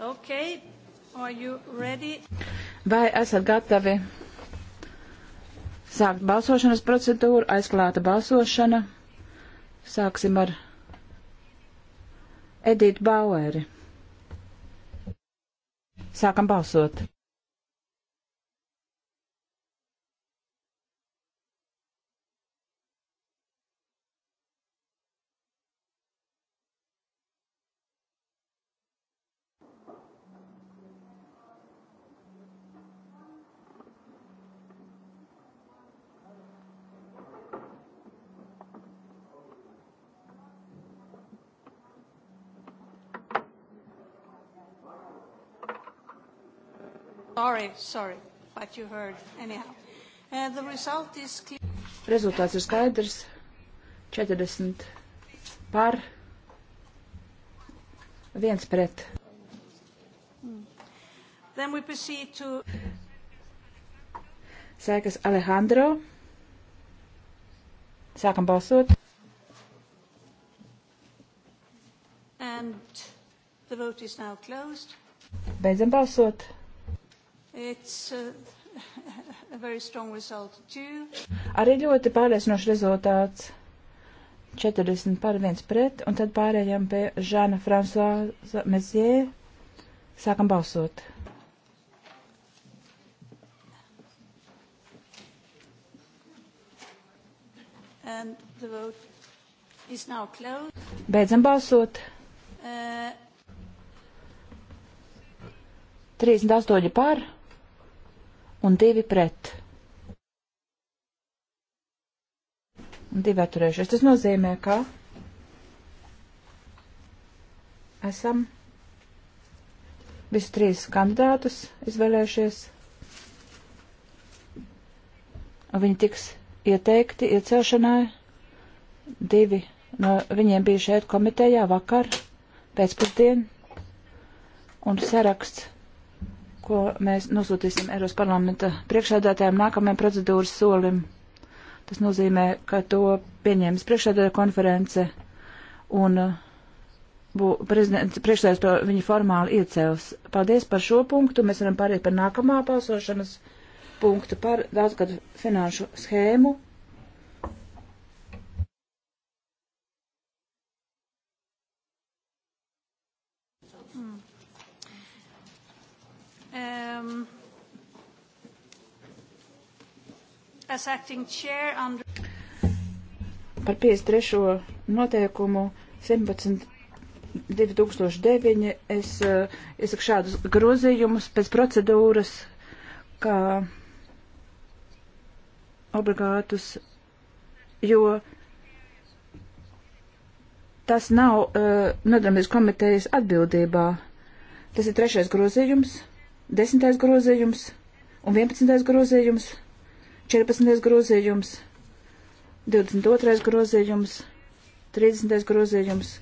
Okay. Are you ready? Vai esat gatavi sākt balsošanas procedūru, aizklāta balsošana? Sāksim ar Edītu Baueri. Sākam balsot. Sorry, sorry, but you heard anyhow. Uh, the result is clear. Rezultāts ir skaidrs. 40 par, 1 pret. Mm. Then we proceed to... Sēkas Alejandro. Sākam balsot. And the vote is now closed. Beidzam balsot. It's a, a very strong result too. Arī ļoti pārliecinošs rezultāts. 40 par 1 pret, un tad pārējām pie Žāna Fransuāza Mezie. Sākam balsot. And the vote is now closed. Beidzam balsot. Uh, 38 par un divi pret. Un divi atturējušies. Tas nozīmē, ka esam visus trīs kandidātus izvēlējušies. Viņi tiks ieteikti iecelšanai. Divi no viņiem bija šeit komitejā vakar pēcpusdien. Un saraksts ko mēs nosūtīsim Eiros parlamenta priekšēdētājiem nākamajam procedūras solim. Tas nozīmē, ka to pieņēmis priekšēdētāja konference un uh, priekšsēdētājs to viņi formāli iecels. Paldies par šo punktu. Mēs varam pāriet par nākamā balsošanas punktu par daudzgadu finanšu schēmu Um, as acting chair under... Par 53. noteikumu 17. 2009 es iesaku uh, šādus grozījumus pēc procedūras, kā obligātus, jo tas nav uh, nodarbojas komitejas atbildībā. Tas ir trešais grozījums. 10. grozījums un 11. grozījums, 14. grozījums, 22. grozījums, 30. grozījums,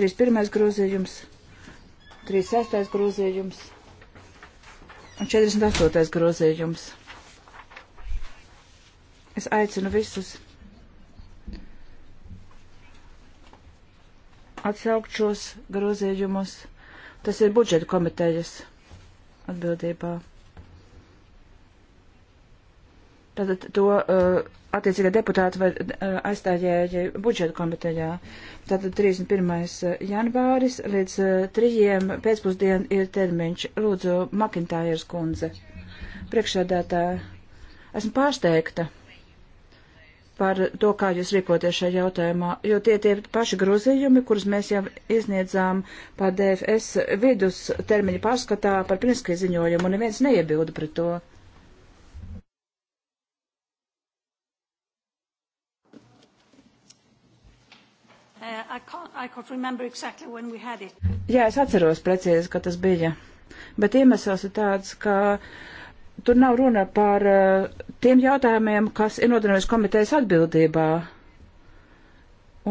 31. grozījums, 36. grozījums un 48. grozījums. Es aicinu visus atsaukt šos grozījumus. Tas ir budžeta komitejas atbildībā. Tātad to uh, attiecīgā deputāta vai uh, aizstājēja budžeta komitejā. Tātad 31. Uh, janvāris līdz uh, 3. pēcpusdien ir termiņš. Lūdzu, Makintājas kundze. Priekšsēdētāja, esmu pārsteigta par to, kā jūs rīkoties šajā jautājumā, jo tie tie paši grozījumi, kurus mēs jau izniedzām par DFS vidus termiņa pārskatā par prinskiju ziņojumu, un neviens neiebilda pret to. Uh, I can't, I can't exactly Jā, es atceros precīzi, ka tas bija, bet iemesls ir tāds, ka. Uh, tur nav runa par eh, tiem jautājumiem, kas ir nodarbinājuši komitejas atbildībā.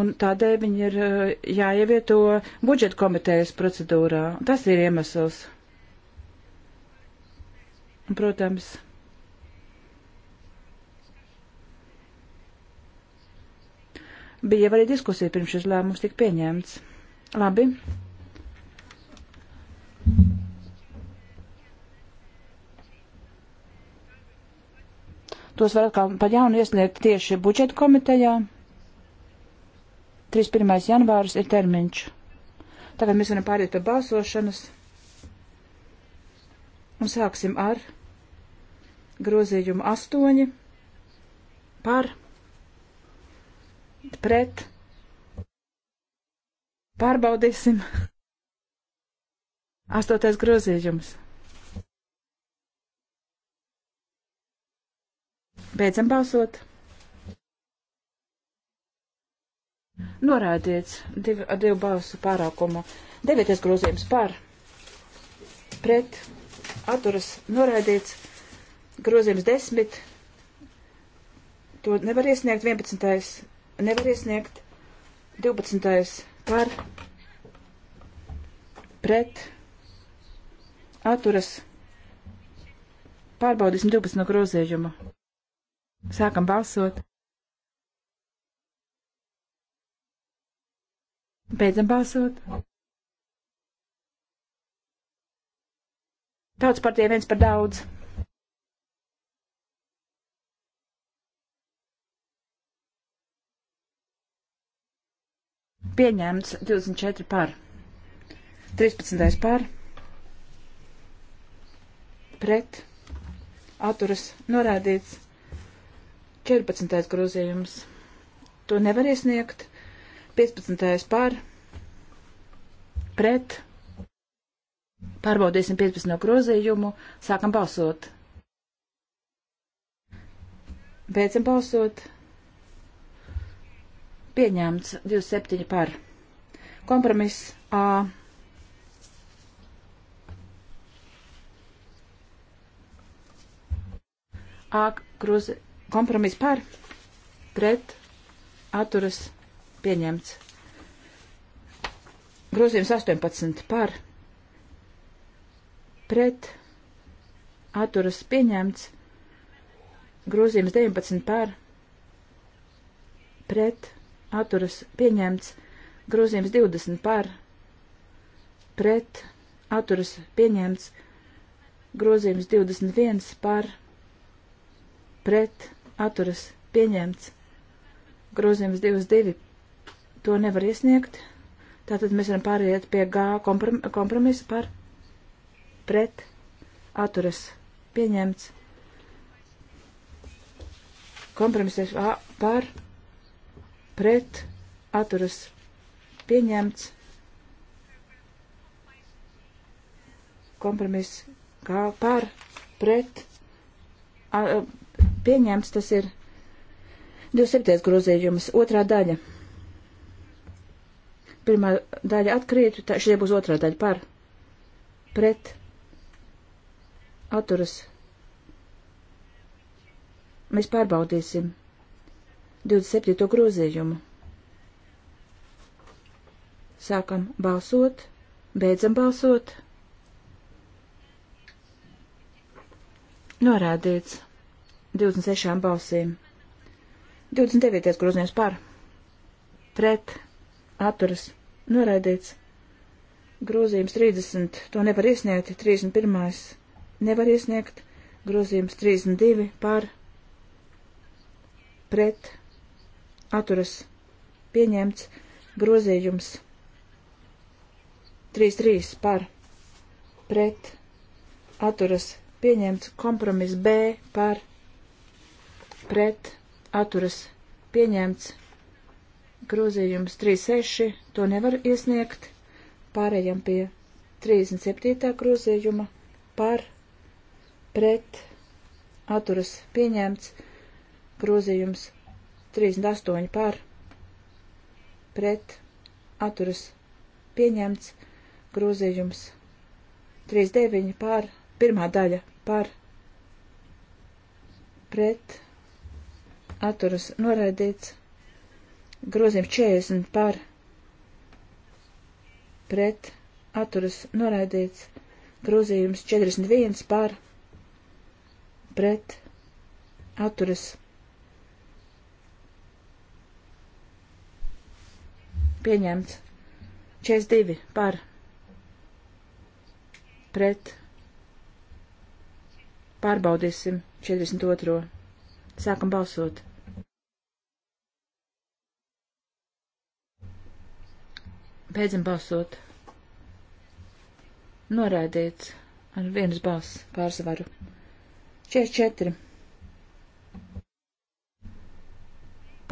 Un tādēļ viņi ir eh, jāievieto budžeta komitejas procedūrā. Tas ir iemesls. Protams. Bija arī diskusija pirms šis lēmums tika pieņemts. Labi. tos var atkal pa jaunu iesniegt tieši budžeta komitejā. 31. janvārs ir termiņš. Tagad mēs varam pāriet pie balsošanas. Un sāksim ar grozījumu 8 par pret. Pārbaudīsim. Astotais grozījums. Beidzam balsot. Norādīts div, ar divu balsu pārākumu. Devieties grozījums par, pret, atturas, norādīts, grozījums desmit, to nevar iesniegt, vienpadsmitais, nevar iesniegt, divpadsmitais par, pret, atturas, pārbaudīsim divpadsmit no grozījuma. Sākam balsot. Beidzam balsot. Tautas partija viens par daudz. Pieņemts 24 par. 13. par. Pret. Atturas norādīts 14. grozījums. To nevar iesniegt. 15. par. Pret. Pārbaudīsim 15. grozījumu. Sākam balsot. Beidzam balsot. Pieņemts 27 par. Kompromiss A. A grozi, kompromiss par, pret, atturas, pieņemts. Grozījums 18 par, pret, atturas, pieņemts. Grozījums 19 par, pret, atturas, pieņemts. Grozījums 20 par, pret, atturas, pieņemts. Grozījums 21 par, pret, atturas pieņemts. Grozījums 22 to nevar iesniegt. Tātad mēs varam pāriet pie G kompromisa par pret atturas pieņemts. Kompromises A par pret atturas pieņemts. Kompromiss kā par pret atturas pieņemts pieņemts, tas ir 27. grozījums, otrā daļa. Pirmā daļa atkrīt, tā šie būs otrā daļa par, pret, atturas. Mēs pārbaudīsim 27. grozījumu. Sākam balsot, beidzam balsot. Norādīts. 26 balsīm. 29. grozījums par, pret, atturas, noraidīts. Grozījums 30, to nevar iesniegt, 31. nevar iesniegt, grozījums 32 par, pret, atturas, pieņemts, grozījums 33 par, pret, atturas, pieņemts, kompromiss B par, pret pret atturas pieņemts grozījums 36, to nevar iesniegt. Pārējām pie 37. grozījuma par pret atturas pieņemts grozījums 38 par pret atturas pieņemts grozījums 39 par pirmā daļa par pret atturas noraidīts. Grozījums 40 par pret atturas noraidīts. Grozījums 41 par pret atturas pieņemts. 42 par pret pārbaudīsim 42. Sākam balsot. Beidzam balsot. Noraidīts ar vienas balss pārsvaru. 44.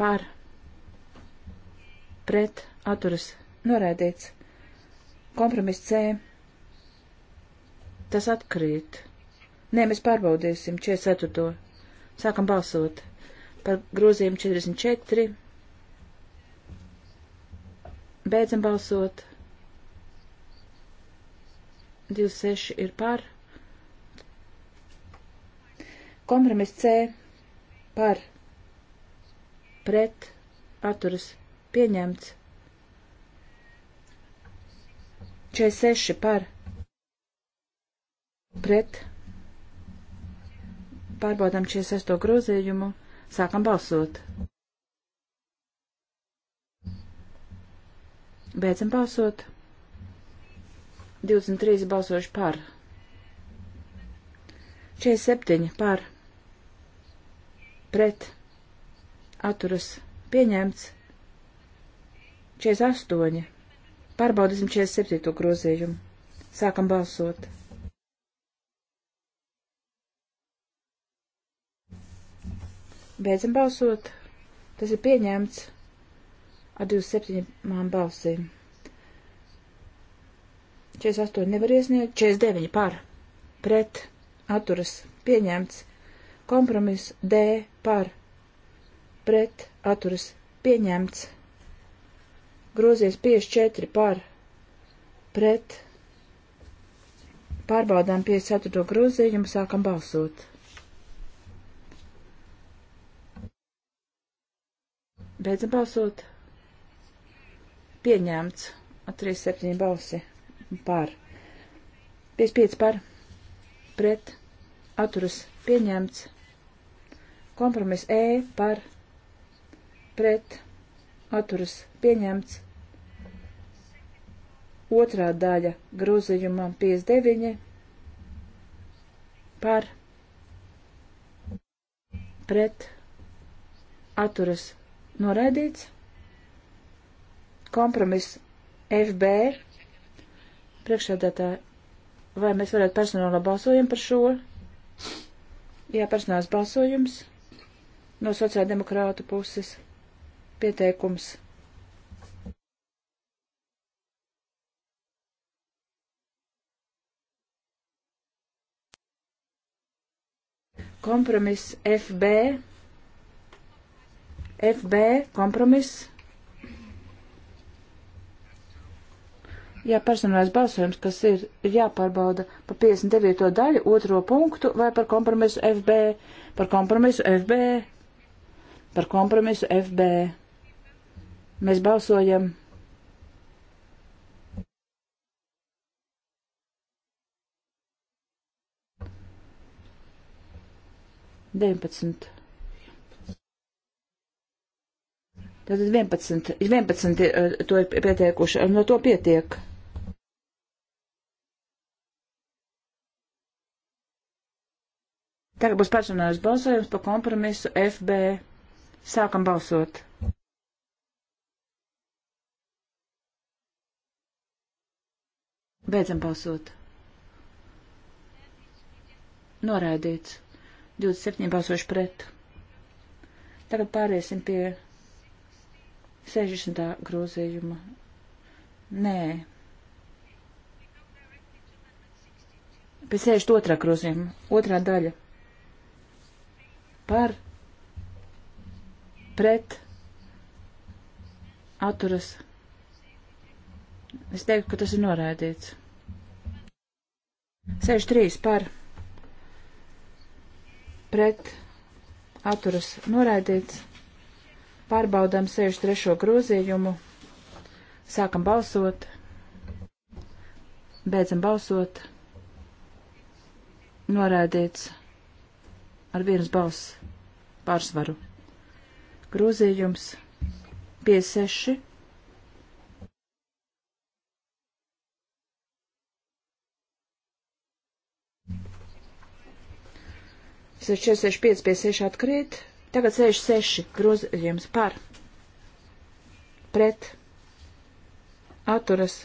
Pār. Pret. Aturas. Noraidīts. Kompromiss C. Tas atkrīt. Nē, mēs pārbaudīsim 44. Sākam balsot par grozījumu 44. Beidzam balsot. 26 ir par. Kompromiss C par pret atturas pieņemts. 46 par pret pārbaudām 46 grozījumu, sākam balsot. Beidzam balsot. 23 balsojuši par. 47 par. Pret. Atturas. Pieņemts. 48. Pārbaudīsim 47. grozījumu. Sākam balsot. Beidzam balsot. Tas ir pieņemts ar 27 balsīm. 48 nevar iesniegt, 49 par, pret, atturas, pieņemts, kompromiss D par, pret, atturas, pieņemts, grozies 54 par, pret, pārbaudām 54 grozījumu, sākam balsot. Beidzam balsot pieņemts 37 balsi par. 55 par pret atturas pieņemts. Kompromiss E par pret atturas pieņemts. Otrā daļa grozījumam 59 par pret atturas noraidīts. Kompromiss FB priekšsēdētāji, vai mēs varētu personāla balsojumu par šo? Jā, personāls balsojums no sociāldemokrātu puses pieteikums. Kompromiss FB. FB kompromiss Jā, personālais balsojums, kas ir, ir jāpārbauda par 59. daļu, otro punktu vai par kompromisu FB, par kompromisu FB, par kompromisu FB. Mēs balsojam. Deviņpadsmit. Tātad 11, 11 to ir pieteikuši, no to pietiek. Tagad būs personālais balsojums par kompromisu FB. Sākam balsot. Beidzam balsot. Noraidīts. 27 balsoši pret. Tagad pāriesim pie 60. grozījuma. Nē. Pie 62. grozījuma. Otrā daļa par pret atturas. Es teiktu, ka tas ir noraidīts. 63 par pret atturas noraidīts. Pārbaudām 63. grozījumu. Sākam balsot. Beidzam balsot. Noraidīts ar vienas balss pārsvaru. Grozījums 56. Seši, seši, pieci, pie seši atkrīt. Tagad seši, seši grozījums par. Pret. Atturas.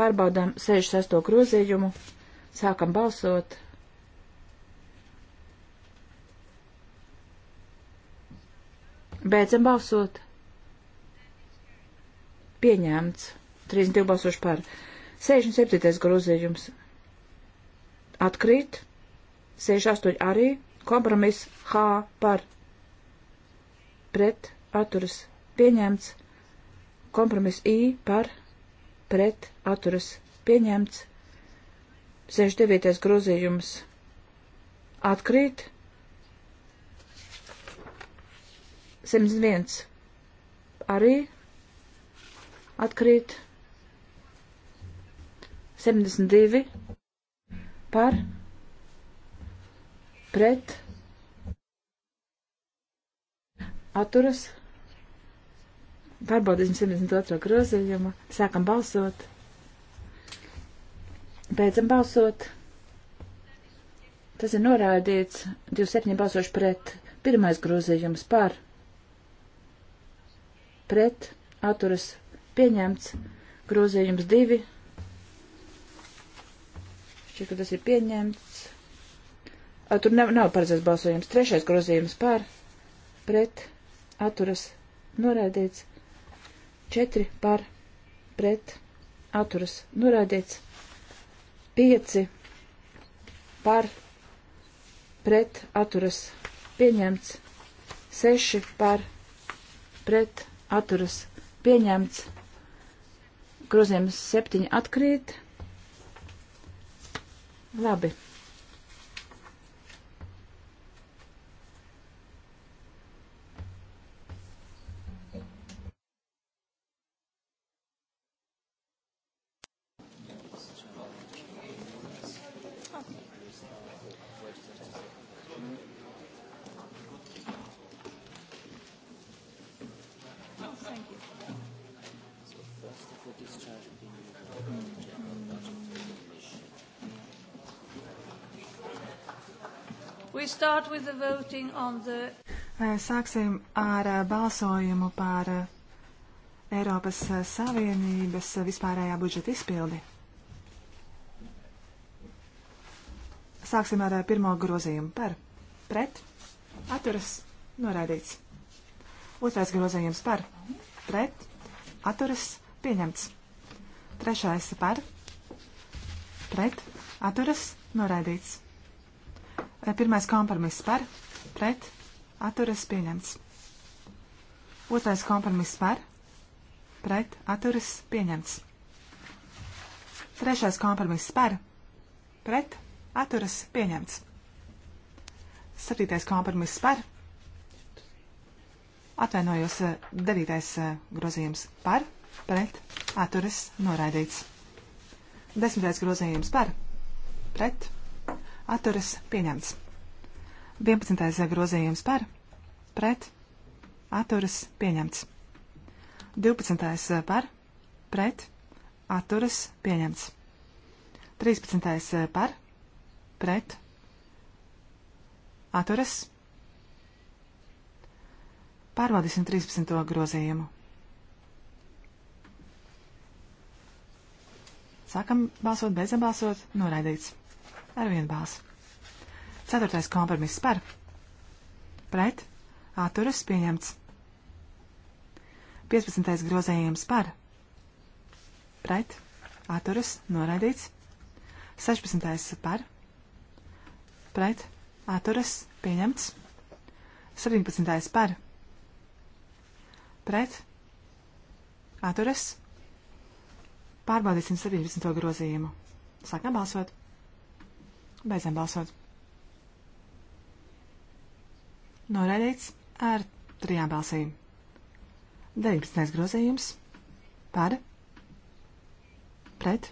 Pārbaudām seši, sesto grozījumu. Sākam balsot. Beidzam balsot. Pieņemts. 32 balsoši par. 67. grozījums. Atkrīt. 68 arī. Kompromis H par. Pret. Atturas. Pieņemts. Kompromis I par. Pret. Atturas. Pieņemts. 69. grozījums. Atkrīt. 101 arī atkrīt. 72 par pret atturas. Pārbaudīsim 72. grozījumu. Sākam balsot. Beidzam balsot. Tas ir norādīts 27 balsoši pret. Pirmais grozījums par pret pret atturas pieņemts. Grozījums 2. Šķiet, ka tas ir pieņemts. A, tur nav, nav paredzēts balsojums. Trešais grozījums pār pret atturas norādīts. 4 par pret atturas norādīts. 5 par pret atturas pieņemts. 6 par pret atturas atturas pieņemts. Grozījums 7 atkrīt. Labi. The... Sāksim ar eh, balsojumu par eh, Eiropas eh, Savienības vispārējā budžeta izpildi. Sāksim ar pirmo grozījumu par pret, atturas, noraidīts. Otrais grozījums par pret, atturas, pieņemts. Trešais par pret, atturas, noraidīts. Pirmais kompromiss par, pret, atturas pieņemts. Otrais kompromiss par, pret, atturas pieņemts. Trešais kompromiss par, pret, atturas pieņemts. Septītais kompromiss par, atvainojos, devītais eh, grozījums par, pret, atturas noraidīts. Desmitais grozījums par, pret, atturas pieņemts. 11. grozījums par, pret, atturas pieņemts. 12. par, pret, atturas pieņemts. 13. par, pret, atturas. Pārbaudīsim 13. grozījumu. Sākam balsot, beidzam balsot, noraidīts ar vienu balsu. Ceturtais kompromiss par. Pret. Atturas pieņemts. 15. grozējums par. Pret. Atturas noraidīts. 16. par. Pret. Atturas pieņemts. 17. par. Pret. Atturas. Pārbaudīsim 17. grozījumu. Sākam balsot. Beidzam balsot. Noraidīts ar trijām balsīm. 19. grozījums par pret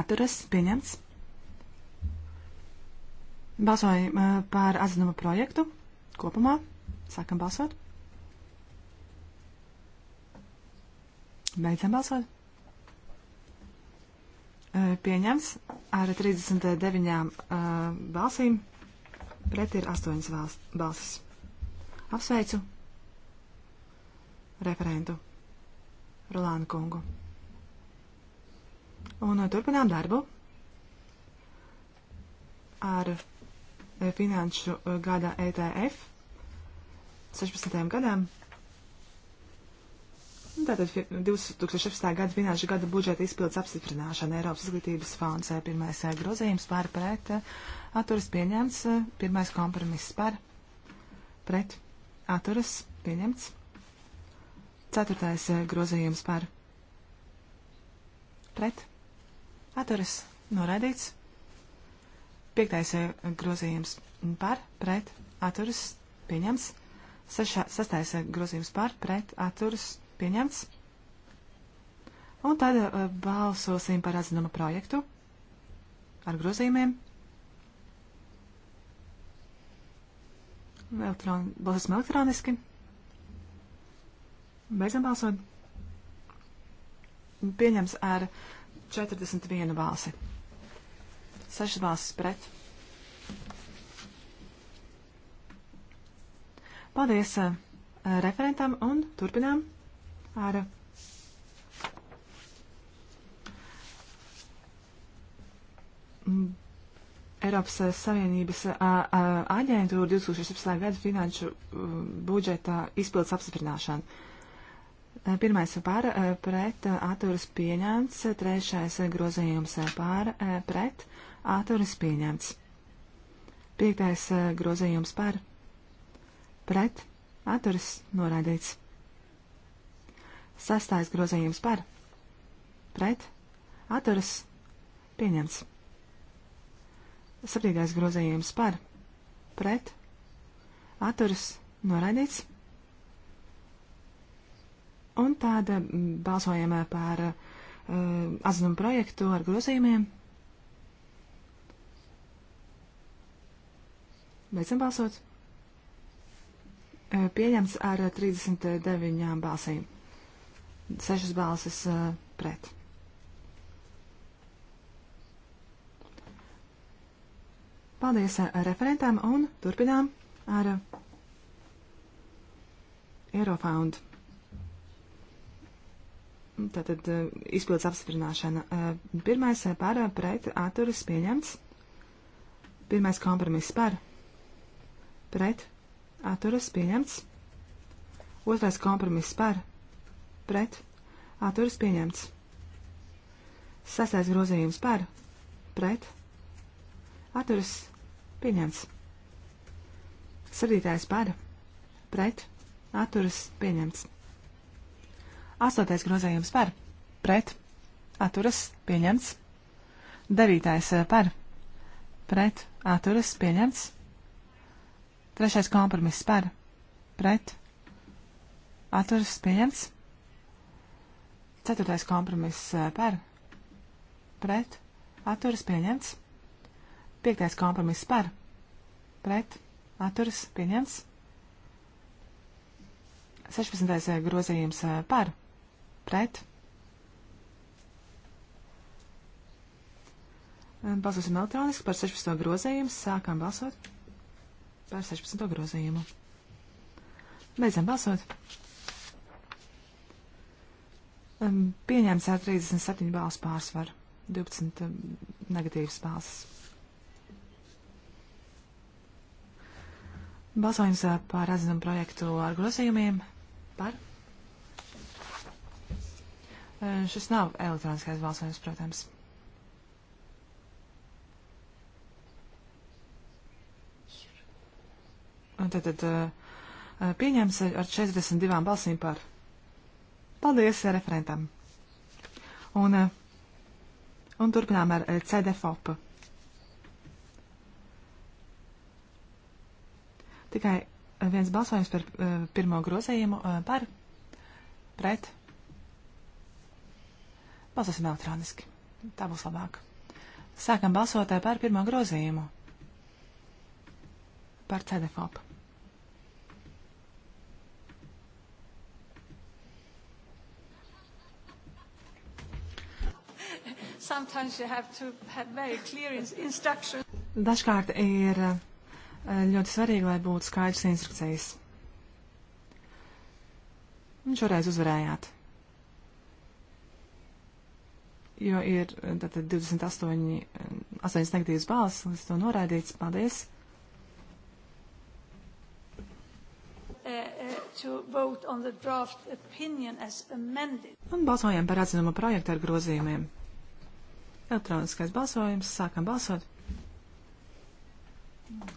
atturas pieņemts. Balsojam eh, par atzinumu projektu kopumā. Sākam balsot. Beidzam balsot pieņemts ar 39 balsīm, pret ir 8 balsis. Apsveicu referentu Rolānu kungu. Un turpinām darbu ar finanšu gada ETF 16. gadam. Nu, tātad 2016. gada finanšu gada budžeta izpildes apstiprināšana Eiropas izglītības fonds eh, pirmais eh, grozījums par pret eh, atturas pieņemts, pirmais kompromiss par pret atturas pieņemts, ceturtais grozījums par pret atturas noraidīts, piektais grozījums par pret atturas pieņemts, sastais grozījums par pret atturas pieņemts Pieņemts. Un tad uh, balsosim par atzinuma projektu ar grozījumiem. Elektron, balsosim elektroniski. Beidzam balsot. Pieņems ar 41 balsi. 6 balsis pret. Paldies uh, referentam un turpinām ar mm. Eiropas eh, Savienības eh, eh, aģentūra 2017. gada finanšu budžeta izpildes apstiprināšanu. Pirmais par pret atturas pieņemts, trešais grozījums par pret atturas pieņemts. Piektais grozījums par pret atturas noraidīts. Sastais grozījums par. Pret. Atturas. Pieņemts. Septītais grozījums par. Pret. Atturas. Noraidīts. Un tāda balsojam eh, par uh, atzinumu projektu ar grozījumiem. Beidzam balsot. Eh, pieņemts ar 39 balsīm sešas balsis uh, pret. Paldies uh, referentām un turpinām ar uh, Eurofound. Tātad izpildes apstiprināšana. Pirmais par pret atturas pieņemts. Pirmais kompromiss par pret atturas pieņemts. Otrais kompromiss par pret, atturas pieņemts. Sastais grozījums par, pret, atturas pieņemts. Sadītājs par, pret, atturas pieņemts. Astotais grozījums par, pret, atturas pieņemts. Devītais eh, par, pret, atturas pieņemts. Trešais kompromiss par, pret, atturas pieņemts. Ceturtais kompromiss eh, par, pret, atturas pieņemts. Piektais kompromiss par, pret, atturas pieņemts. 16. Eh, grozījums eh, par, pret. Balsosim elektroniski par 16. grozījumu. Sākam balsot par 16. grozījumu. Beidzam balsot. Pieņēmis ar 37 balsu pārsvaru, 12 negatīvas balsis. Balsojums par atzinumu projektu ar grozījumiem par. Šis nav elektroniskais balsojums, protams. Tātad pieņēmis ar 42 balsīm par. Paldies eh, referentam. Un, eh, un turpinām ar eh, CDFOP. Tikai viens balsojums par pirmo grozējumu par pret. Balsosim elektroniski. Tā būs labāk. Sākam balsot par pirmo grozījumu. Par CDFOP. Dažkārt ir eh, ļoti svarīgi, lai būtu skaidrs instrukcijas. Un šoreiz uzvarējāt. Jo ir tātad 28, 8 negatīvas balss, līdz to noraidīts. Paldies! Uh, uh, Un balsojam par atzinumu projektu ar grozījumiem. Elektroniskais balsojums. Sākam balsot.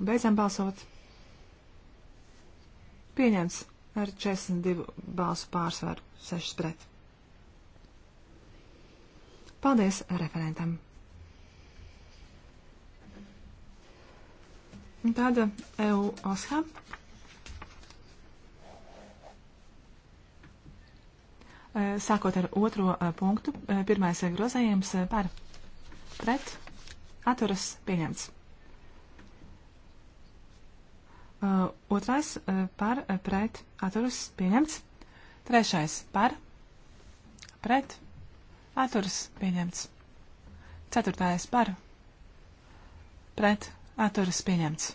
Beidzam balsot. Pieņemts ar 42 balsu pārsvaru 6 pret. Paldies referentam. Tāda EU OSHA. E, sākot ar otro e, punktu, e, pirmais grozējums par pret, atturas pieņemts. Uh, otrais uh, par, uh, pret, atturas pieņemts. Trešais par, pret, atturas pieņemts. Ceturtais par, pret, atturas pieņemts.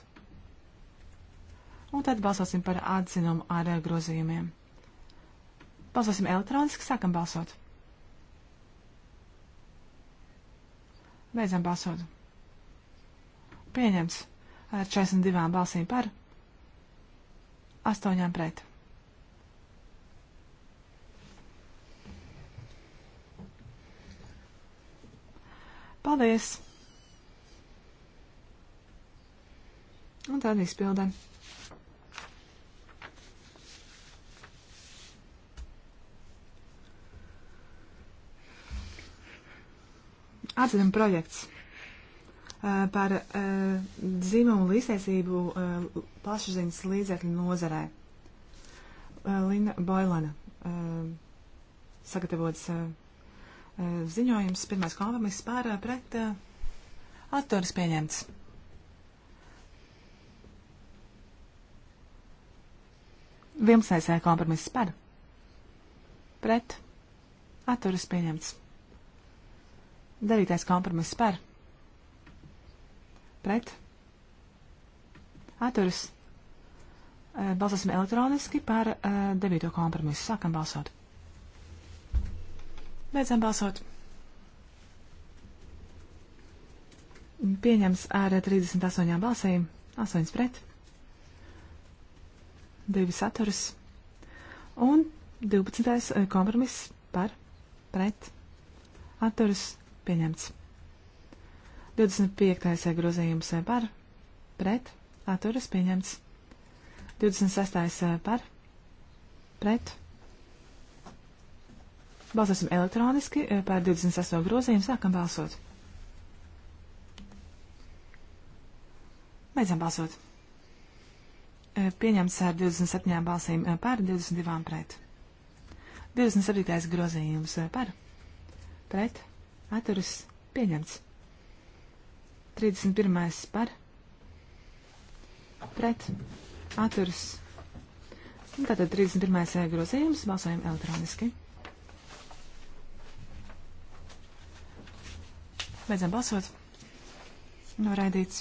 Un tad balsosim par atzinumu ar uh, grozījumiem. Balsosim elektroniski, sākam balsot. Beidzam balsot. Pieņemts ar 42 balsīm par, 8 pret. Paldies! Un tad izpildēm. Atzinuma projekts uh, par uh, dzimumu līdztiesību uh, plašsaziņas līdzekļu nozarē. Lina Boilana sagatavots ziņojums, pirmais kompromiss par pret autors pieņemts. Vilmsēsē kompromiss par pret autors pieņemts. Devītais kompromiss par. Pret. Atturas. Balsosim elektroniski par devīto kompromisu. Sākam balsot. Beidzam balsot. Pieņems ar 38 balsīm, 8 pret, 2 saturas un 12. kompromiss par pret atturas pieņemts. 25. grozījums eh, par, pret, atturas pieņemts. 26. Eh, par, pret. Balsosim elektroniski eh, par 26. grozījumu, sākam balsot. Beidzam balsot. Pieņemts ar 27 balsīm par, 22 pret. 27. grozījums par, pret atturas pieņemts. 31. par pret atturas. Tātad 31. Eh, grozījums balsojam elektroniski. Beidzam balsot. Noraidīts.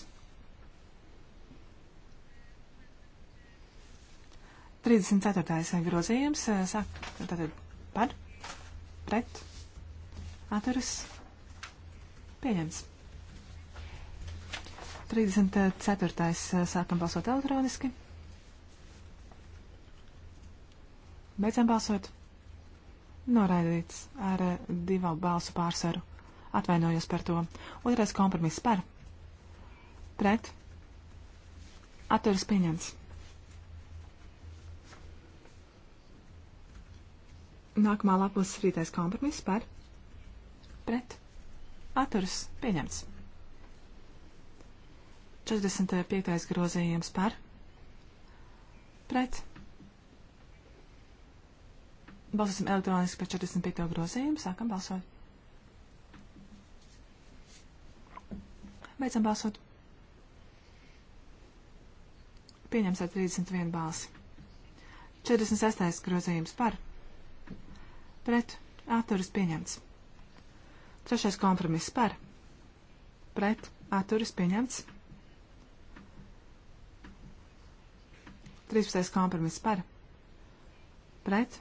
34. Eh, grozījums eh, sāk tātad par, pret, atturas Pieņemts. 34. Eh, sākam balsot elektroniski. Beidzam balsot. Noraidīts ar eh, divu balsu pārsvaru. Atvainojos par to. Otrais kompromiss par. Pret. Atturis pieņemts. Nākamā lapus rītais kompromiss par. Pret. Atturas pieņemts. 45. grozījums par pret. Balsosim elektroniski par 45. grozījumu. Sākam balsot. Beidzam balsot. Pieņems ar 31 balsi. 46. grozījums par. Pret. Atturas pieņemts. Trešais kompromiss par. Pret. Atturas pieņemts. 13. kompromiss par. Pret.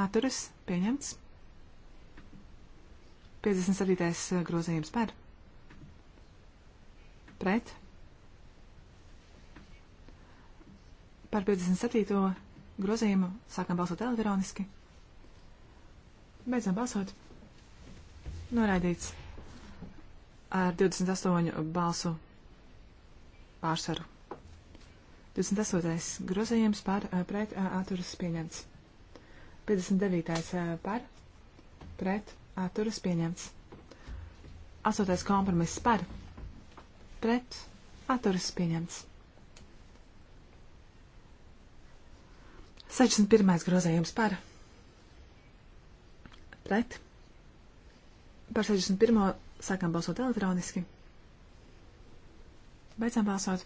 Atturas pieņemts. 57. Eh, grozījums par. Pret. Par 57. grozījumu sākam balsot elektroniski. Beidzam balsot. Noraidīts ar 28 balsu pārsvaru. 28. grozījums eh, eh, eh, par pret atturas pieņemts. 59. par pret atturas pieņemts. 8. kompromiss par pret atturas pieņemts. 61. grozījums par pret Par 61. sākam balsot elektroniski. Beidzam balsot.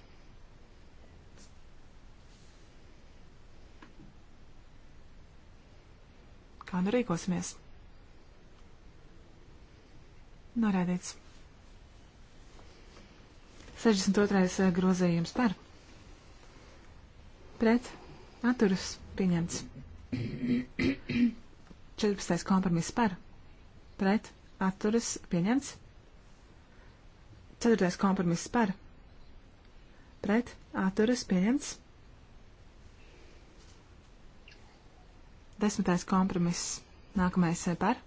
Kā nu rīkosimies? Norēdīts. 62. Eh, grozījums par. Pret. Atturas. Pieņemts. 14. kompromiss par. Pret atturas pieņemts. Ceturtais kompromiss par pret atturas pieņemts. Desmitais kompromiss nākamais par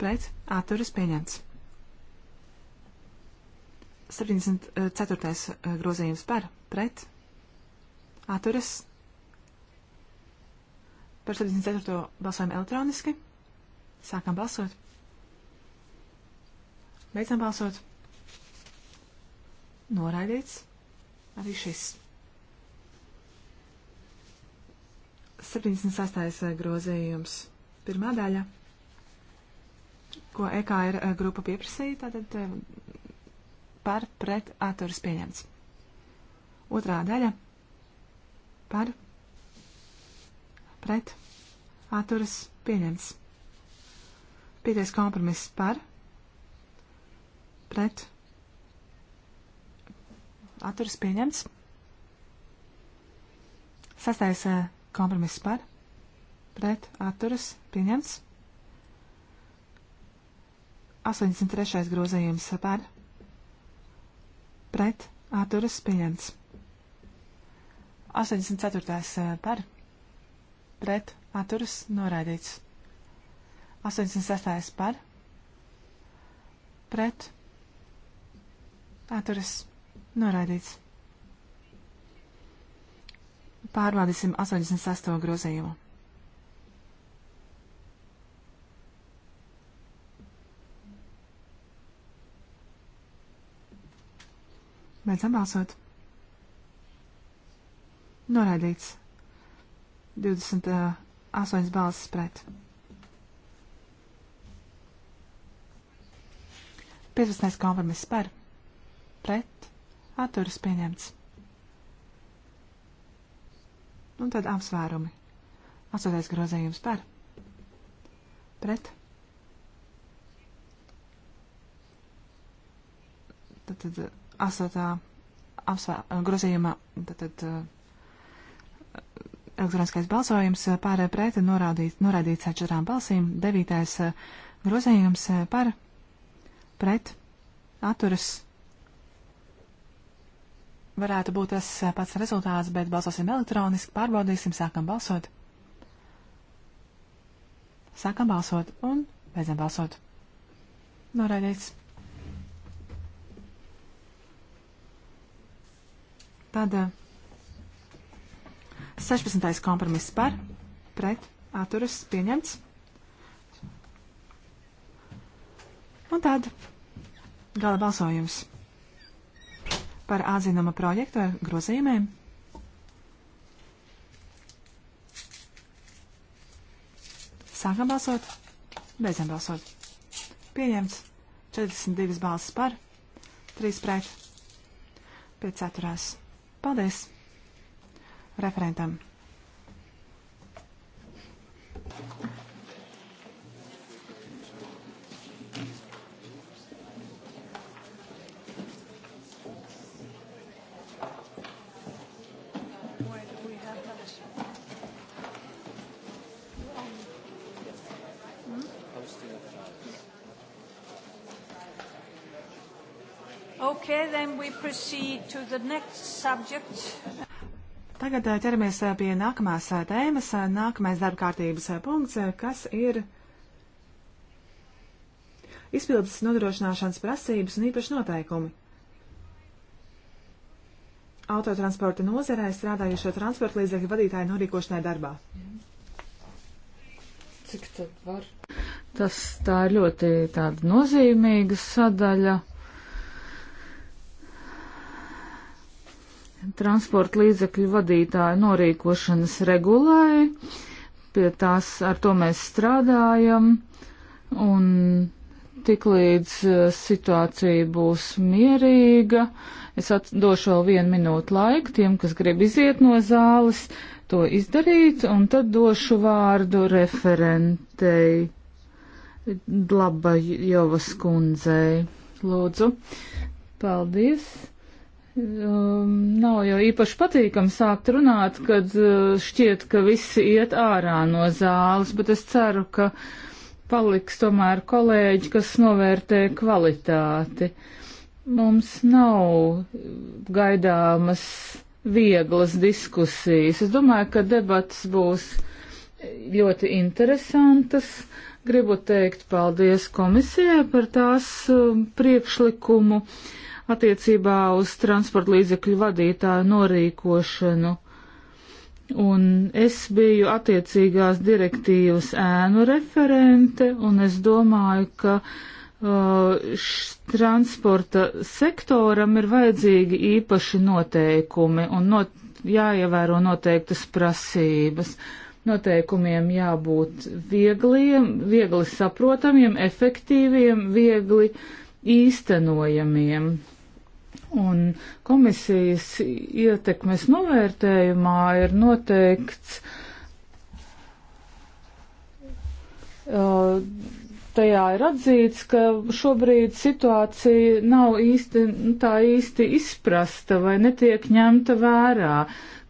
pret atturas pieņemts. 74. Eh, eh, grozījums par pret atturas par 74. balsojumu elektroniski. Sākam balsot. Beidzam balsot. Noraidīts arī šis. 76. Eh, grozījums. Pirmā daļa, ko EKR eh, grupa pieprasīja, tātad eh, par pret atturas pieņemts. Otrā daļa par pret atturas pieņemts. Pieties kompromiss par pret pret atturas pieņemts. Sastais eh, kompromiss par pret atturas pieņemts. 83. grozījums par pret atturas pieņemts. 84. Eh, par pret atturas noraidīts. 86. par pret Atturas norādīts. Pārbaudīsim 86. grozījumu. Beidzam balsot. Noraidīts. 28 balsis pret. 15. kompromiss par pret atturas pieņemts. Un tad apsvērumi. Astotais grozējums par pret. Tad, tad astotā apsvēr, grozījumā tad, tad, eh, elektroniskais balsojums eh, par eh, preti noraidīts ar četrām balsīm. Devītais grozījums par pret atturas varētu būt tas eh, pats rezultāts, bet balsosim elektroniski, pārbaudīsim, sākam balsot. Sākam balsot un beidzam balsot. Noraidīts. Tad 16. Eh, kompromiss par, pret, atturas pieņemts. Un tad gala balsojums par atzinuma projektu ar grozījumiem. Sākam balsot, beidzam balsot. Pieņemts 42 balsis par, 3 pret, 5 atturās. Paldies referentam. Okay, then we proceed to the next subject. Tagad eh, ķeramies eh, pie nākamās eh, tēmas, nākamais darba kārtības punkts, kas ir izpildes nodrošināšanas prasības un īpaši noteikumi. Autotransporta nozerē strādājušo transporta līdzekļu vadītāju norīkošanai darbā. Cik tad var? Tas tā ir ļoti tāda nozīmīga sadaļa transporta līdzekļu vadītāju norīkošanas regulai. Pie tās ar to mēs strādājam. Un tiklīdz eh, situācija būs mierīga, es došu vēl vienu minūtu laiku tiem, kas grib iziet no zāles, to izdarīt, un tad došu vārdu referentei Dlabajovas kundzei. Lūdzu, paldies! Um, nav jau īpaši patīkami sākt runāt, kad uh, šķiet, ka visi iet ārā no zāles, bet es ceru, ka paliks tomēr kolēģi, kas novērtē kvalitāti. Mums nav gaidāmas vieglas diskusijas. Es domāju, ka debats būs ļoti interesantas. Gribu teikt paldies komisijai par tās uh, priekšlikumu. Uh, attiecībā uz transporta līdzekļu vadītāju norīkošanu. Un es biju attiecīgās direktīvas ēnu referente, un es domāju, ka uh, transporta sektoram ir vajadzīgi īpaši noteikumi un not, jāievēro noteiktas prasības. Noteikumiem jābūt viegliem, viegli saprotamiem, efektīviem, viegli īstenojamiem un komisijas ietekmes novērtējumā ir noteikts uh, tajā ir atzīts, ka šobrīd situācija nav īsti, nu, tā īsti izprasta vai netiek ņemta vērā,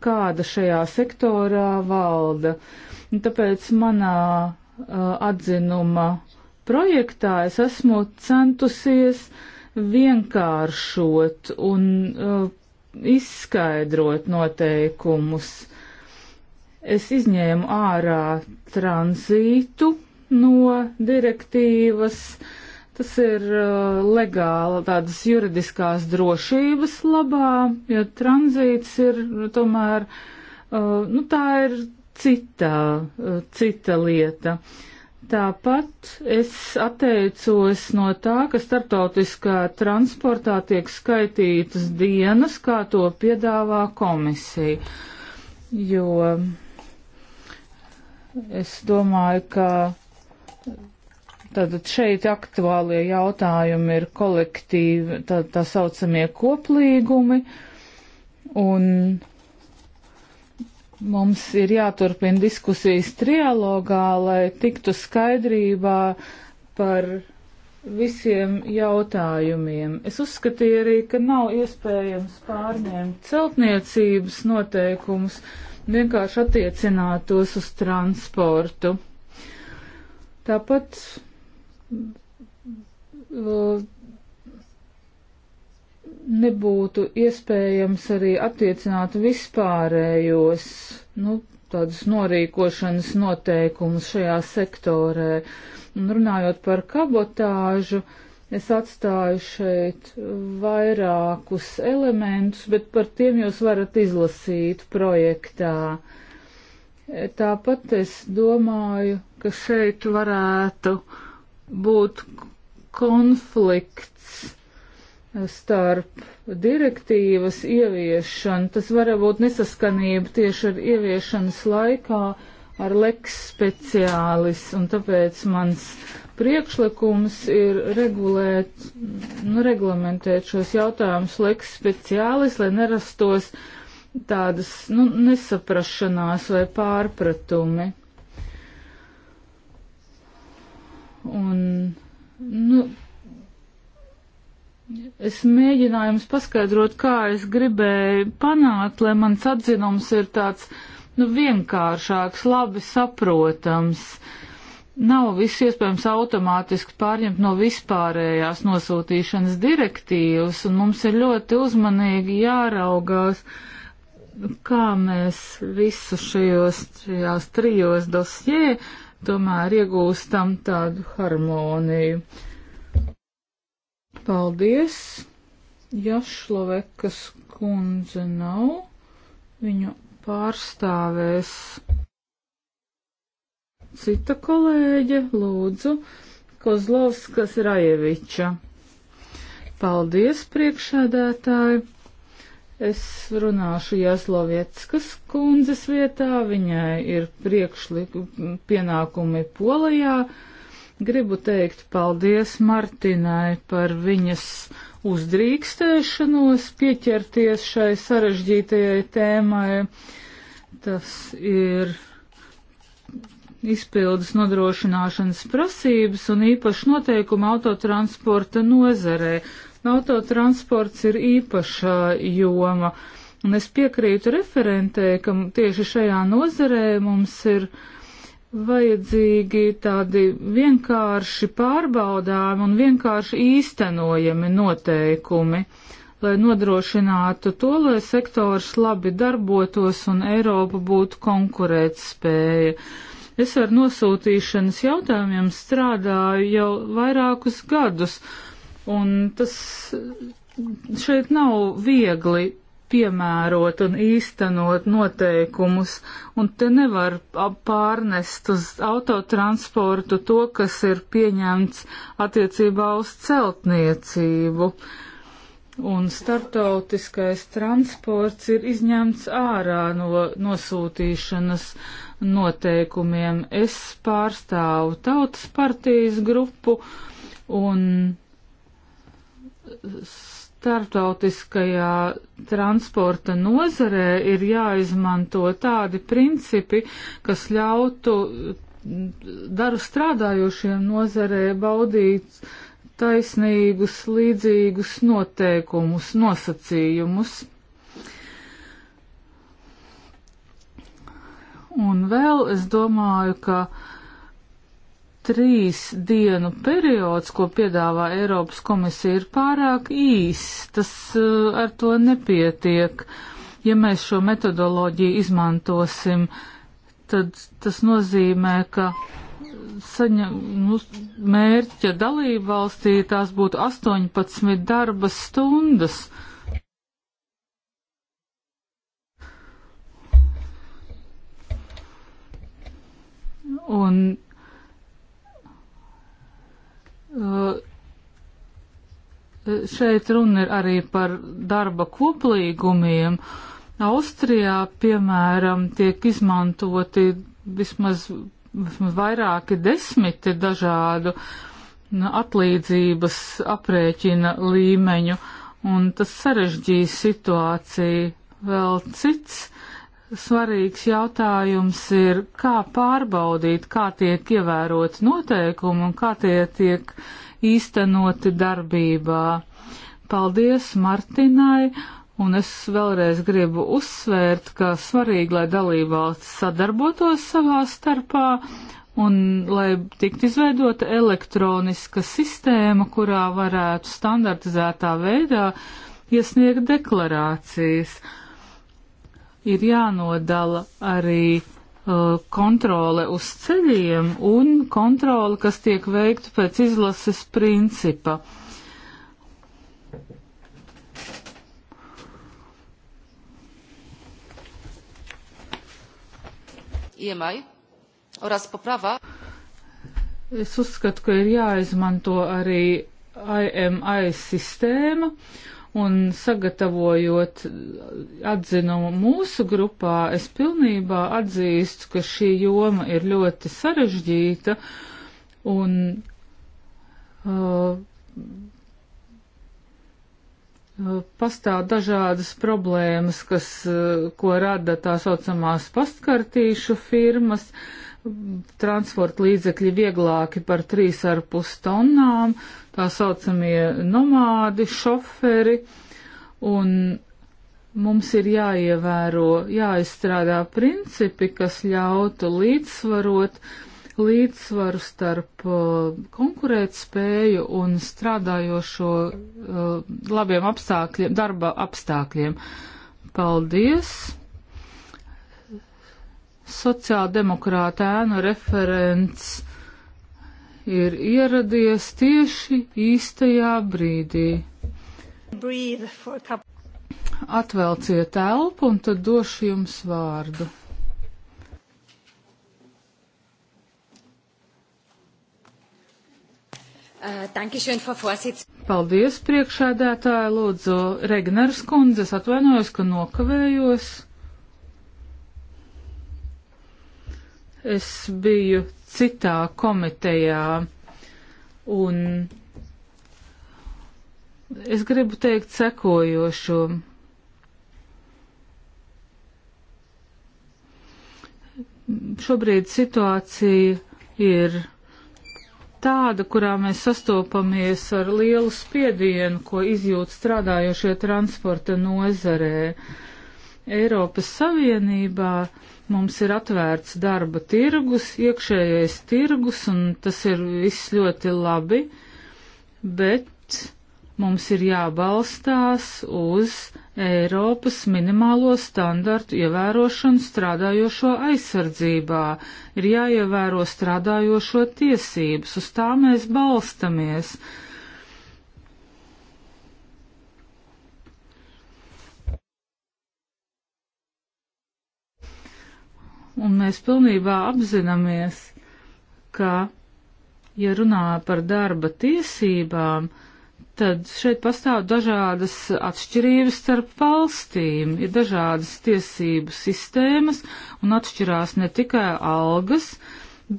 kāda šajā sektorā valda. Un tāpēc manā uh, atzinuma projektā es esmu centusies uh, vienkāršot un uh, izskaidrot noteikumus. Es izņēmu ārā tranzītu no direktīvas. Tas ir uh, legāli tādas juridiskās drošības labā, jo tranzīts ir tomēr, uh, nu tā ir cita, uh, cita lieta. Uh, Tāpat es atteicos no tā, ka startautiskā transportā tiek skaitītas dienas, kā to piedāvā komisija, jo es domāju, ka Tātad šeit aktuālie jautājumi ir kolektīvi, tā, tā saucamie koplīgumi, un Mums ir jāturpina diskusijas trialogā, lai tiktu skaidrībā par visiem jautājumiem. Es uzskatīju arī, ka nav iespējams pārņemt celtniecības noteikumus, vienkārši attiecināt tos uz transportu. Tāpat nebūtu iespējams arī attiecināt vispārējos, nu, tādus norīkošanas noteikumus šajā sektorē. Un runājot par kabotāžu, es atstāju šeit vairākus elementus, bet par tiem jūs varat izlasīt projektā. Tāpat es domāju, ka šeit varētu būt konflikts starp direktīvas ieviešanu. Tas var būt nesaskanība tieši ar ieviešanas laikā ar leks speciālis, un tāpēc mans priekšlikums ir regulēt, nu, reglamentēt šos jautājumus leks speciālis, lai nerastos tādas, nu, nesaprašanās vai pārpratumi. Un, nu, Es mēģināju jums paskaidrot, kā es gribēju panākt, lai mans atzinums ir tāds nu, vienkāršāks, labi saprotams. Nav viss iespējams automātiski pārņemt no vispārējās nosūtīšanas direktīvas, un mums ir ļoti uzmanīgi jāraugās, kā mēs visu šajos, šajās trijos dosjē tomēr iegūstam tādu harmoniju. Paldies! Jašlovekas kundze nav, viņu pārstāvēs cita kolēģe, lūdzu, Kozlovskas Rajeviča. Paldies, priekšādētāji! Es runāšu Jaslovieckas kundzes vietā, viņai ir priekšlikumi pienākumi Polijā Gribu teikt paldies Martinai par viņas uzdrīkstēšanos pieķerties šai sarežģītajai tēmai. Tas ir izpildes nodrošināšanas prasības un īpaši noteikuma autotransporta nozarē. Autotransports ir īpašā joma, un es piekrītu referentē, ka tieši šajā nozarē mums ir uh, vajadzīgi tādi vienkārši pārbaudāmi un vienkārši īstenojami noteikumi, lai nodrošinātu to, lai sektors labi darbotos un Eiropa būtu konkurētspēja. Es ar nosūtīšanas jautājumiem strādāju jau vairākus gadus, un tas šeit nav viegli piemērot un īstenot noteikumus, un te nevar pārnest uz autotransportu to, kas ir pieņemts attiecībā uz celtniecību. Un startautiskais transports ir izņemts ārā no nosūtīšanas noteikumiem. Es pārstāvu tautas partijas grupu un starptautiskajā transporta nozarē ir jāizmanto tādi principi, kas ļautu daru strādājošiem nozarē baudīt taisnīgus, līdzīgus noteikumus, nosacījumus. Un vēl es domāju, ka trīs dienu periods, ko piedāvā Eiropas komisija, ir pārāk īss. Tas uh, ar to nepietiek. Ja mēs šo metodoloģiju izmantosim, tad tas nozīmē, ka saņem, nu, mērķa dalība valstī tās būtu 18 darba stundas. Un Uh, šeit runa ir arī par darba koplīgumiem. Austrijā, piemēram, tiek izmantoti vismaz, vismaz vairāki desmiti dažādu atlīdzības aprēķina līmeņu, un tas sarežģīs situāciju vēl cits svarīgs jautājums ir, kā pārbaudīt, kā tiek ievēroti noteikumi un kā tie tiek īstenoti darbībā. Paldies Martinai, un es vēlreiz gribu uzsvērt, ka svarīgi, lai dalībvalsts sadarbotos savā starpā un lai tiktu izveidota elektroniska sistēma, kurā varētu standartizētā veidā iesniegt deklarācijas ir jānodala arī uh, kontrole uz ceļiem un kontrole, kas tiek veikta pēc izlases principa. Iemai oraz poprawa. Es uzskatu, ka ir jāizmanto arī IMI sistēma un sagatavojot atzinumu mūsu grupā, es pilnībā atzīstu, ka šī joma ir ļoti sarežģīta un uh, uh pastāv dažādas problēmas, kas, uh, ko rada tā saucamās pastkartīšu firmas. Uh, transporta līdzekļi vieglāki par 3,5 tonnām, tā saucamie nomādi, šoferi, un mums ir jāievēro, jāizstrādā principi, kas ļautu līdzsvarot līdzsvaru starp uh, konkurētspēju un strādājošo uh, labiem apstākļiem, darba apstākļiem. Paldies! sociāldemokrāta ēnu referents ir ieradies tieši īstajā brīdī. Atvelciet telpu un tad došu jums vārdu. Paldies, priekšēdētāja, lūdzu, Regneras kundzes, atvainojos, ka nokavējos. es biju citā komitejā un es gribu teikt sekojošo. Šobrīd situācija ir tāda, kurā mēs sastopamies ar lielu spiedienu, ko izjūt strādājošie transporta nozarē. Eiropas Savienībā uh, Mums ir atvērts darba tirgus, iekšējais tirgus, un tas ir viss ļoti labi, bet mums ir jābalstās uz Eiropas minimālo standartu ievērošanu strādājošo aizsardzībā. Ir jāievēro strādājošo tiesības, uz tā mēs balstamies. Uh, Un mēs pilnībā apzināmies, ka, ja runā par darba tiesībām, tad šeit pastāv dažādas atšķirības starp valstīm, ir dažādas tiesību sistēmas un atšķirās ne tikai algas,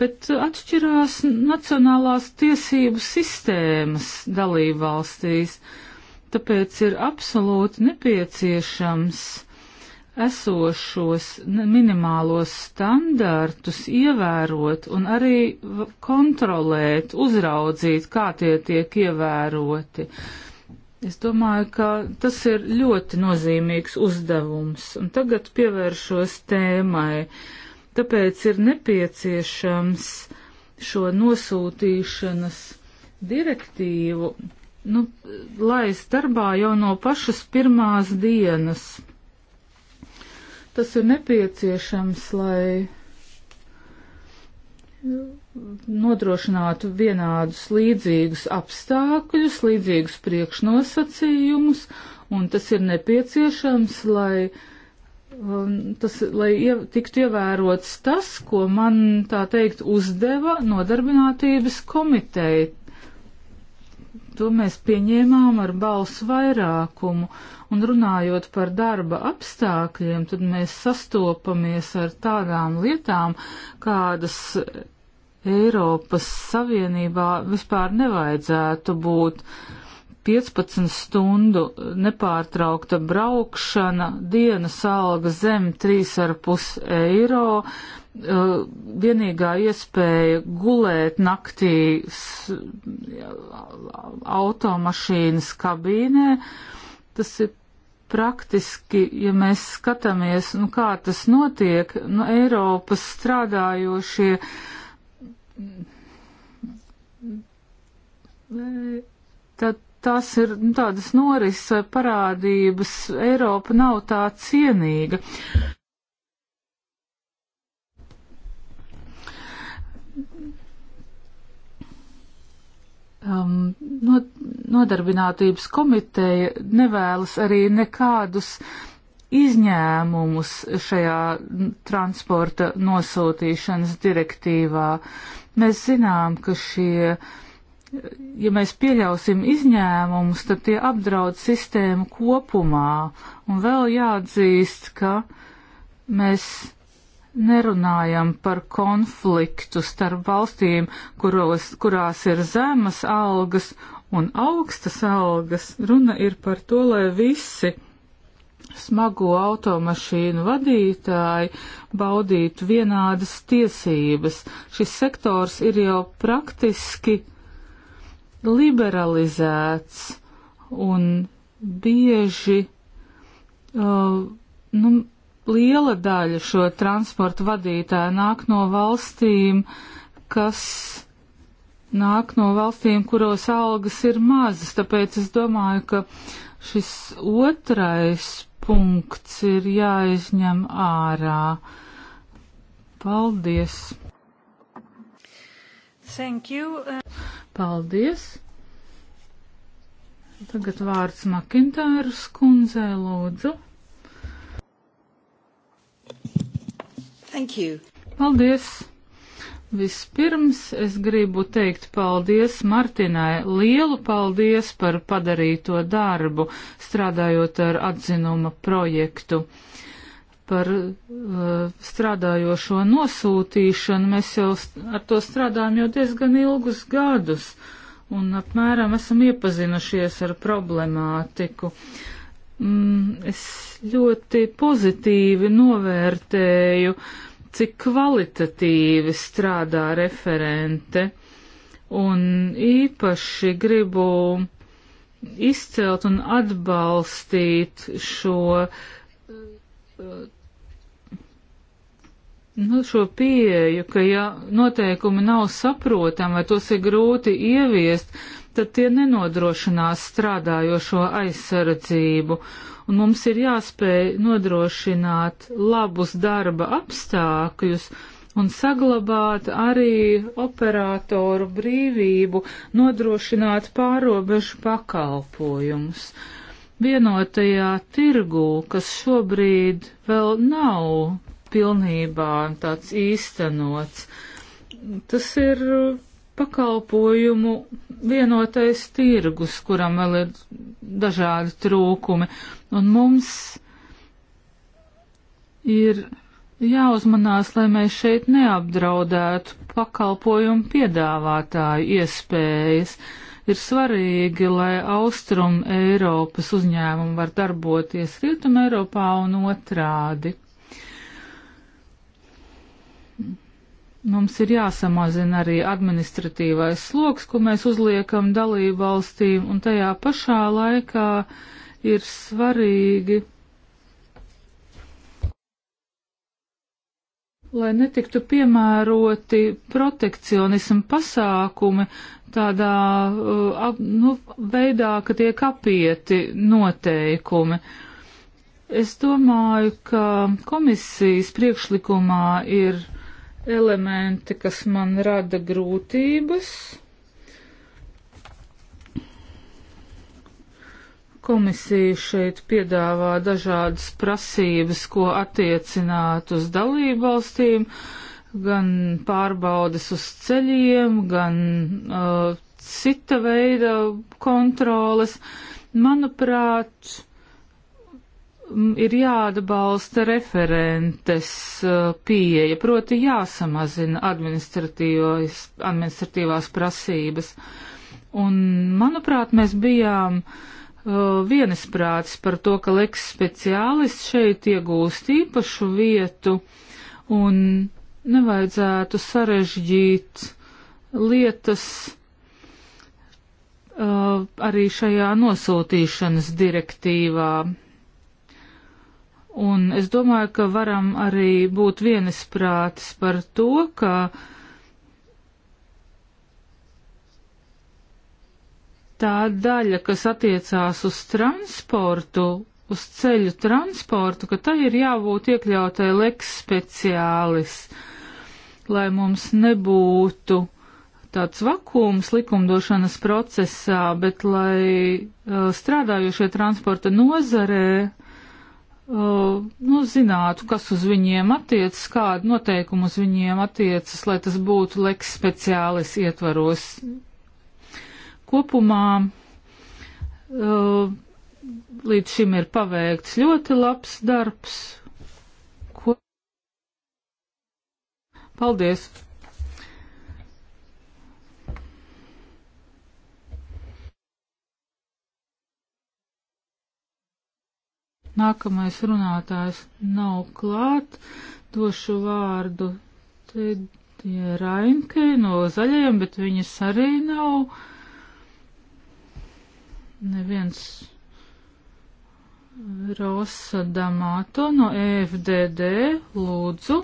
bet atšķirās nacionālās tiesību sistēmas dalību valstīs. Tāpēc ir absolūti nepieciešams esošos minimālos standartus ievērot un arī kontrolēt, uzraudzīt, kā tie tiek ievēroti. Es domāju, ka tas ir ļoti nozīmīgs uzdevums, un tagad pievēršos tēmai. Tāpēc ir nepieciešams šo nosūtīšanas direktīvu, nu, lai es darbā jau no pašas pirmās dienas Tas ir nepieciešams, lai nodrošinātu vienādus līdzīgus apstākļus, līdzīgus priekšnosacījumus, un tas ir nepieciešams, lai, tas, lai iev, tiktu ievērots tas, ko man, tā teikt, uzdeva nodarbinātības komiteja To mēs pieņēmām ar balsu vairākumu, un runājot par darba apstākļiem, tad mēs sastopamies ar tādām lietām, kādas Eiropas Savienībā vispār nevajadzētu būt. Uh, 15 stundu nepārtraukta braukšana, dienas alga zem 3,5 eiro, eh, vienīgā iespēja gulēt naktī automašīnas kabīnē. Tas ir praktiski, ja mēs skatāmies, nu kā tas notiek, nu Eiropas strādājošie. Nē tās ir nu, tādas norises vai eh, parādības. Eiropa nav tā cienīga. Um, no, nodarbinātības komiteja nevēlas arī nekādus izņēmumus šajā transporta nosūtīšanas direktīvā. Mēs zinām, ka šie uh, ja mēs pieļausim izņēmumus, tad tie apdraud sistēmu kopumā. Un vēl jāatzīst, ka mēs nerunājam par konfliktu starp valstīm, kuros, kurās ir zemas algas un augstas algas. Runa ir par to, lai visi smago automašīnu vadītāji baudītu vienādas tiesības. Šis sektors ir jau praktiski liberalizēts un bieži uh, nu, liela daļa šo transportu vadītāju nāk no valstīm, kas nāk no valstīm, kuros algas ir mazas. Tāpēc es domāju, ka šis otrais punkts ir jāizņem ārā. Paldies! Thank you. Uh... Paldies! Tagad vārds Makintāras kundzē, lūdzu. Thank you. Paldies! Vispirms es gribu teikt paldies Martinai, lielu paldies par padarīto darbu, strādājot ar atzinuma projektu par uh, strādājošo nosūtīšanu. Mēs jau ar to strādājam jau diezgan ilgus gadus un apmēram esam iepazinušies ar problemātiku. Mm, es ļoti pozitīvi novērtēju, cik kvalitatīvi strādā referente un īpaši gribu izcelt un atbalstīt šo uh, nu, šo pieeju, ka ja noteikumi nav saprotami vai tos ir grūti ieviest, tad tie nenodrošinās strādājošo aizsardzību. Un mums ir jāspēj nodrošināt labus darba apstākļus un saglabāt arī operatoru brīvību, nodrošināt pārobežu pakalpojumus. Vienotajā tirgū, kas šobrīd vēl nav pilnībā un tāds īstenots. Tas ir pakalpojumu vienotais tirgus, kuram vēl ir dažādi trūkumi, un mums ir jāuzmanās, lai mēs šeit neapdraudētu pakalpojumu piedāvātāju iespējas. Ir svarīgi, lai Austrum Eiropas uzņēmumi var darboties Rietum Eiropā un otrādi. Mums ir jāsamazina arī administratīvais sloks, ko mēs uzliekam dalību valstīm, un tajā pašā laikā ir svarīgi, lai netiktu piemēroti protekcionismu pasākumi tādā uh, nu, veidā, ka tiek apieti noteikumi. Es domāju, ka komisijas priekšlikumā ir elementi, kas man rada grūtības. Komisija šeit piedāvā dažādas prasības, ko attiecināt uz dalībvalstīm, gan pārbaudas uz ceļiem, gan uh, cita veida kontroles. Manuprāt, ir jāatbalsta referentes uh, pieeja, proti jāsamazina administratīvās prasības. Un, manuprāt, mēs bijām uh, vienisprātis par to, ka leks speciālists šeit iegūst īpašu vietu un nevajadzētu sarežģīt lietas uh, arī šajā nosūtīšanas direktīvā Un es domāju, ka varam arī būt vienisprātis par to, ka tā daļa, kas attiecās uz transportu, uz ceļu transportu, ka tai ir jābūt iekļautai leks speciālis, lai mums nebūtu tāds vakums likumdošanas procesā, bet lai uh, strādājošie transporta nozarē Uh, nu, zinātu, kas uz viņiem attiecas, kādu noteikumu uz viņiem attiecas, lai tas būtu leks speciālis ietvaros. Kopumā uh, līdz šim ir paveikts ļoti labs darbs. Ko... Paldies! Nākamais runātājs nav klāt. Došu vārdu Tedija Rainke no zaļajiem, bet viņas arī nav. Neviens. Rosa Damato no EFDD, lūdzu.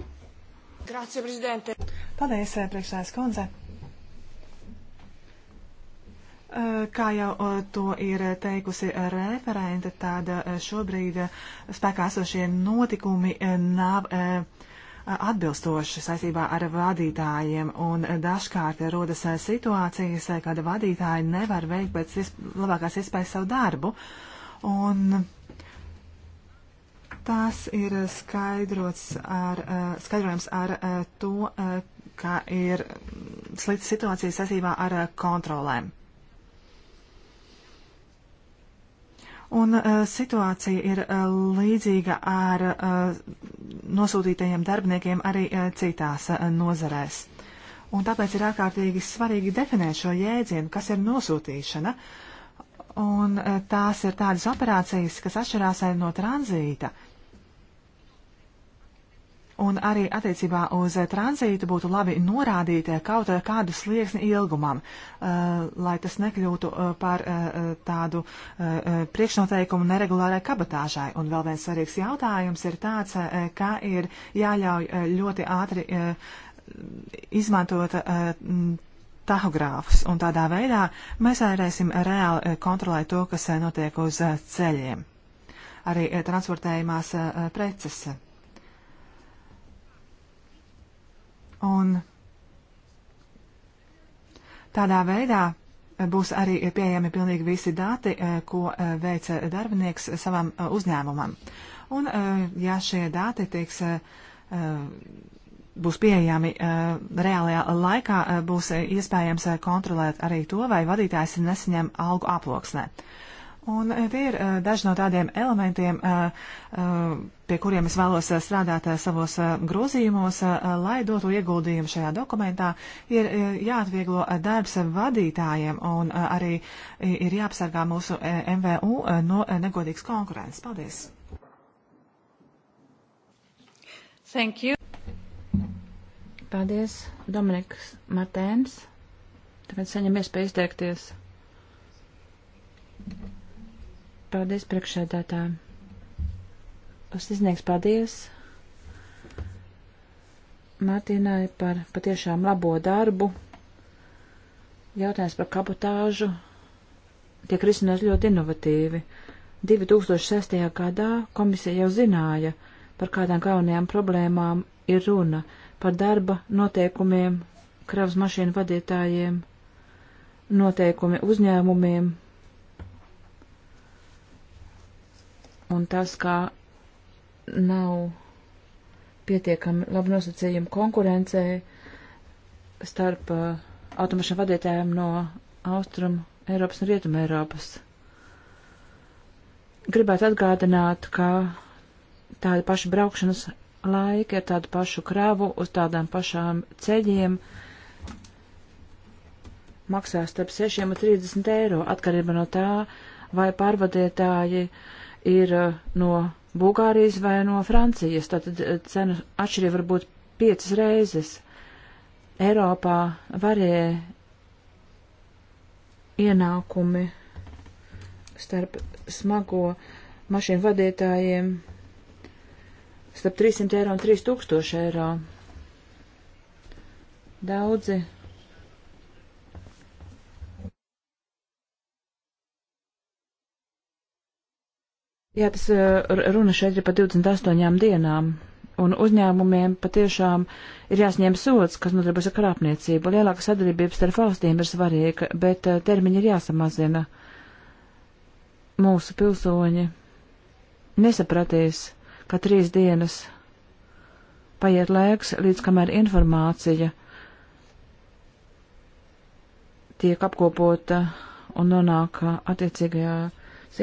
Grācija, prezidente. Paldies, eh, priekšsēdētājas kundze. Eh, kā jau eh, to ir teikusi referente, tad eh, šobrīd spēkā esošie notikumi nav atbilstoši saistībā ar vadītājiem, un dažkārt rodas situācijas, kad vadītāji nevar veikt pēc labākās iespējas savu darbu. Un tas ir skaidrots ar, skaidrojams ar to, ka ir slikta situācija saistībā ar kontrolēm. Un uh, situācija ir uh, līdzīga ar uh, nosūtītajiem darbiniekiem arī uh, citās uh, nozarēs. Un tāpēc ir ārkārtīgi svarīgi definēt šo jēdzienu, kas ir nosūtīšana. Un uh, tās ir tādas operācijas, kas atšķirās no tranzīta. Uh, Un arī attiecībā uz tranzītu būtu labi norādīt kaut kādu slieksni ilgumam, uh, lai tas nekļūtu uh, par uh, tādu priekšnoteikumu neregulārai kabatāžai. Un vēl viens svarīgs jautājums ir tāds, ka ir jāļauj ļoti ātri izmantot tahogrāfus, un tādā veidā mēs varēsim reāli kontrolēt to, kas notiek uz ceļiem. Arī transportējumās preces. Un tādā veidā būs arī pieejami pilnīgi visi dati, eh, ko eh, veica eh, darbinieks savam uzņēmumam. Un, ja šie dati tiks, būs pieejami reālajā laikā, būs iespējams kontrolēt arī to, vai vadītājs nesaņem algu aploksnē. Ne. Un e, tie ir e, daži no tādiem elementiem, e, pie kuriem es vēlos strādāt savos grozījumos, lai dotu ieguldījumu šajā dokumentā. Ir jāatvieglo darbs vadītājiem un arī ir jāapsargā mūsu MVU no negodīgas konkurences. Paldies! Thank you. Paldies, Dominiks Martēns. Tāpēc saņem iespēju izteikties. Thank you. Paldies priekšēdētājiem. Uzsniegts paldies Martīnai par patiešām labo darbu. Jautājums par kabotāžu tiek risināts ļoti inovatīvi. 2006. gadā komisija jau zināja, par kādām galvenajām problēmām ir runa - par darba noteikumiem, kravas mašīnu vadītājiem, noteikumi uzņēmumiem, un tas, kā nav pietiekami labi nosacījumi konkurencē starp uh, automašīnu vadītājiem no Austrum Eiropas un Rietum Eiropas. Gribētu atgādināt, ka tādi paši braukšanas laiki ar tādu pašu kravu uz tādām pašām ceļiem maksā starp 6 un 30 eiro atkarībā no tā, vai pārvadietāji uh, ir eh, no Bulgārijas vai no Francijas, tātad eh, cenu atšķirība var būt piecas reizes. Eiropā varēja ienākumi starp smago mašīnu vadītājiem starp 300 eiro un 3000 eiro. Daudzi Jā, tas eh, runa šeit ir par 28 dienām, un uzņēmumiem patiešām ir jāsņem sots, kas nodarbojas ar krāpniecību. Lielāka sadarbības starp valstīm ir svarīga, bet eh, termiņi ir jāsamazina. Mūsu pilsoņi nesapratīs, ka trīs dienas paiet laiks, līdz kamēr informācija tiek apkopota un nonāk eh, attiecīgajā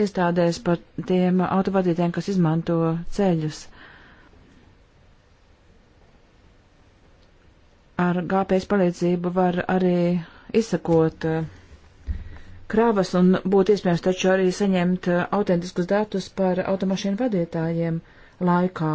iestādēs par tiem autovadītēm, kas izmanto ceļus. Ar GPS palīdzību var arī izsakot eh, krāvas un būtu iespējams taču arī saņemt eh, autentiskus datus par automašīnu vadītājiem laikā.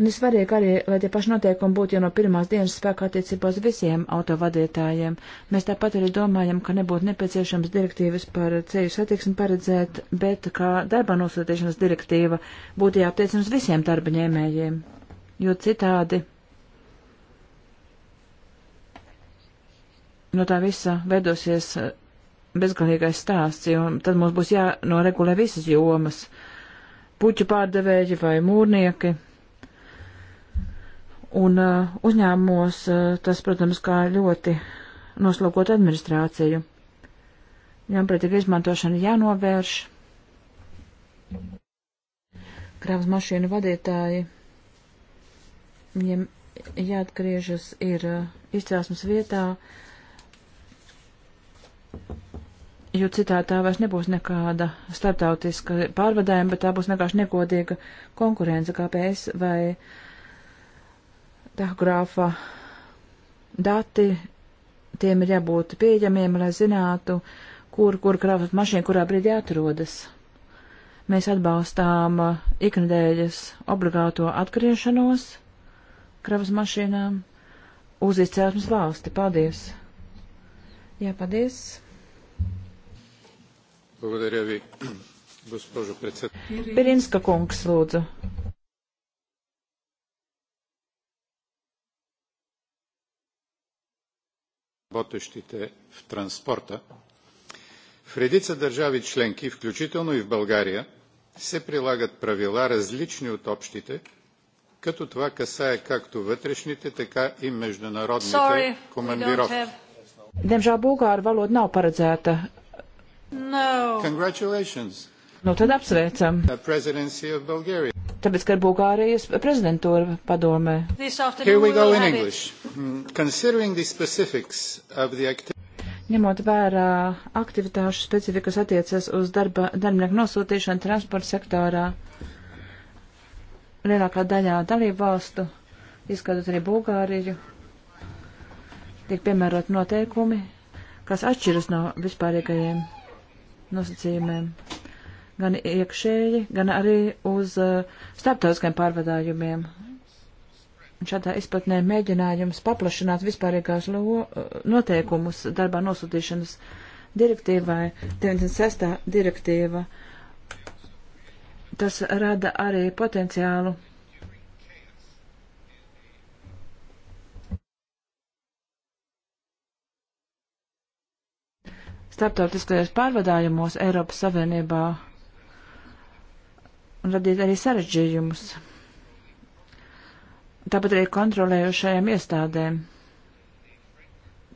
Un ir svarīgi arī, lai tie paši noteikumi būtu jau no pirmās dienas spēkā attiecībā uz visiem autovadītājiem. Mēs tāpat arī domājam, ka nebūtu nepieciešams direktīvas par ceļu satiksmi paredzēt, bet kā darba nosūtīšanas direktīva būtu jāattiecina uz visiem darba ņēmējiem, jo citādi no tā visa veidosies bezgalīgais stāsts, jo tad mums būs jānoregulē visas jomas - puķu pārdevēji vai mūrnieki Un uh, uzņēmumos uh, tas, protams, kā ļoti noslogot administrāciju. Ļaunprātīga izmantošana jānovērš. Kravas mašīnu vadītāji, viņiem jāatgriežas ir uh, izcelsmes vietā, jo citādi tā vairs nebūs nekāda starptautiska pārvadājuma, bet tā būs vienkārši negodīga konkurence, kāpēc vai. Uh, tahogrāfa dati, tiem ir jābūt pieejamiem, lai zinātu, kur, kur krāvas mašīna kurā brīdī atrodas. Mēs atbalstām uh, iknedēļas obligāto atgriešanos kravas mašīnām uz izcelsmes valsti. Paldies! Jā, paldies! Благодаря ви, госпожо председател. Пиринска Конкс, лудзо. работещите в транспорта, в редица държави членки, включително и в България, се прилагат правила различни от общите, като това касае както вътрешните, така и международните Sorry, командировки. Have... Diemžēl bulgāru valoda nav paredzēta. No. Congratulations. Nu tad apsveicam tāpēc, ka ir Bulgārijas prezidentūra padomē. Mm, Ņemot vērā aktivitāšu specifiku, kas attiecas uz darba, darbinieku nosūtīšanu transporta sektorā, lielākā daļā dalību valstu, izskatot arī Bulgāriju, tiek piemērot noteikumi, kas atšķiras no vispārīgajiem nosacījumiem gan iekšēji, gan arī uz uh, starptautiskiem pārvadājumiem. Un šādā izpratnē mēģinājums paplašināt vispārīgās lo, uh, noteikumus darbā nosūtīšanas direktīvai, 96. direktīva, tas rada arī potenciālu. Starptautiskajos pārvadājumos Eiropas Savienībā un radīt arī sarežģījumus. Tāpat arī kontrolējošajām iestādēm.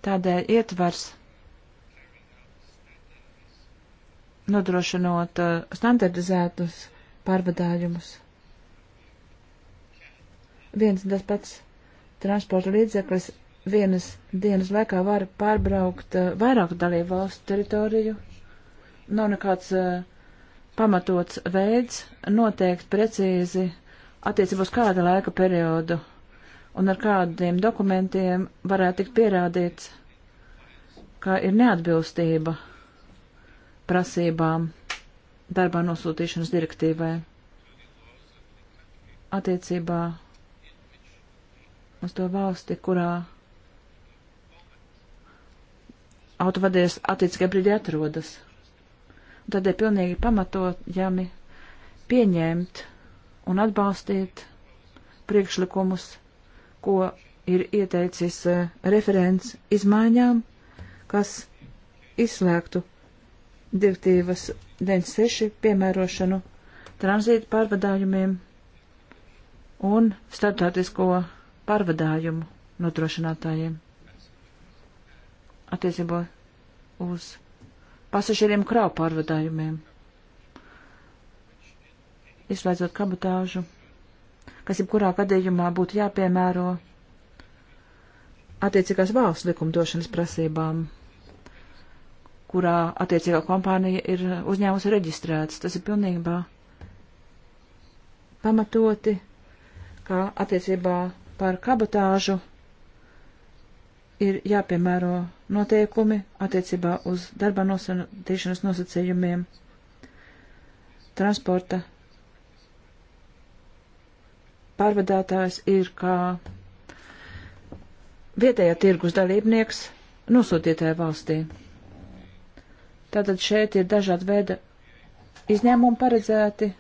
Tādēļ ietvars nodrošinot uh, standardizētus pārvadājumus. Viens un tas pats transporta līdzeklis vienas dienas laikā var pārbraukt uh, vairāku dalību valstu teritoriju. Nav nekāds uh, pamatots veids noteikt precīzi attiecībā uz kādu laika periodu un ar kādiem dokumentiem varētu tikt pierādīts, ka ir neatbilstība prasībām darbā nosūtīšanas direktīvai attiecībā uz to valsti, kurā autovadies attiecīgajā brīdī atrodas tad ir pilnīgi pamatojami pieņemt un atbalstīt priekšlikumus, ko ir ieteicis eh, referents izmaiņām, kas izslēgtu direktīvas 96 piemērošanu tranzītu pārvadājumiem un starptautisko pārvadājumu nodrošinātājiem attiecībā uz pasažieriem kravu pārvadājumiem, izslēdzot kabatāžu, kas jebkurā gadījumā būtu jāpiemēro attiecīgās valsts likumdošanas prasībām, kurā attiecīgā kompānija ir uzņēmusi reģistrēts. Tas ir pilnībā pamatoti, kā attiecībā par kabatāžu ir jāpiemēro noteikumi attiecībā uz darba nosacīšanas nosacījumiem, transporta pārvadātājs ir kā vietējā tirgus dalībnieks nosūtītāja valstī. Tātad šeit ir dažādi veidi izņēmumi paredzēti,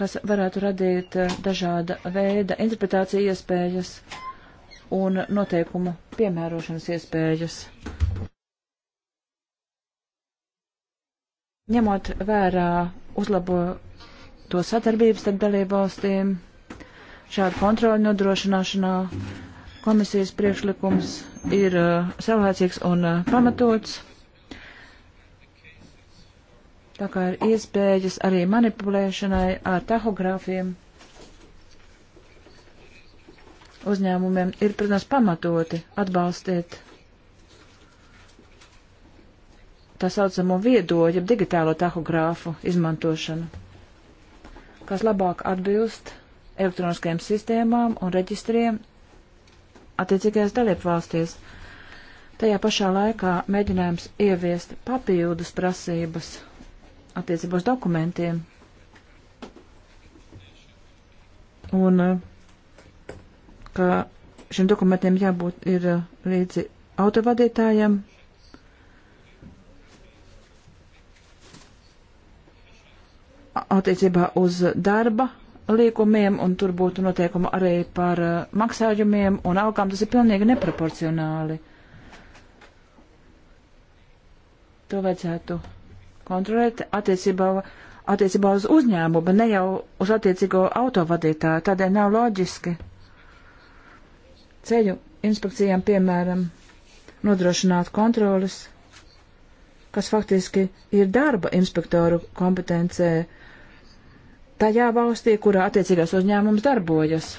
kas varētu radīt eh, dažāda veida interpretācija iespējas. Ja un noteikumu piemērošanas iespējas. Ņemot vērā uzlabo to sadarbības starp dalībvalstīm, šādu kontroli nodrošināšanā komisijas priekšlikums ir uh, savlaicīgs un uh, pamatots. Tā kā ir iespējas arī manipulēšanai ar tahogrāfiem uzņēmumiem ir, protams, pamatoti atbalstīt tā saucamo viedoļu, digitālo tahogrāfu izmantošanu, kas labāk atbilst elektroniskajām sistēmām un reģistriem attiecīgajās dalību valstīs. Tajā pašā laikā mēģinājums ieviest papildus prasības attiecībos dokumentiem un uh, ka šiem dokumentiem jābūt ir uh, līdzi autovadītājiem. Attiecībā uz darba līgumiem, un tur būtu noteikumi arī par uh, maksājumiem un algām, tas ir pilnīgi neproporcionāli. To vajadzētu kontrolēt attiecībā, attiecībā uz uzņēmumu, ne jau uz attiecīgo autovadītāju, tādēļ nav loģiski ceļu inspekcijām, piemēram, nodrošināt kontrolas, kas faktiski ir darba inspektoru kompetencē tajā valstī, kurā attiecīgās uzņēmums darbojas.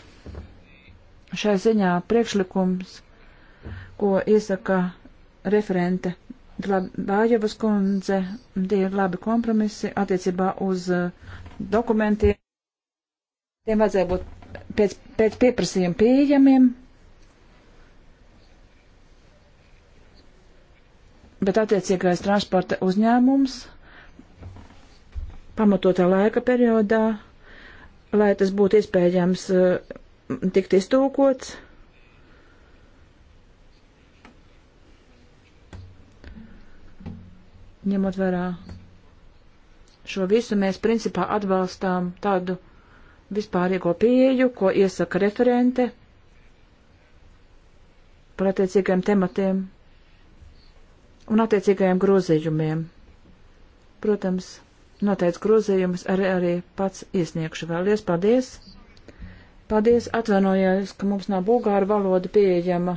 Šai ziņā priekšlikums, ko iesaka referente Bājevas kundze, tie ir labi kompromisi attiecībā uz uh, dokumentiem. Tiem vajadzēja būt pēc, pēc pieprasījuma pieejamiem. bet attiecīgais transporta uzņēmums pamatotā laika periodā, lai tas būtu iespējams eh, tikt iztūkots. Ņemot vērā šo visu, mēs principā atbalstām tādu vispārīgo pieeju, ko iesaka referente par attiecīgiem tematiem un attiecīgajiem grozījumiem. Protams, noteic grozījumus arī, arī pats iesniegšu. Vēlies, paldies! Paldies, atvainojos, ka mums nav bulgāra valoda pieejama.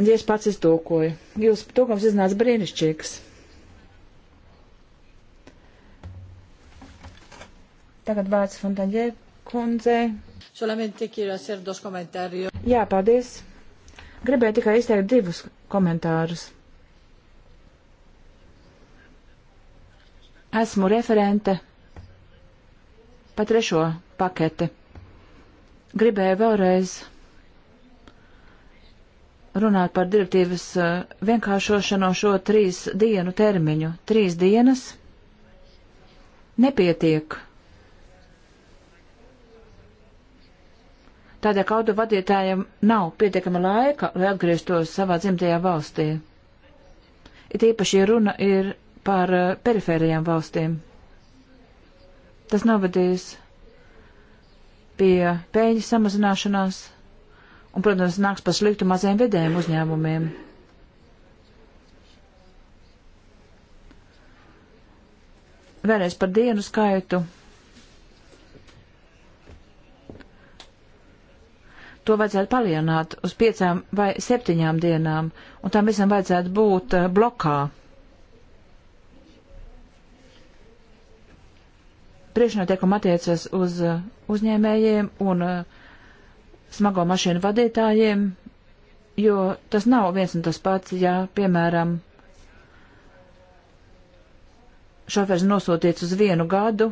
Es pats iztūkoju. Jūsu tūkums iznāca brīnišķīgs. Tagad vārds Fontaņģē kundzei. Jā, paldies. Gribēju tikai izteikt divus komentārus. Esmu referente pa trešo paketi. Gribēju vēlreiz runāt par direktīvas uh, vienkāršošanu šo trīs dienu termiņu. Trīs dienas nepietiek Tādēļ, ka auto vadītājiem nav pietiekama laika, lai atgrieztos savā dzimtajā valstī. It īpaši, ja runa ir par eh, perifērijām valstīm. Tas novadīs pie pēļņu samazināšanās un, protams, nāks par sliktu maziem vidējiem uzņēmumiem. Vēlreiz par dienu skaitu to vajadzētu palielināt uz piecām vai septiņām dienām, un tam visam vajadzētu būt eh, blokā. Priekšnotiekumi attiecas uz eh, uzņēmējiem un eh, smago mašīnu vadītājiem, jo tas nav viens un tas pats, ja, piemēram, šoferis nosūtīts uz vienu gadu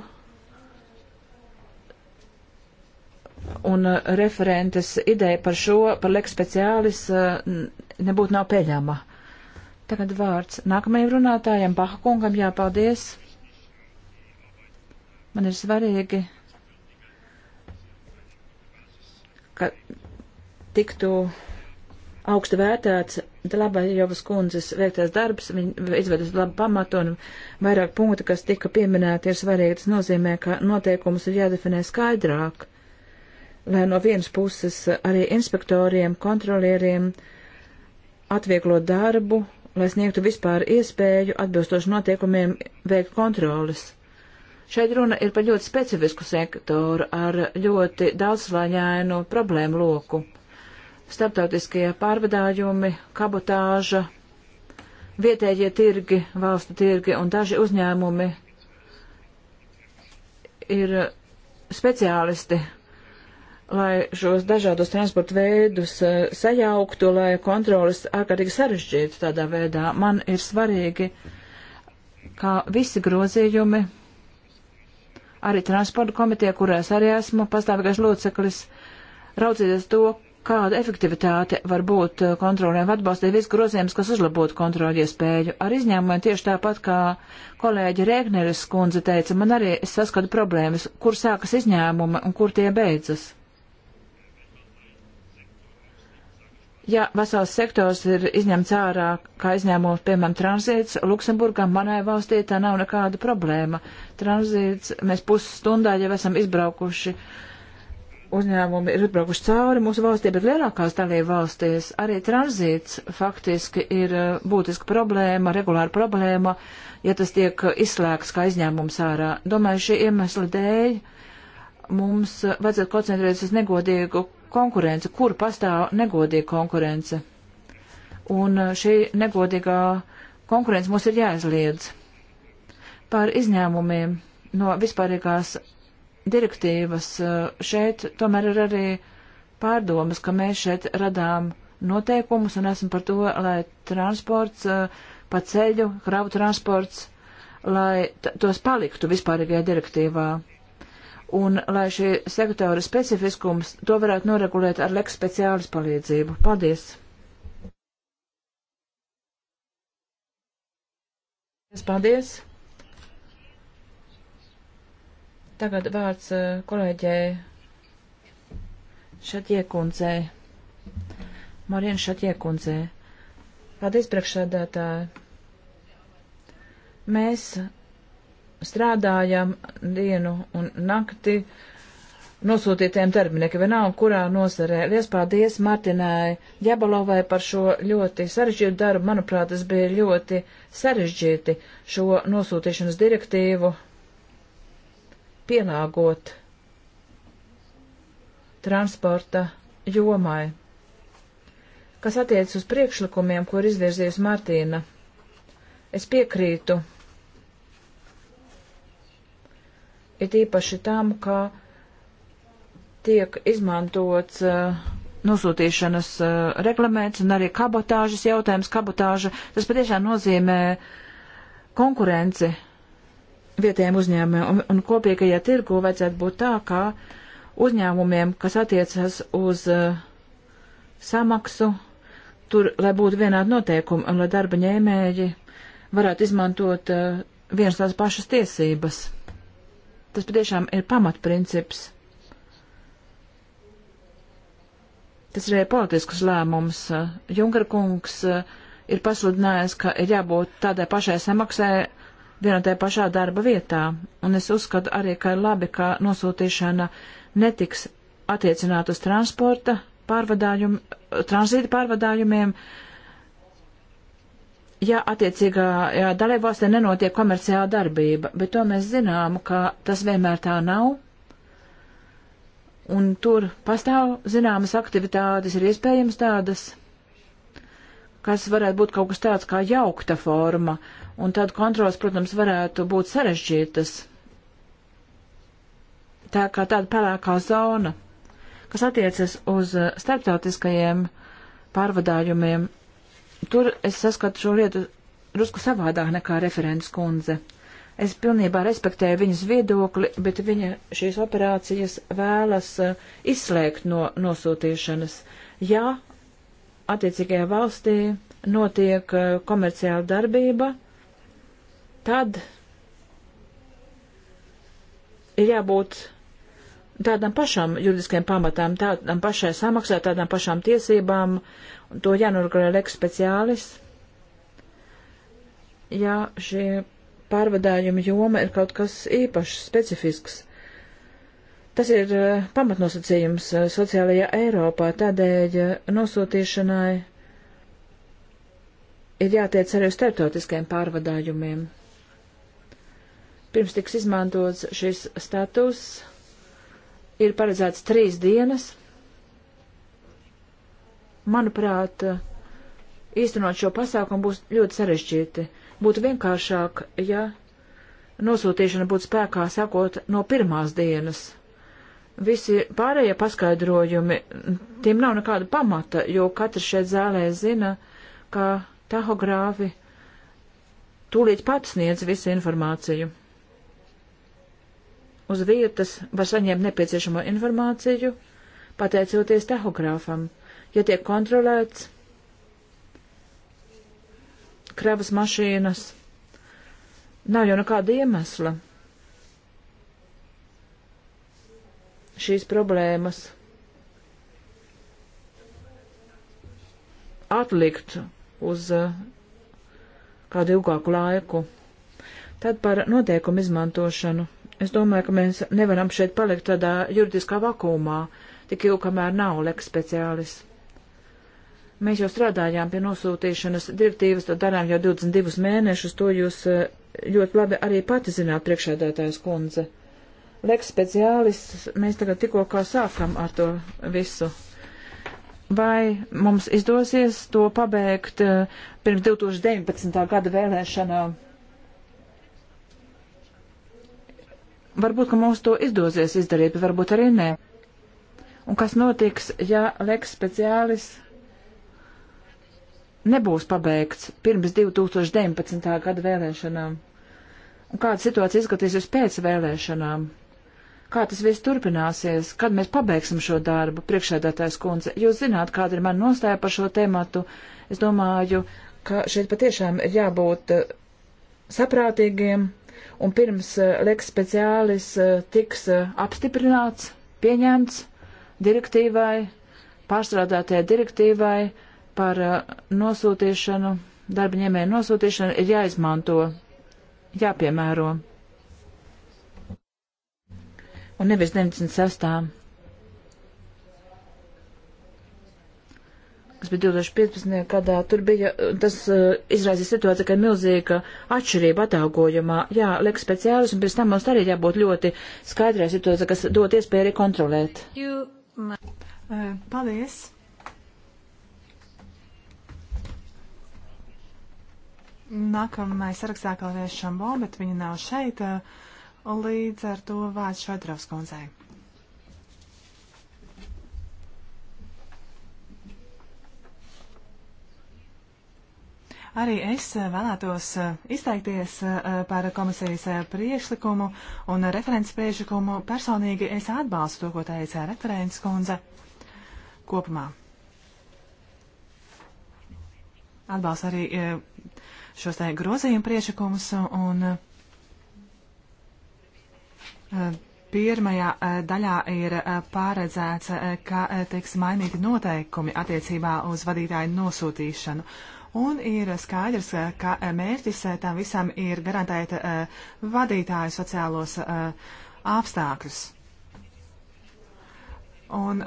un uh, referentes ideja par šo, par leks speciālis, uh, nebūtu nav peļama. Tagad vārds nākamajam runātājam, Bahakungam, jāpaldies. Man ir svarīgi, ka tiktu augstu vērtēts Labajovas kundzes veiktais darbs, viņa izvedas labu pamatu un vairāk punktu, kas tika pieminēti, ir svarīgi. Tas nozīmē, ka noteikumus ir jādefinē skaidrāk lai no vienas puses arī inspektoriem, kontrolieriem atvieglot darbu, lai sniegtu vispār iespēju atbilstoši notiekumiem veikt kontrolas. Šeit runa ir par ļoti specifisku sektoru ar ļoti daudzslāņainu problēmu loku. Starptautiskie pārvadājumi, kabotāža, vietējie tirgi, valstu tirgi un daži uzņēmumi ir speciālisti lai šos dažādos transporta veidus eh, sajauktu, lai kontrolas ārkārtīgi sarežģītu tādā veidā. Man ir svarīgi, kā visi grozījumi, arī transporta komiteja, kurās arī esmu pastāvīgais loceklis, raudzīties to, kāda efektivitāte var būt eh, kontrolēm, atbalstīt visu grozījumus, kas uzlabotu kontroļu iespēju. Ar izņēmumiem tieši tāpat, kā kolēģi Rēgneris skundze teica, man arī saskatu problēmas, kur sākas izņēmumi un kur tie beidzas. ja vesels sektors ir izņemts ārā, kā izņēmums, piemēram, tranzīts, Luksemburgā, manai valstī tā nav nekāda problēma. Tranzīts, mēs pusstundā jau esam izbraukuši, uzņēmumi ir izbraukuši cauri mūsu valstī, bet lielākās dalība valstīs arī tranzīts faktiski ir eh, būtiska problēma, regulāra problēma, ja tas tiek eh, izslēgts kā izņēmums ārā. Domāju, šī iemesla dēļ mums vajadzētu koncentrēties uz negodīgu konkurence, kur pastāv negodīga konkurence. Un eh, šī negodīgā konkurence mums ir jāizliedz. Par izņēmumiem no vispārīgās direktīvas eh, šeit tomēr ir arī pārdomas, ka mēs šeit radām noteikumus un esam par to, lai transports eh, pa ceļu, kravu transports, lai tos paliktu vispārīgajā direktīvā un lai šī sektora specifiskums to varētu noregulēt ar leks speciālis palīdzību. Paldies! Paldies! Tagad vārds eh, kolēģei Šatiekundzei. Marina Šatiekundzei. Paldies, priekšsēdētāji! Mēs strādājam dienu un nakti nosūtītiem darbiniekiem, vienalga, kurā nozarē. Lies paldies Martinai Jabalovai par šo ļoti sarežģītu darbu. Manuprāt, tas bija ļoti sarežģīti šo nosūtīšanas direktīvu pielāgot transporta jomai. Kas attiec uz priekšlikumiem, kur izvirzies Martīna, es piekrītu it īpaši tam, ka tiek izmantots uh, nosūtīšanas uh, reglaments un arī kabotāžas jautājums. Kabotāža tas patiešām nozīmē konkurenci vietējiem uzņēmumiem un, un kopīgajā tirgu vajadzētu būt tā, ka uzņēmumiem, kas attiecas uz uh, samaksu, tur, lai būtu vienādi noteikumi un lai darba ņēmēji varētu izmantot uh, vienas tās pašas tiesības Tas patiešām ir pamatprincips. Tas arī ir politisks lēmums. Junkara kungs eh, ir pasludinājis, ka ir jābūt tādai pašai samaksai vienā tajā pašā darba vietā, un es uzskatu arī, ka ir labi, ka nosūtīšana netiks attiecināt uz transporta pārvadājumu, tranzīta pārvadājumiem, uh, ja attiecīgā dalībvalstī nenotiek komerciāla darbība, bet to mēs zinām, ka tas vienmēr tā nav. Un tur pastāv zināmas aktivitātes, ir iespējams tādas, kas varētu būt kaut kas tāds kā jaukta forma, un tad kontrols, protams, varētu būt sarežģītas. Tā kā tāda pelēkā zona, kas attiecas uz uh, starptautiskajiem pārvadājumiem, tur es saskatu šo lietu drusku savādāk nekā referents kundze. Es pilnībā respektēju viņas viedokli, bet viņa šīs operācijas vēlas eh, izslēgt no nosūtīšanas. Ja attiecīgajā valstī notiek eh, komerciāla darbība, tad ir jābūt tādam pašam juridiskajam pamatām, tādam pašai samaksā, tādām pašām tiesībām, un to jānoregulē leks speciālis. Jā, šie pārvadājumi joma ir kaut kas īpašs, specifisks. Tas ir uh, pamatnosacījums uh, sociālajā Eiropā, tādēļ uh, nosūtīšanai ir jātiec arī uz starptautiskiem pārvadājumiem. Pirms tiks izmantots šis status, ir paredzēts trīs dienas Manuprāt, īstenot šo pasākumu būs ļoti sarežģīti. Būtu vienkāršāk, ja nosūtīšana būtu spēkā sākot no pirmās dienas. Visi pārējie paskaidrojumi, tiem nav nekāda pamata, jo katrs šeit zālē zina, ka tahogrāfi tūlīt pat sniedz visu informāciju. Uz vietas var saņemt nepieciešamo informāciju, pateicoties tahogrāfam ja tiek kontrolēts kravas mašīnas. Nav jau nekāda iemesla šīs problēmas atlikt uz uh, kādu ilgāku laiku. Tad par noteikumu izmantošanu. Es domāju, ka mēs nevaram šeit palikt tādā juridiskā vakumā, tik ilgi, kamēr nav leks speciālis. Mēs jau strādājām pie nosūtīšanas direktīvas, to darām jau 22 mēnešus, to jūs eh, ļoti labi arī pati zināt, priekšādātājs kundze. Leks speciālists, mēs tagad tikko kā sākam ar to visu. Vai mums izdosies to pabeigt eh, pirms 2019. gada vēlēšanām? Varbūt, ka mums to izdosies izdarīt, bet varbūt arī nē. Un kas notiks, ja leks speciālists nebūs pabeigts pirms 2019. gada vēlēšanām? Un kāda situācija izskatīsies pēc vēlēšanām? Kā tas viss turpināsies, kad mēs pabeigsim šo darbu, priekšēdētājs kundze? Jūs zināt, kāda ir mana nostāja par šo tēmatu. Es domāju, ka šeit patiešām ir jābūt eh, saprātīgiem, un pirms eh, leks speciālis eh, tiks apstiprināts, pieņemts direktīvai, pārstrādātajai direktīvai, par eh, nosūtīšanu, darba ņēmēju nosūtīšanu ir jāizmanto, jāpiemēro. Un nevis 96. kas bija 2015. gadā, tur bija, eh, tas uh, izraisīja situāciju, ka ir milzīga atšķirība atalgojumā. Jā, liek speciālis, un pēc tam mums arī jābūt ļoti skaidrai situācijai, kas dot iespēju arī kontrolēt. You... Paldies! Nākamais sarakstā kalvēs Šambo, bet viņa nav šeit, un eh, līdz ar to vārds Šodrovs kundzei. Arī es eh, vēlētos eh, izteikties par komisijas priešlikumu un referents priešlikumu. Personīgi es atbalstu to, ko teica referents kundze kopumā. Atbalstu arī šos te grozījumu priešakumus un e, Pirmajā e, daļā ir e, pārredzēts, ka tiks mainīti noteikumi attiecībā uz vadītāju nosūtīšanu. Un ir skaidrs, ka mērķis tam visam ir garantēt vadītāju sociālos apstākļus. Un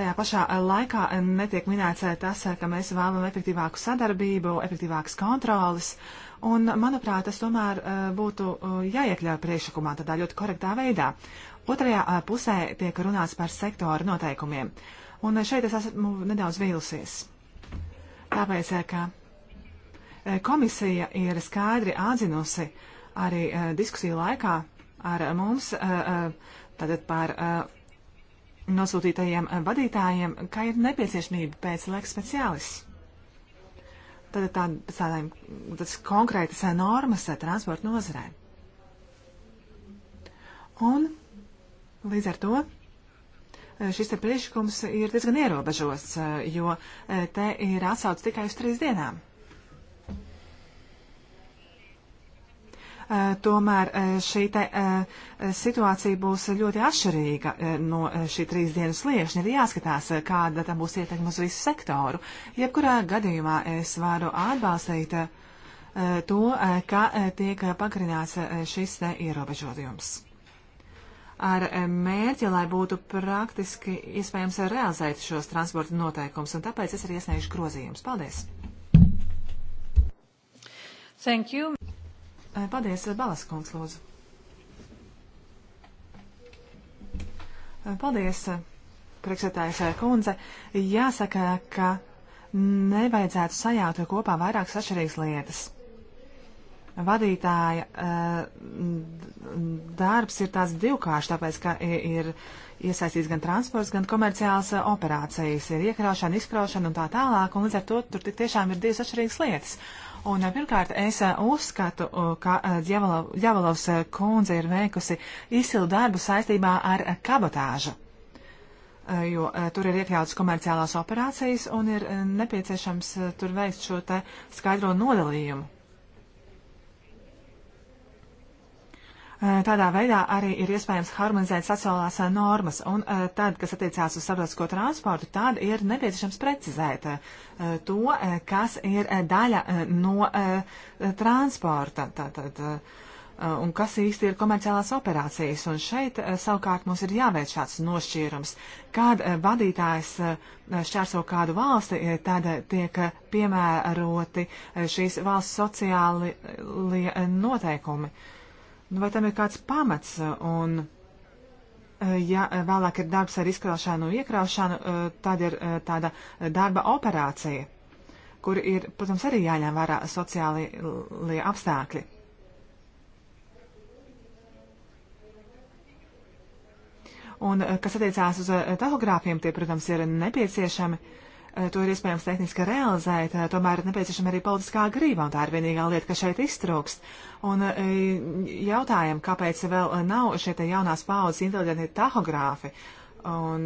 tajā pašā laikā netiek minēts eh, tas, eh, ka mēs vēlam efektīvāku sadarbību, efektīvākas kontrolas, un, manuprāt, tas tomēr eh, būtu jāiekļauj priekšlikumā tādā ļoti korektā veidā. Otrajā pusē tiek runāts par sektoru noteikumiem, un šeit es esmu nedaudz vīlusies. Tāpēc, ka komisija ir skaidri atzinusi arī diskusiju laikā ar mums tātad par nosūtītajiem vadītājiem, ka ir nepieciešamība pēc leks speciālis. Tad ir tādas tā, tā, konkrētas normas transporta nozarē. Un līdz ar to e, šis priekšlikums ir diezgan ierobežots, e, jo e, te ir atsaucis tikai uz trīs dienām. Eh, tomēr eh, šī te, eh, situācija būs ļoti atšķirīga no šī trīs dienas liešņa. Ir jāskatās, kāda tam būs ietekme uz visu sektoru. Jebkurā gadījumā es varu atbalstīt to, ka tiek pagarināts šis te ierobežojums ar mērķi, lai būtu praktiski iespējams realizēt šos transporta noteikumus, un tāpēc es arī iesniegšu grozījumus. Paldies! Thank you! Eh, paldies, eh, Balas kungs, lūdzu. Eh, paldies, priekšsētājas kundze. Jāsaka, ka nevajadzētu sajaukt kopā vairākas atšķirīgas lietas. Vadītāja darbs ir tāds divkāršs, tāpēc, ka ir iesaistīts gan transports, gan komerciāls operācijas, ir iekraušana, izkraušana un tā tālāk, un līdz ar to tur tiešām ir divas atšķirīgas lietas. Un eh, pirmkārt, es eh, uzskatu, ka eh, Djavalovs kundze ir veikusi izcilu darbu saistībā ar kabotāžu, jo tur ir iekļautas komerciālās operācijas un ir nepieciešams tur veikt šo te skaidro nodalījumu. Eh, tādā veidā arī ir iespējams harmonizēt sociālās eh, normas, un eh, tad, kas attiecās uz sabiedrisko transportu, tad ir nepieciešams precizēt to, kas ir daļa no transporta. Tātad, un kas īsti ir komerciālās operācijas. Un šeit savukārt mums ir jāveic šāds nošķīrums. Kad vadītājs šķērso kādu valsti, tad tiek piemēroti šīs valsts sociāli noteikumi. Uh, Nu, vai tam ir kāds pamats? Un, eh, ja eh, vēlāk ir darbs ar izkraušanu un iekraušanu, eh, tad ir tāda darba operācija, kur ir, protams, arī jāņem vērā sociālie apstākļi. Un, kas attiecās uz tahogrāfiem, tie, protams, ir nepieciešami. Uh, Eh, to ir iespējams tehniski realizēt, eh, tomēr ir nepieciešama arī politiskā grība, un tā ir vienīgā lieta, kas šeit iztrūkst. Un eh, jautājam, kāpēc vēl nav šie te jaunās paudzes inteliģentie tahogrāfi. Un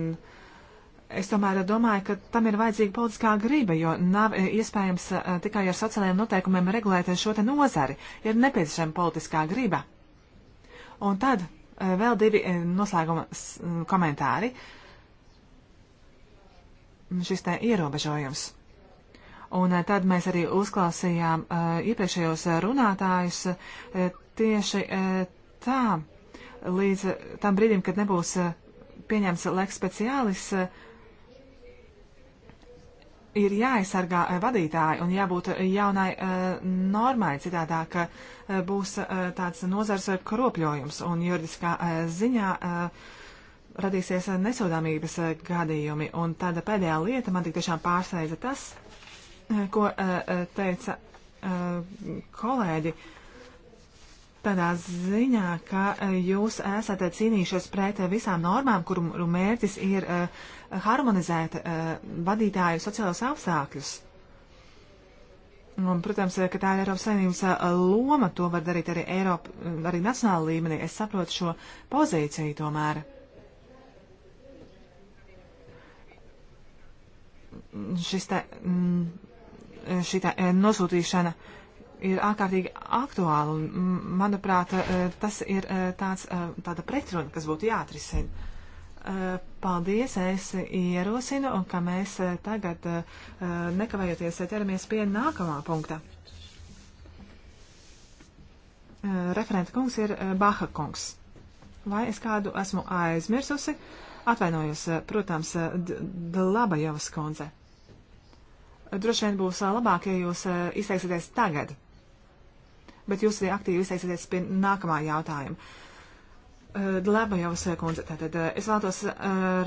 es tomēr domāju, ka tam ir vajadzīga politiskā grība, jo nav iespējams tikai ar sociālajiem noteikumiem regulēt šo te nozari. Ir nepieciešama politiskā grība. Un tad vēl divi noslēguma komentāri. Uh, šis te ierobežojums. Un eh, tad mēs arī uzklausījām eh, iepriekšējos runātājus eh, tieši tā, līdz tam brīdim, kad nebūs pieņemts leks speciālis, ir jāaizsargā vadītāji un jābūt jaunai normai, citādāk būs tāds nozars kropļojums un juridiskā ziņā radīsies eh, nesodāmības eh, gadījumi. Un tāda pēdējā lieta man tik tiešām pārsteidza tas, eh, ko teica kolēģi. Tādā ziņā, ka jūs esat cīnījušies pret visām normām, kuru mērķis ir harmonizēt vadītāju sociālos apstākļus. Un, protams, ka tā ir Eiropas Savienības loma, to var darīt arī Eiropa, arī nacionāla līmenī. Es saprotu šo pozīciju tomēr. šis te, mm, šī te e, nosūtīšana ir ārkārtīgi aktuāla. Mm, manuprāt, e, tas ir e, tāds, tāda pretruna, kas būtu jāatrisina. Paldies, es ierosinu, un ka mēs tagad nekavējoties ķeramies pie nākamā punkta. Referenta kungs ir Baha kungs. Vai es kādu esmu aizmirsusi? Atvainojos, protams, Dlabajovas kundze droši vien būs labāk, ja jūs izteiksieties tagad, bet jūs arī aktīvi izteiksieties pie nākamā jautājuma. Laba jau sekundze, tātad es vēlos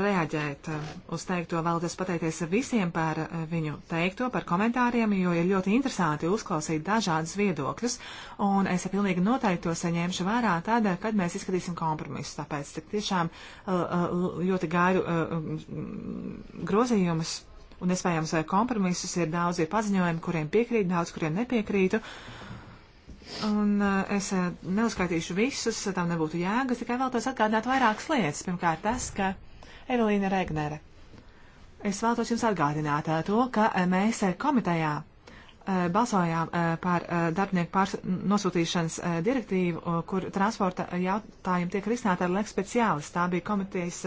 reaģēt uz teikto, vēlos pateikties visiem par viņu teikto, par komentāriem, jo ir ļoti interesanti uzklausīt dažādas viedokļus, un es pilnīgi noteikti to saņemšu vērā tad, kad mēs izskatīsim kompromisus, tāpēc tik tiešām ļoti gaidu grozījumus un es vajams vai kompromisus, ir daudzi paziņojumi, kuriem piekrīt, daudz kuriem nepiekrītu. Un eh, es eh, neuzskaitīšu visus, eh, tam nebūtu jēgas, tikai vēlos atgādināt vairākas lietas. Pirmkārt, tas, ka Evelīna Regnere. Es vēlos jums atgādināt to, ka mēs komitejā E, balsojām e, par e, darbinieku pārs, nosūtīšanas direktīvu, kur transporta jautājumi tiek risināti ar leks speciālis. Tā bija komitejas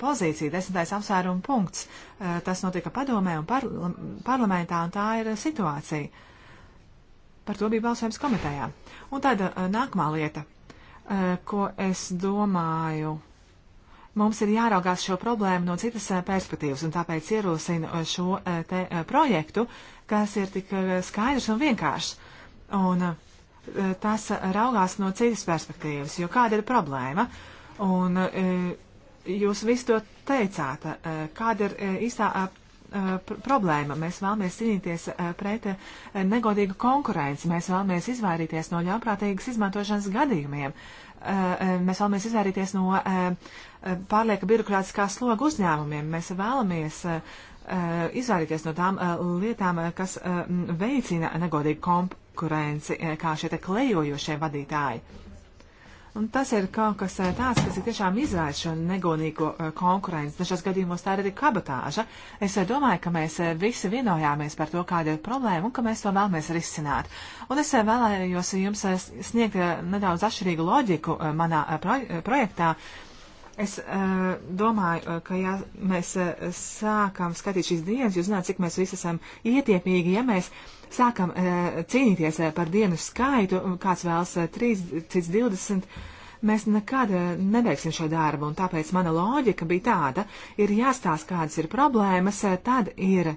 pozīcija, desmitais apsvērumu punkts. Tas notika padomē un par, parlamentā, un tā ir situācija. Par to bija balsojums komitejā. Un tad nākamā lieta, ko es domāju. Mums ir jāraugās šo problēmu no citas perspektīvas, un tāpēc ierosinu šo te projektu, uh, kas ir tik eh, skaidrs un vienkāršs. Un eh, tas raugās no citas perspektīvas, jo kāda ir problēma? Un eh, jūs visu to teicāt, kāda ir īstā Uh, pr problēma. Mēs vēlamies cīnīties uh, pret uh, negodīgu konkurenci, mēs vēlamies izvairīties no ļaunprātīgas izmantošanas gadījumiem, mēs vēlamies izvairīties no pārlieka birokrātiskā sloga uzņēmumiem, mēs vēlamies izvairīties no tām lietām, kas veicina negodīgu konkurenci, kā šie te klejojošie vadītāji. Un tas ir kaut kas eh, tāds, kas ir tiešām izvērš šo negonīgo eh, konkurenci. Dažos nu, gadījumos tā ir arī kabatāža. Es eh, domāju, ka mēs visi vienojāmies par to, kāda ir problēma un ka mēs to vēlamies risināt. Un es vēlējos jums sniegt nedaudz atšķirīgu loģiku manā pro projektā, Es uh, domāju, eh, ka ja mēs uh, sākam skatīt šīs dienas, jūs zināt, cik mēs visi esam ietiepīgi, ja mēs sākam uh, cīnīties uh, par dienu skaitu, kāds vēlas uh, 3, cits 20, mēs nekad uh, nebeigsim šo darbu, un tāpēc mana loģika bija tāda, ir jāstāst, kādas ir problēmas, uh, tad ir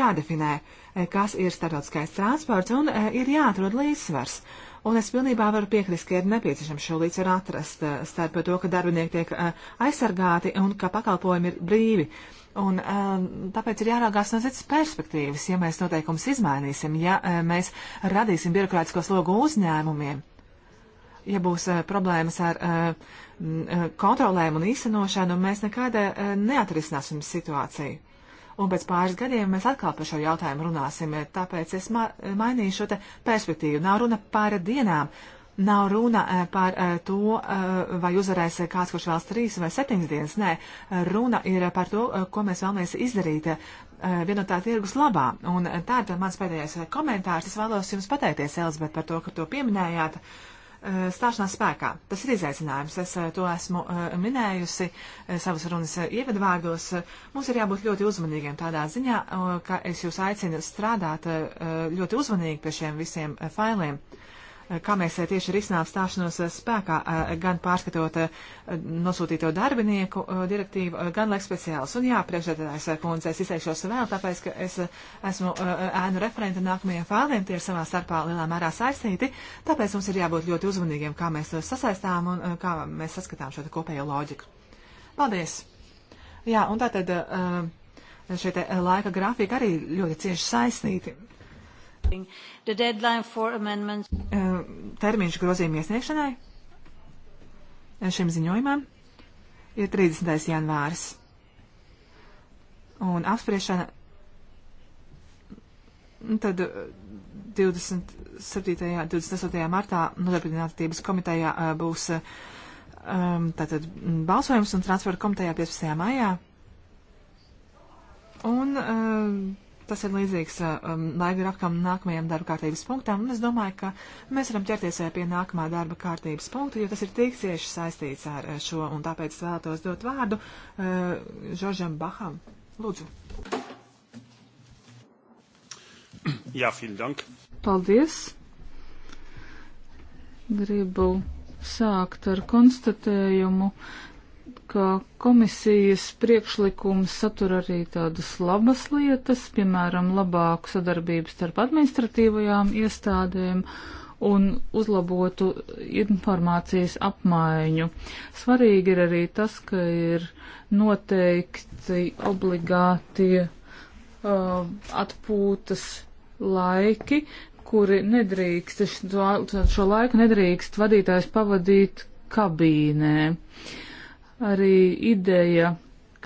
jādefinē, uh, kas ir starptautiskais transports, un uh, ir jāatrod līdzsvars. Uh, Un es pilnībā varu piekrist, ka ir nepieciešams šo līdzsvaru atrast eh, starp to, ka darbinieki tiek eh, aizsargāti un ka pakalpojumi ir brīvi. Un eh, tāpēc ir jāraugās no citas perspektīvas, ja mēs noteikumus izmainīsim, ja mēs radīsim birokrātisko slogu uzņēmumiem, ja būs problēmas ar kontrolēm un īstenošanu, mēs nekad neatrisināsim situāciju un pēc pāris gadiem mēs atkal par šo jautājumu runāsim. Tāpēc es ma mainīšu šo perspektīvu. Nav runa par dienām, nav runa eh, par eh, to, eh, vai uzvarēs kāds, kurš vēlas trīs vai septiņas dienas. Nē, runa ir par to, ko mēs vēlamies izdarīt vienotā tirgus labā. Un tātad mans pēdējais komentārs. Es vēlos jums pateikties, Elizabet, par to, ka to pieminējāt. Uh, Eh, stāšanās spēkā. Tas ir izaicinājums. Es eh, to esmu eh, minējusi savas runas ievadvārdos. Mums ir jābūt ļoti uzmanīgiem tādā ziņā, ka es jūs aicinu strādāt ļoti uzmanīgi pie šiem visiem failiem kā mēs eh, tieši risinām stāšanos eh, spēkā, eh, gan pārskatot nosūtīto darbinieku direktīvu, gan leks speciālus. Un jā, priekšsēdētājs kundze, es izteikšos vēl, tāpēc, ka es esmu ēnu referenta nākamajiem fāliem, tie ir savā starpā lielā mērā saistīti, tāpēc mums ir jābūt ļoti uzmanīgiem, kā mēs to sasaistām un kā mēs saskatām šo kopējo loģiku. Paldies! Jā, un tātad šie laika grafika arī ļoti cieši saistīti. Termiņš grozījuma iesniegšanai šim ziņojumam ir 30. janvāris. Un apspriešana nu, tad 27. un 28. martā nodarbinātības komitejā eh, būs tātad balsojums un transporta komitejā 15. maijā. Un Tas ir līdzīgs uh, um, laika grafikam nākamajam darba kārtības punktam, un es domāju, ka mēs varam ķerties uh, pie nākamā darba kārtības punkta, jo tas ir tik cieši saistīts ar uh, šo, un tāpēc vēlētos dot vārdu uh, Žoržam Baham. Lūdzu. Jā, vielen dank. Paldies. Gribu sākt ar konstatējumu, ka komisijas priekšlikums satur arī tādas labas lietas, piemēram, labāku sadarbību starp administratīvajām iestādēm un uzlabotu informācijas apmaiņu. Svarīgi ir arī tas, ka ir noteikti obligātie uh, atpūtas laiki, kuri nedrīkst, šo, šo laiku nedrīkst vadītājs pavadīt kabīnē. Uh, arī ideja,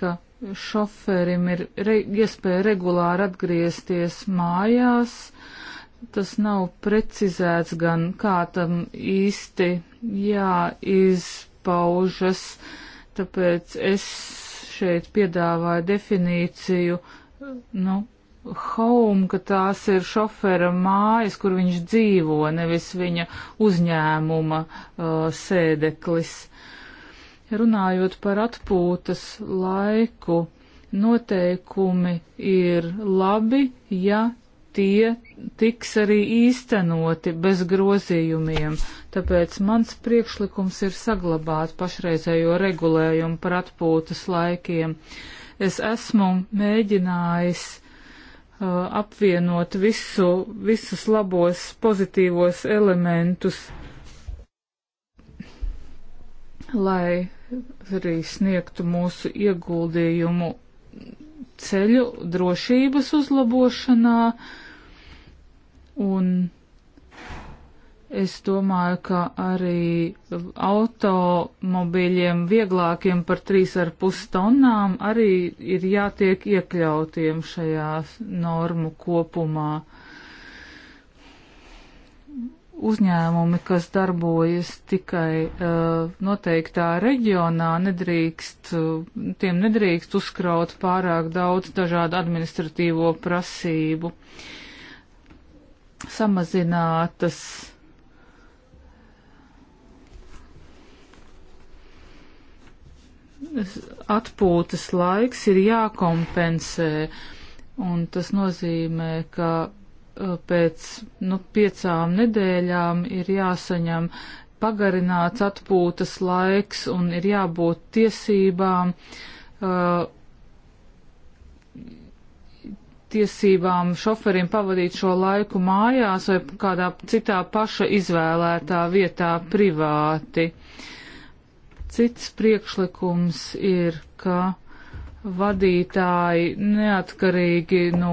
ka šoferim ir re, iespēja regulāri atgriezties mājās. Tas nav precizēts gan kā tam īsti jāizpaužas, tāpēc es šeit piedāvāju definīciju, nu, home, ka tās ir šofera mājas, kur viņš dzīvo, nevis viņa uzņēmuma uh, sēdeklis. Runājot par atpūtas laiku, noteikumi ir labi, ja tie tiks arī īstenoti bez grozījumiem, tāpēc mans priekšlikums ir saglabāt pašreizējo regulējumu par atpūtas laikiem. Es esmu mēģinājis uh, apvienot visu, visus labos pozitīvos elementus, lai arī sniegtu mūsu ieguldījumu ceļu drošības uzlabošanā. Un es domāju, ka arī automobiļiem vieglākiem par 3,5 tonnām arī ir jātiek iekļautiem šajā normu kopumā uzņēmumi, kas darbojas tikai uh, noteiktā reģionā, nedrīkst, uh, tiem nedrīkst uzkraut pārāk daudz dažādu administratīvo prasību. Samazinātas. Atpūtas laiks ir jākompensē, un tas nozīmē, ka pēc nu, piecām nedēļām ir jāsaņem pagarināts atpūtas laiks un ir jābūt tiesībām, uh, tiesībām šoferim pavadīt šo laiku mājās vai kādā citā paša izvēlētā vietā privāti. Cits priekšlikums ir, ka vadītāji neatkarīgi no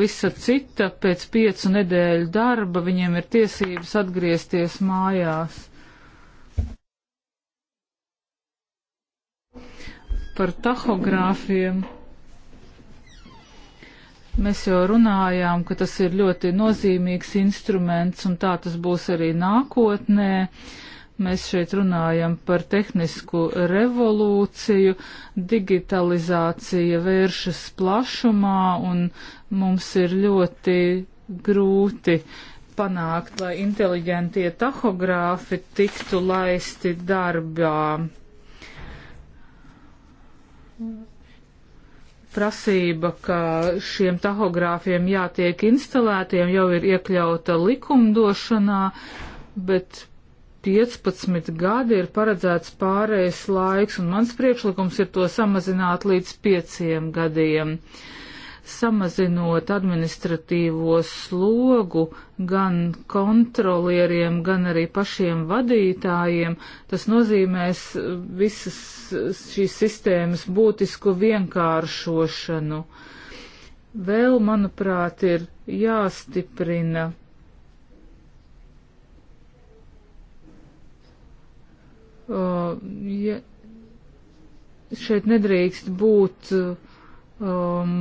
visa cita pēc piecu nedēļu darba viņiem ir tiesības atgriezties mājās. Par tahogrāfiem mēs jau runājām, ka tas ir ļoti nozīmīgs instruments un tā tas būs arī nākotnē. Uh, Mēs šeit runājam par tehnisku revolūciju, digitalizācija vēršas plašumā un mums ir ļoti grūti panākt, lai inteliģentie tahogrāfi tiktu laisti darbā. Prasība, ka šiem tahogrāfiem jātiek instalētiem, jau ir iekļauta likumdošanā, bet 15 gadi ir paredzēts pārējais laiks, un mans priekšlikums ir to samazināt līdz 5 gadiem. Samazinot administratīvo slogu gan kontrolieriem, gan arī pašiem vadītājiem, tas nozīmēs visas šīs sistēmas būtisku vienkāršošanu. Vēl, manuprāt, ir jāstiprina uh, ja šeit nedrīkst būt um,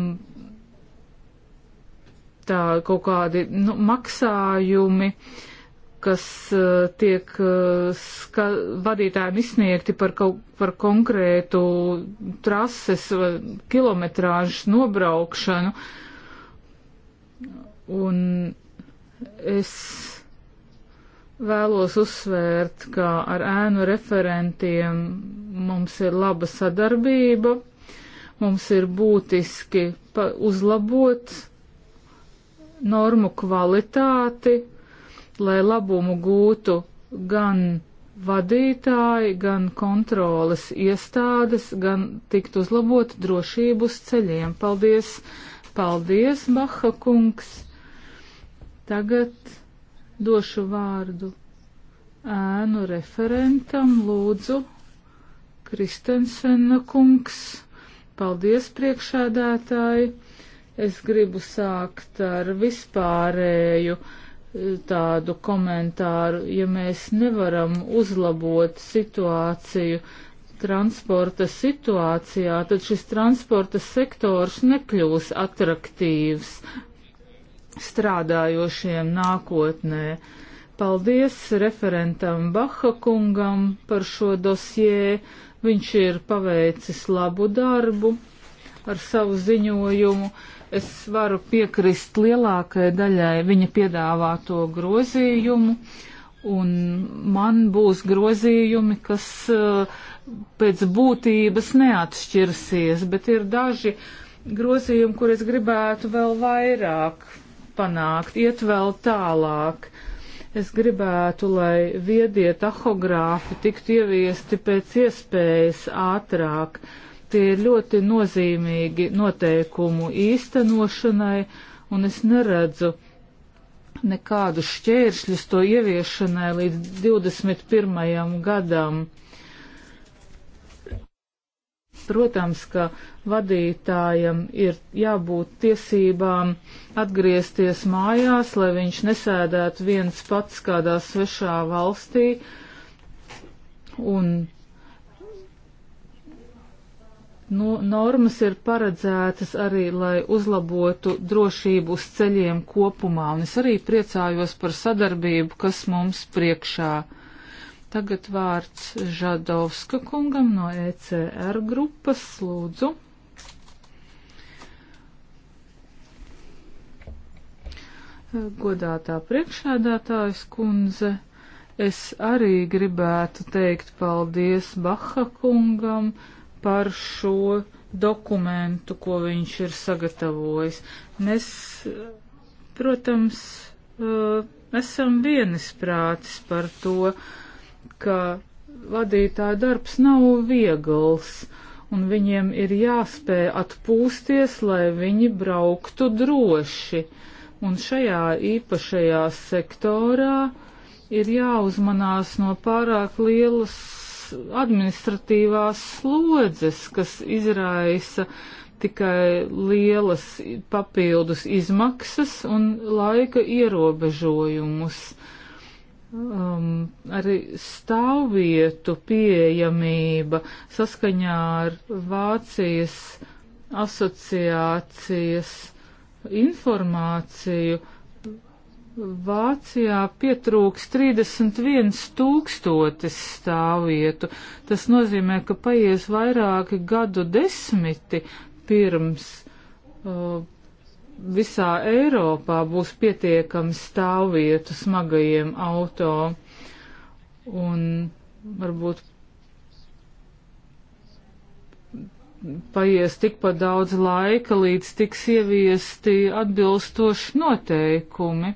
tā kaut kādi nu, maksājumi, kas uh, tiek uh, vadītājiem izsniegti par kaut par konkrētu trases vai kilometrāžu nobraukšanu. Un es Vēlos uzsvērt, ka ar ēnu referentiem mums ir laba sadarbība, mums ir būtiski uzlabot normu kvalitāti, lai labumu gūtu gan vadītāji, gan kontroles iestādes, gan tikt uzlabot drošību uz ceļiem. Paldies, paldies, Baha kungs. Tagad Došu vārdu ēnu referentam, lūdzu, Kristensena kungs. Paldies, priekšādātāji! Es gribu sākt ar vispārēju e, tādu komentāru, ja mēs nevaram uzlabot situāciju transporta situācijā, tad šis transporta sektors nekļūs atraktīvs strādājošiem nākotnē. Paldies referentam Baha kungam par šo dosjē. Viņš ir paveicis labu darbu ar savu ziņojumu. Es varu piekrist lielākajai daļai viņa piedāvāto grozījumu, un man būs grozījumi, kas eh, pēc būtības neatšķirsies, bet ir daži grozījumi, kur es gribētu vēl vairāk panākt, iet vēl tālāk. Es gribētu, lai viedie tahogrāfi tiktu ieviesti pēc iespējas ātrāk. Tie ir ļoti nozīmīgi noteikumu īstenošanai, un es neredzu nekādus šķēršļus to ieviešanai līdz 21. gadam protams, ka vadītājam ir jābūt tiesībām atgriezties mājās, lai viņš nesēdētu viens pats kādā svešā valstī. Un no, nu, normas ir paredzētas arī, lai uzlabotu drošību uz ceļiem kopumā, un es arī priecājos par sadarbību, kas mums priekšā ir. Tagad vārds Žadovska kungam no ECR grupas. Lūdzu. Godātā priekšēdātājas kundze, es arī gribētu teikt paldies Baha kungam par šo dokumentu, ko viņš ir sagatavojis. Mēs, protams, eh, esam vienisprātis par to, ka vadītāja darbs nav viegls, un viņiem ir jāspēj atpūsties, lai viņi brauktu droši. Un šajā īpašajā sektorā ir jāuzmanās no pārāk lielas administratīvās slodzes, kas izraisa tikai lielas papildus izmaksas un laika ierobežojumus um, arī stāvvietu pieejamība saskaņā ar Vācijas asociācijas informāciju. Vācijā pietrūks 31 tūkstotis stāvvietu. Tas nozīmē, ka paies vairāki gadu desmiti pirms uh, visā Eiropā būs pietiekami stāvvietu smagajiem auto un varbūt paies tikpat daudz laika, līdz tiks ieviesti atbilstoši noteikumi.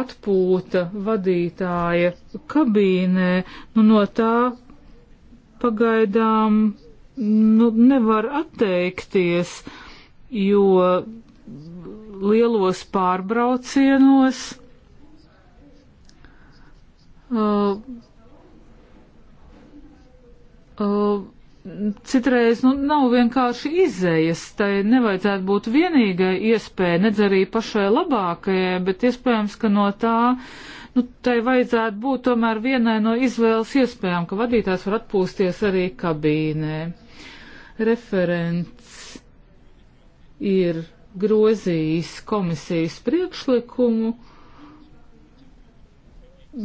Atpūta vadītāja kabīnē, nu no tā pagaidām nu, nevar atteikties. Uh, jo lielos pārbraucienos uh, uh, citreiz nu, nav vienkārši izējas, tai nevajadzētu būt vienīgai iespēja, nedz arī pašai labākajai, bet iespējams, ka no tā, nu, tai vajadzētu būt tomēr vienai no izvēles iespējām, ka vadītājs var atpūsties arī kabīnē. Referent, ir grozījis komisijas priekšlikumu.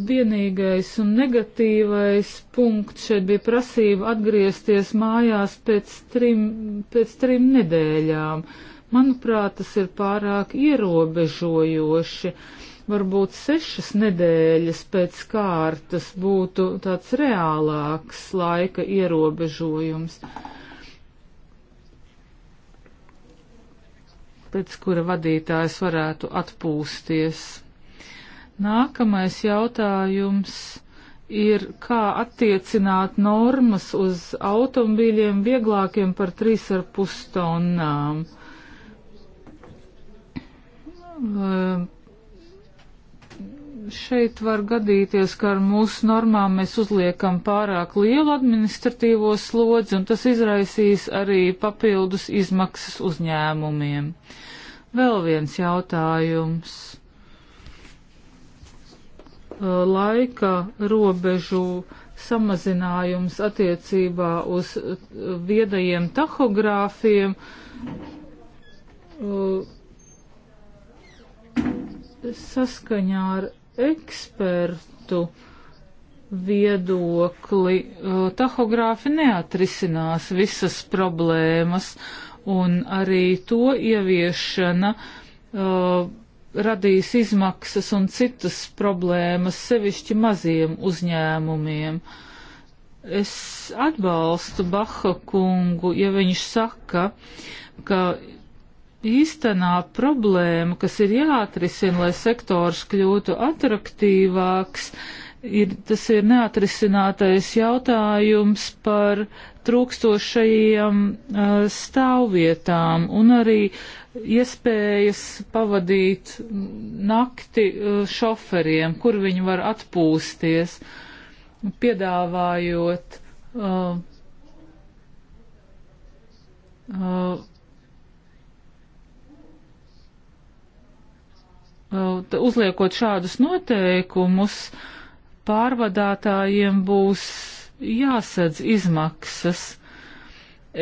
Vienīgais un negatīvais punkts šeit bija prasība atgriezties mājās pēc trim, pēc trim nedēļām. Manuprāt, tas ir pārāk ierobežojoši. Varbūt sešas nedēļas pēc kārtas būtu tāds reālāks laika ierobežojums. Uh, pēc kura vadītājs varētu atpūsties. Nākamais jautājums ir, kā attiecināt normas uz automobīļiem vieglākiem par 3,5 tonnām šeit var gadīties, ka ar mūsu normām mēs uzliekam pārāk lielu administratīvo slodzi, un tas izraisīs arī papildus izmaksas uzņēmumiem. Vēl viens jautājums. Laika robežu samazinājums attiecībā uz viedajiem tahogrāfiem saskaņā ar ekspertu viedokli uh, tahogrāfi neatrisinās visas problēmas, un arī to ieviešana uh, radīs izmaksas un citas problēmas sevišķi maziem uzņēmumiem. Es atbalstu Baha kungu, ja viņš saka, ka īstenā problēma, kas ir jāatrisina, lai sektors kļūtu atraktīvāks, ir, tas ir neatrisinātais jautājums par trūkstošajiem uh, stāvvietām un arī iespējas pavadīt nakti uh, šoferiem, kur viņi var atpūsties, piedāvājot uh, uh, uzliekot šādus noteikumus, pārvadātājiem būs jāsadz izmaksas.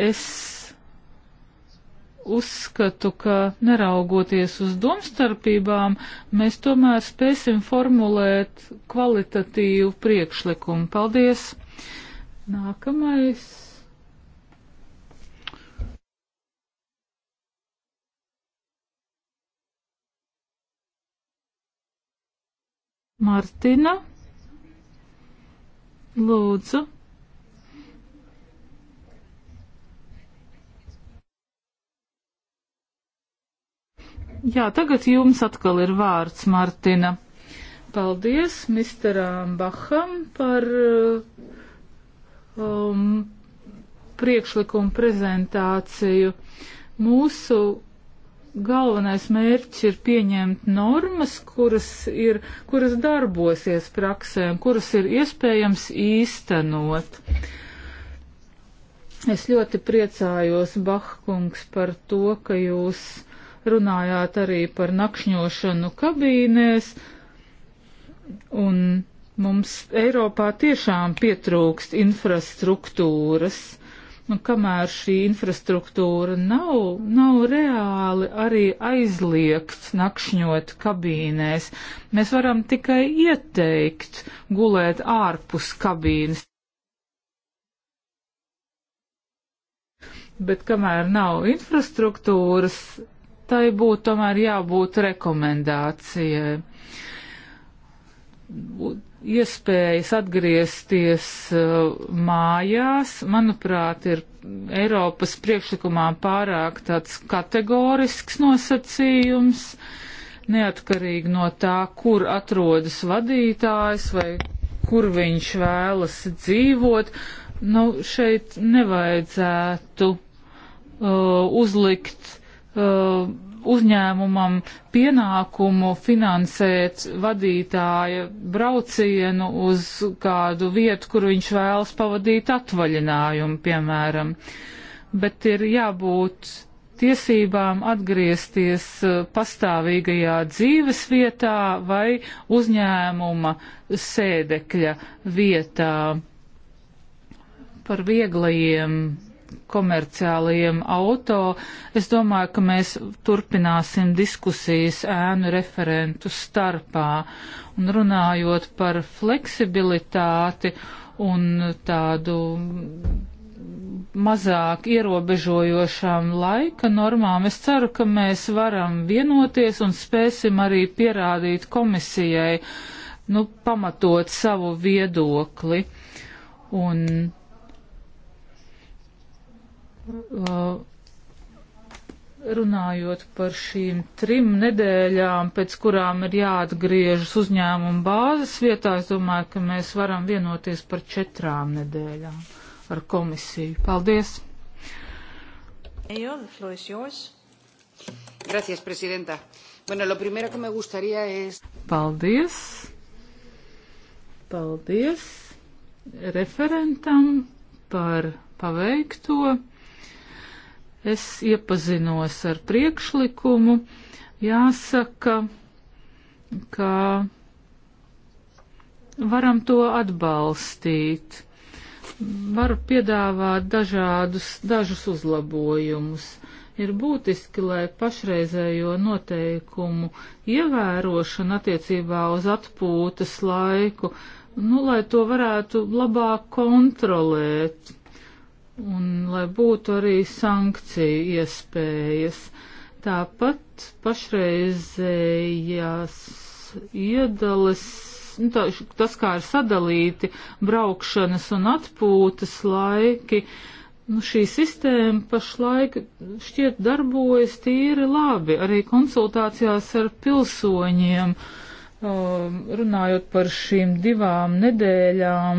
Es uzskatu, ka neraugoties uz domstarpībām, mēs tomēr spēsim formulēt kvalitatīvu priekšlikumu. Paldies! Nākamais. Martina. Lūdzu. Jā, tagad jums atkal ir vārds, Martina. Paldies misteram Baham par um, priekšlikumu prezentāciju. Mūsu galvenais mērķis ir pieņemt normas, kuras, ir, kuras darbosies praksē un kuras ir iespējams īstenot. Es ļoti priecājos, Bahkungs, par to, ka jūs runājāt arī par nakšņošanu kabīnēs, un mums Eiropā tiešām pietrūkst infrastruktūras Un nu, kamēr šī infrastruktūra nav, nav reāli arī aizliegts nakšņot kabīnēs, mēs varam tikai ieteikt gulēt ārpus kabīnes. Bet kamēr nav infrastruktūras, tai būtu tomēr jābūt rekomendācijai iespējas atgriezties uh, mājās, manuprāt, ir Eiropas priekšlikumā pārāk tāds kategorisks nosacījums, neatkarīgi no tā, kur atrodas vadītājs vai kur viņš vēlas dzīvot. Nu, šeit nevajadzētu uh, uzlikt uh, uzņēmumam pienākumu finansēt vadītāja braucienu uz kādu vietu, kur viņš vēlas pavadīt atvaļinājumu, piemēram. Bet ir jābūt tiesībām atgriezties eh, pastāvīgajā dzīves vietā vai uzņēmuma sēdekļa vietā par vieglajiem komerciālajiem auto. Es domāju, ka mēs turpināsim diskusijas ēnu referentu starpā. Un runājot par fleksibilitāti un tādu mazāk ierobežojošām laika normām, es ceru, ka mēs varam vienoties un spēsim arī pierādīt komisijai, nu, pamatot savu viedokli. Un Uh, runājot par šīm trim nedēļām, pēc kurām ir jāatgriežas uzņēmuma bāzes vietā, es domāju, ka mēs varam vienoties par četrām nedēļām ar komisiju. Paldies! Gracias, presidenta. Bueno, lo primero que me gustaría es... Paldies! Paldies referentam par paveikto. Es iepazinos ar priekšlikumu. Jāsaka, ka varam to atbalstīt. Varu piedāvāt dažādus, dažus uzlabojumus ir būtiski, lai pašreizējo noteikumu ievērošana attiecībā uz atpūtas laiku, nu, lai to varētu labāk kontrolēt un lai būtu arī sankcija iespējas. Tāpat pašreizējās iedales, nu, tā, tas kā ir sadalīti braukšanas un atpūtas laiki, nu, šī sistēma pašlaik šķiet darbojas tīri labi, arī konsultācijās ar pilsoņiem. Um, runājot par šīm divām nedēļām,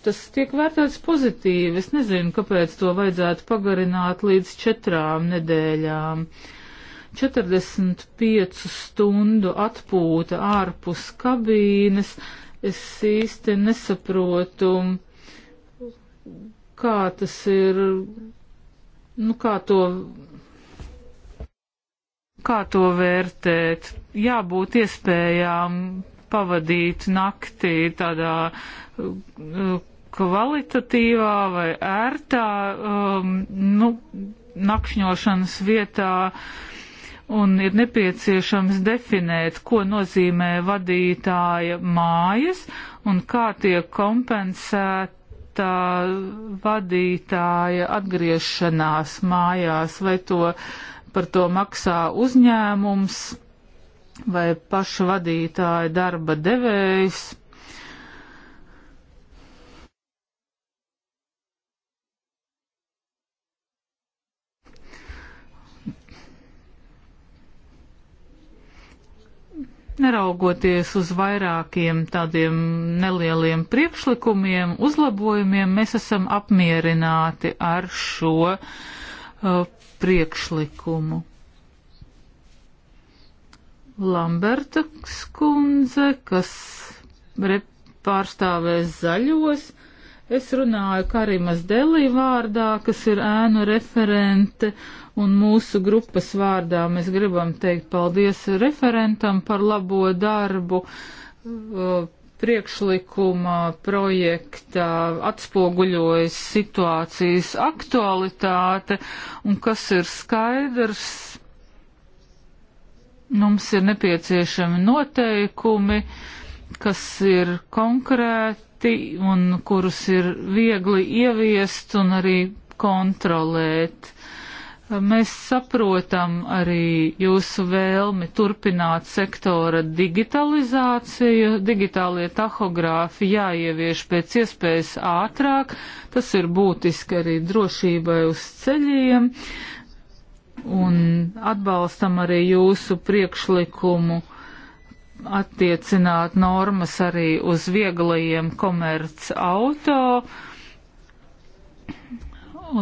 Tas tiek vērtēts pozitīvi. Es nezinu, kāpēc to vajadzētu pagarināt līdz četrām nedēļām. 45 stundu atpūta ārpus kabīnes. Es īsti nesaprotu, kā tas ir, nu kā to, kā to vērtēt. Jābūt iespējām pavadīt naktī tādā uh, kvalitatīvā vai ērtā um, nu, nakšņošanas vietā un ir nepieciešams definēt, ko nozīmē vadītāja mājas un kā tiek kompensēta vadītāja atgriešanās mājās, vai to par to maksā uzņēmums vai paša vadītāja darba devējs. Neraugoties uz vairākiem tādiem nelieliem priekšlikumiem, uzlabojumiem, mēs esam apmierināti ar šo uh, priekšlikumu. Lamberta skundze, kas pārstāvēs zaļos, es runāju Karimas Delī vārdā, kas ir ēnu referente. Uh, Un mūsu grupas vārdā mēs gribam teikt paldies referentam par labo darbu. Uh, priekšlikuma projektā atspoguļojas situācijas aktualitāte un kas ir skaidrs, mums ir nepieciešami noteikumi, kas ir konkrēti un kurus ir viegli ieviest un arī kontrolēt Mēs saprotam arī jūsu vēlmi turpināt sektora digitalizāciju. Digitālie tahogrāfi jāievieš pēc iespējas ātrāk. Tas ir būtiski arī drošībai uz ceļiem. Un atbalstam arī jūsu priekšlikumu attiecināt normas arī uz vieglajiem komerc auto,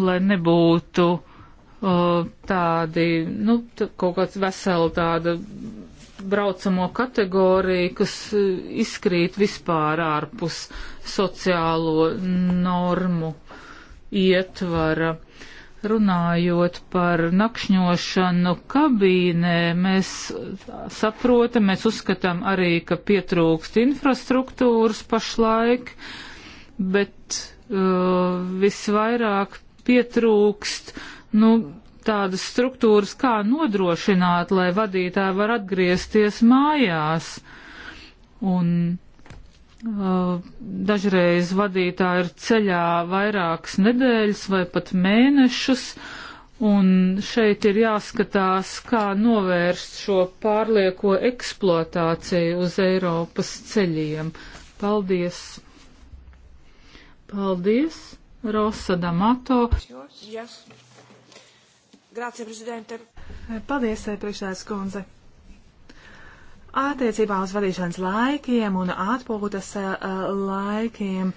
lai nebūtu tādi, nu, kaut kāds vesela tāda braucamo kategoriju, kas e, izkrīt vispār ārpus sociālo normu ietvara. Runājot par nakšņošanu kabīnē, mēs saprotam, mēs uzskatām arī, ka pietrūkst infrastruktūras pašlaik, bet uh, visvairāk pietrūkst uh, nu, tādas struktūras, kā nodrošināt, lai vadītāji var atgriezties mājās. Un uh, dažreiz vadītāji ir ceļā vairākas nedēļas vai pat mēnešus, un šeit ir jāskatās, kā novērst šo pārlieko eksploatāciju uz Eiropas ceļiem. Paldies! Paldies, Rosa Damato. Yes. Grācija, prezidente. Paldies, eh, priekšsēdētājas kundze. Attiecībā uz vadīšanas laikiem un atpūtas eh, laikiem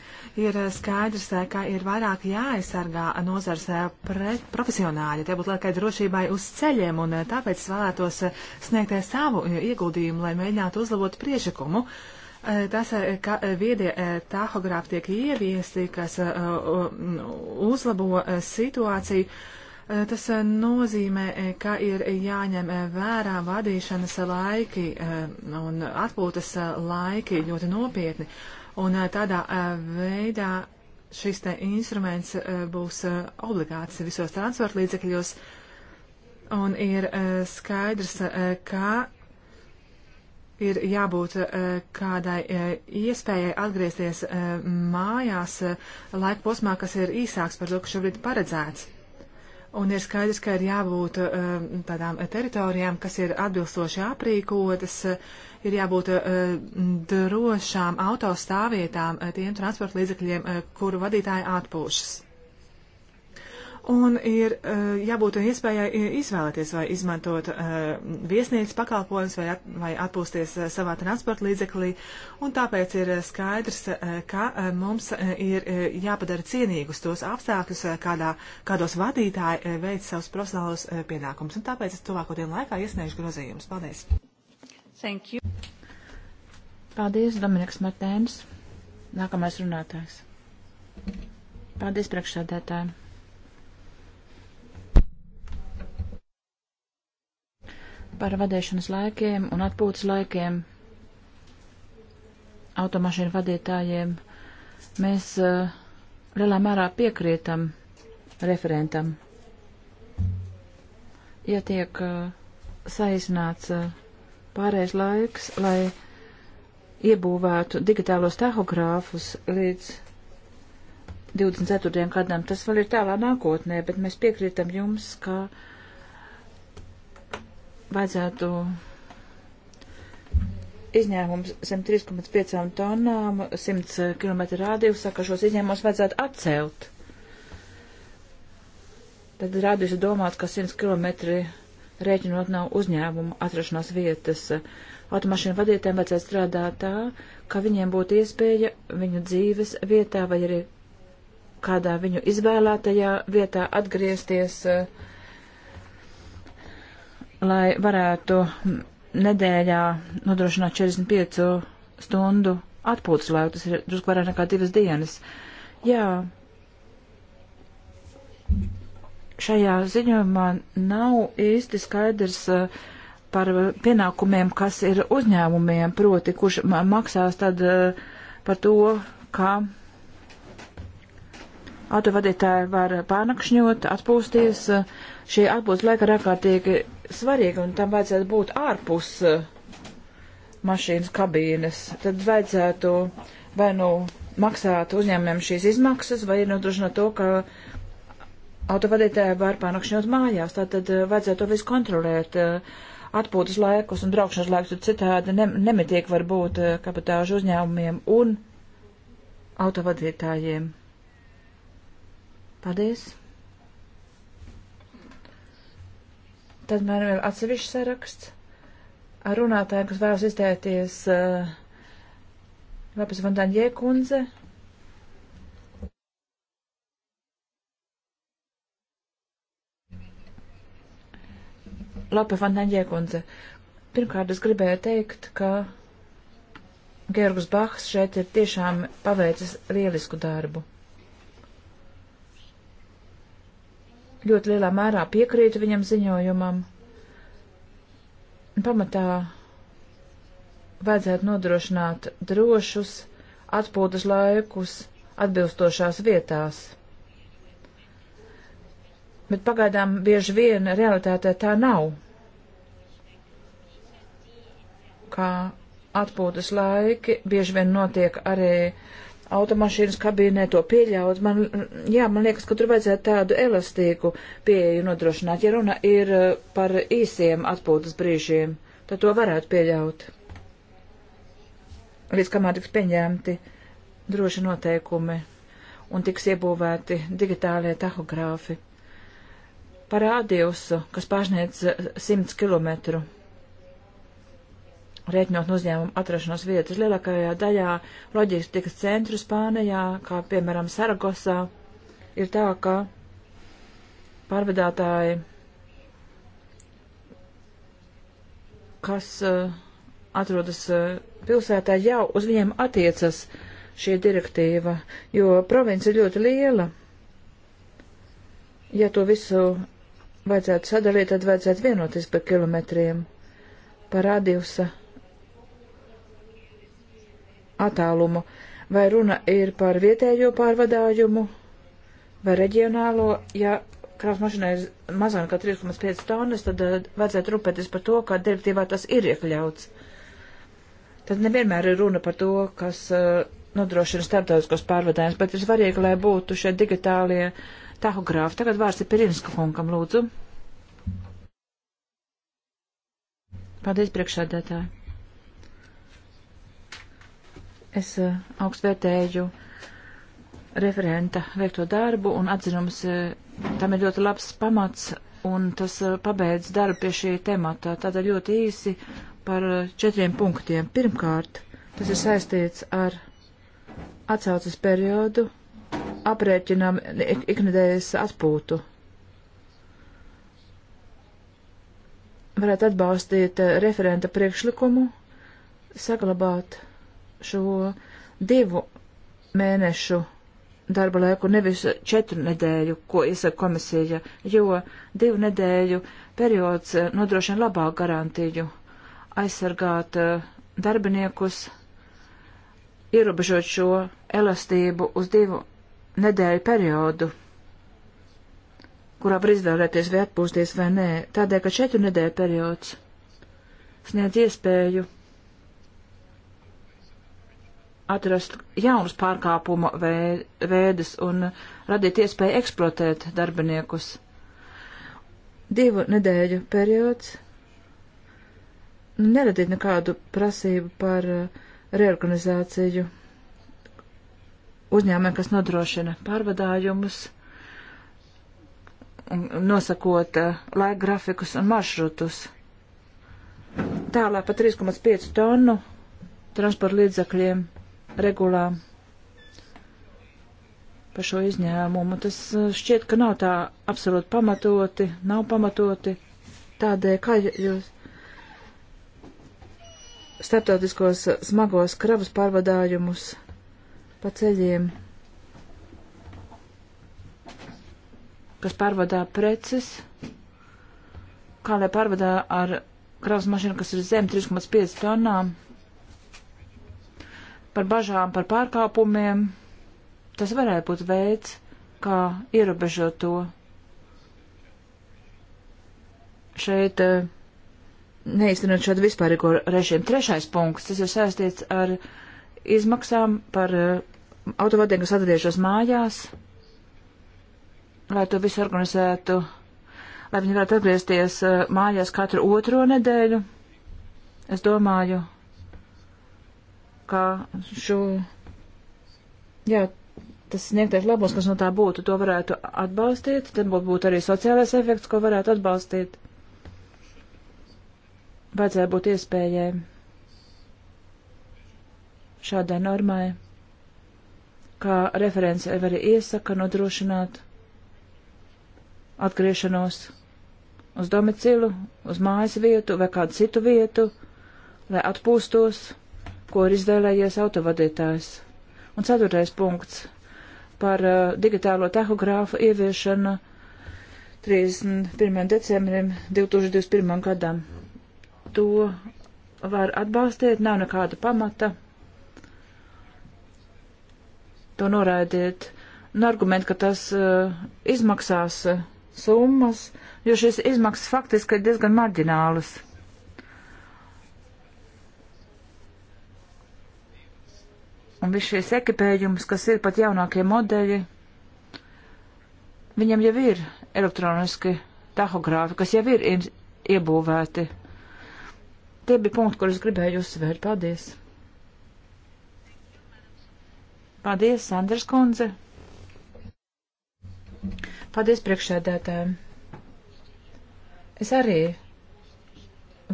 ir eh, skaidrs, ka ir vairāk jāaizsargā nozars pret profesionāļi, te būtu liekai drošībai uz ceļiem, un tāpēc es vēlētos sniegt savu ieguldījumu, lai mēģinātu uzlabot priešakumu. Tas, ka viedie tahogrāfi tiek ieviesti, kas uzlabo situāciju Tas eh, nozīmē, eh, ka ir jāņem eh, vērā vadīšanas laiki un atpūtas laiki ļoti nopietni. Un tādā veidā šis te instruments būs obligāts visos transporta līdzekļos. Un ir skaidrs, ka ir jābūt kādai iespējai atgriezties mājās laika posmā, kas ir īsāks par to, kas šobrīd paredzēts. Un ir skaidrs, ka ir jābūt um, tādām teritorijām, kas ir atbilstoši aprīkotas, uh, ir jābūt uh, drošām autostāvvietām uh, tiem transporta līdzekļiem, kuru vadītāji atpūšas un ir eh, jābūt iespējai izvēlēties vai izmantot eh, viesnīcas pakalpojumus vai, at, vai atpūsties eh, savā transporta līdzeklī. Un tāpēc ir skaidrs, ka mums ir jāpadara cienīgus tos apstākļus, kādā, kādos vadītāji veic savus profesionālos pienākumus. Un tāpēc es tuvāko dienu laikā iesniegšu grozījumus. Paldies! Thank you. Paldies, Dominiks Martēns. Nākamais runātājs. Paldies, priekšsēdētāji. par vadīšanas laikiem un atpūtas laikiem automašīnu vadītājiem. Mēs uh, lielā mērā piekrietam referentam. Ja tiek uh, saīsināts uh, pārējais laiks, lai iebūvētu digitālos tahogrāfus līdz 24. gadam, tas vēl ir tālā nākotnē, bet mēs piekrītam jums, ka uh, vajadzētu izņēmums zem 3,5 tonnām 100 km rādījus, saka, šos izņēmumus vajadzētu atcelt. Tad rādījus domāt, ka 100 km rēķinot nav uzņēmuma atrašanās vietas. Automašīnu vadītājiem vajadzētu strādāt tā, ka viņiem būtu iespēja viņu dzīves vietā vai arī kādā viņu izvēlētajā vietā atgriezties uh, lai varētu nedēļā nodrošināt 45 stundu atpūtas laiku. Tas ir drusku vairāk nekā divas dienas. Jā. Šajā ziņojumā nav īsti skaidrs eh, par pienākumiem, kas ir uzņēmumiem, proti, kurš maksās tad eh, par to, ka Autovadītāji var pārnakšņot, atpūsties. Šī atpūsta laika ir ārkārtīgi svarīga un tam vajadzētu būt ārpus eh, mašīnas kabīnes. Tad vajadzētu vai nu maksāt uzņēmumiem šīs izmaksas, vai nodrošināt to, ka autovadītāji var pārnakšņot mājās. Tātad eh, vajadzētu to visu kontrolēt, eh, atpūtas laikus un braukšanas laikus, tad citādi ne, nemitīgi var būt kapitāžu uzņēmumiem un autovadītājiem. Paldies! Tad man ir vēl atsevišķs saraksts ar runātājiem, kas vēlas izteikties uh, eh, Lapis Vandaņie kundze. Lapa Vandaņie kundze. Pirmkārt, es gribēju teikt, ka Georgs Bahs šeit ir tiešām paveicis lielisku darbu. ļoti lielā mērā piekrītu viņam ziņojumam. Pamatā vajadzētu nodrošināt drošus atpūtas laikus atbilstošās vietās. Bet pagaidām bieži vien realitātē tā nav. Kā atpūtas laiki bieži vien notiek arī uh, automašīnas kabīnē to pieļaut. Man, jā, man liekas, ka tur vajadzētu tādu elastīgu pieeju nodrošināt. Ja runa ir eh, par īsiem atpūtas brīžiem, tad to varētu pieļaut. Līdz kamēr tiks pieņemti droši noteikumi un tiks iebūvēti digitālie tahogrāfi. Parādījus, kas pārsniedz 100 eh, kilometru rēķinot no uzņēmuma atrašanos vietas lielākajā daļā loģistikas centru Spānijā, kā piemēram Saragosā, ir tā, ka pārvedātāji, kas uh, atrodas uh, pilsētā, jau uz viņiem attiecas šī direktīva, jo province ir ļoti liela. Ja to visu vajadzētu sadalīt, tad vajadzētu vienoties par kilometriem. Parādījusi attālumu. Vai runa ir par vietējo pārvadājumu vai reģionālo, ja krāvas mašīnai ir mazāk kā 3,5 tonnas, tad uh, vajadzētu rūpēties par to, kā direktīvā tas ir iekļauts. Tad nevienmēr ir runa par to, kas uh, nodrošina starptautiskos pārvadājumus, bet ir svarīgi, lai būtu šie digitālie tahogrāfi. Tagad vārds ir Pirinska kungam, lūdzu. Paldies, priekšādētāji. Es eh, augstvērtēju referenta veikto darbu un atzinums eh, tam ir ļoti labs pamats un tas eh, pabeidz darbu pie šī temata. Tātad ļoti īsi par četriem punktiem. Pirmkārt, tas ir saistīts ar atsaucas periodu, aprēķinām ik iknedēļas atpūtu. Varētu atbalstīt referenta priekšlikumu, saglabāt šo divu mēnešu darba laiku, nevis četru nedēļu, ko iesaka komisija, jo divu nedēļu periods eh, nodrošina labāku garantiju aizsargāt eh, darbiniekus, ierobežot šo elastību uz divu nedēļu periodu, kurā var izvēlēties vai atpūsties vai nē, tādēļ, ka četru nedēļu periods sniedz iespēju atrast jaunus pārkāpuma veidus un radīt iespēju eksploatēt darbiniekus. Divu nedēļu periods neradīt nekādu prasību par uh, reorganizāciju uzņēmē, kas nodrošina pārvadājumus, nosakot uh, laika grafikus un maršrutus. Tālāk pa 3,5 tonu transporta līdzakļiem regulā par šo izņēmumu. Tas eh, šķiet, ka nav tā absolūti pamatoti, nav pamatoti tādēļ, kā jūs starptautiskos smagos kravas pārvadājumus pa ceļiem, kas pārvadā preces, kā lai pārvadā ar kravas mašīnu, kas ir zem 3,5 tonām, par bažām par pārkāpumiem, tas varētu būt veids, kā ierobežot to. Šeit eh, neiztenot šādu vispārīgo režīmu. Trešais punkts, tas ir saistīts ar izmaksām par eh, autovadiem, kas atgriežas mājās, lai to visu organizētu, lai viņi varētu atgriezties eh, mājās katru otro nedēļu. Es domāju, kā šo, jā, tas sniegtais labums, kas no tā būtu, to varētu atbalstīt, tad būtu būt arī sociālais efekts, ko varētu atbalstīt. Vajadzēja būt iespējai šādai normai, kā referents jau arī iesaka nodrošināt atgriešanos uz domicilu, uz mājas vietu vai kādu citu vietu, lai atpūstos ko ir izvēlējies autovadītājs. Un ceturtais punkts par uh, digitālo tahogrāfu ieviešanu 31. decembrim 2021. gadam. To var atbalstīt, nav nekāda pamata. To noraidiet. Un argumenti, ka tas uh, izmaksās uh, summas, jo šīs izmaksas faktiski ir diezgan marģinālas. un viss šīs ekipējums, kas ir pat jaunākie modeļi, viņam jau ir elektroniski tahogrāfi, kas jau ir iebūvēti. Tie bija punkti, kurus gribēju uzsvērt. Paldies! Paldies, Sanders kundze! Paldies priekšsēdētājiem! Es arī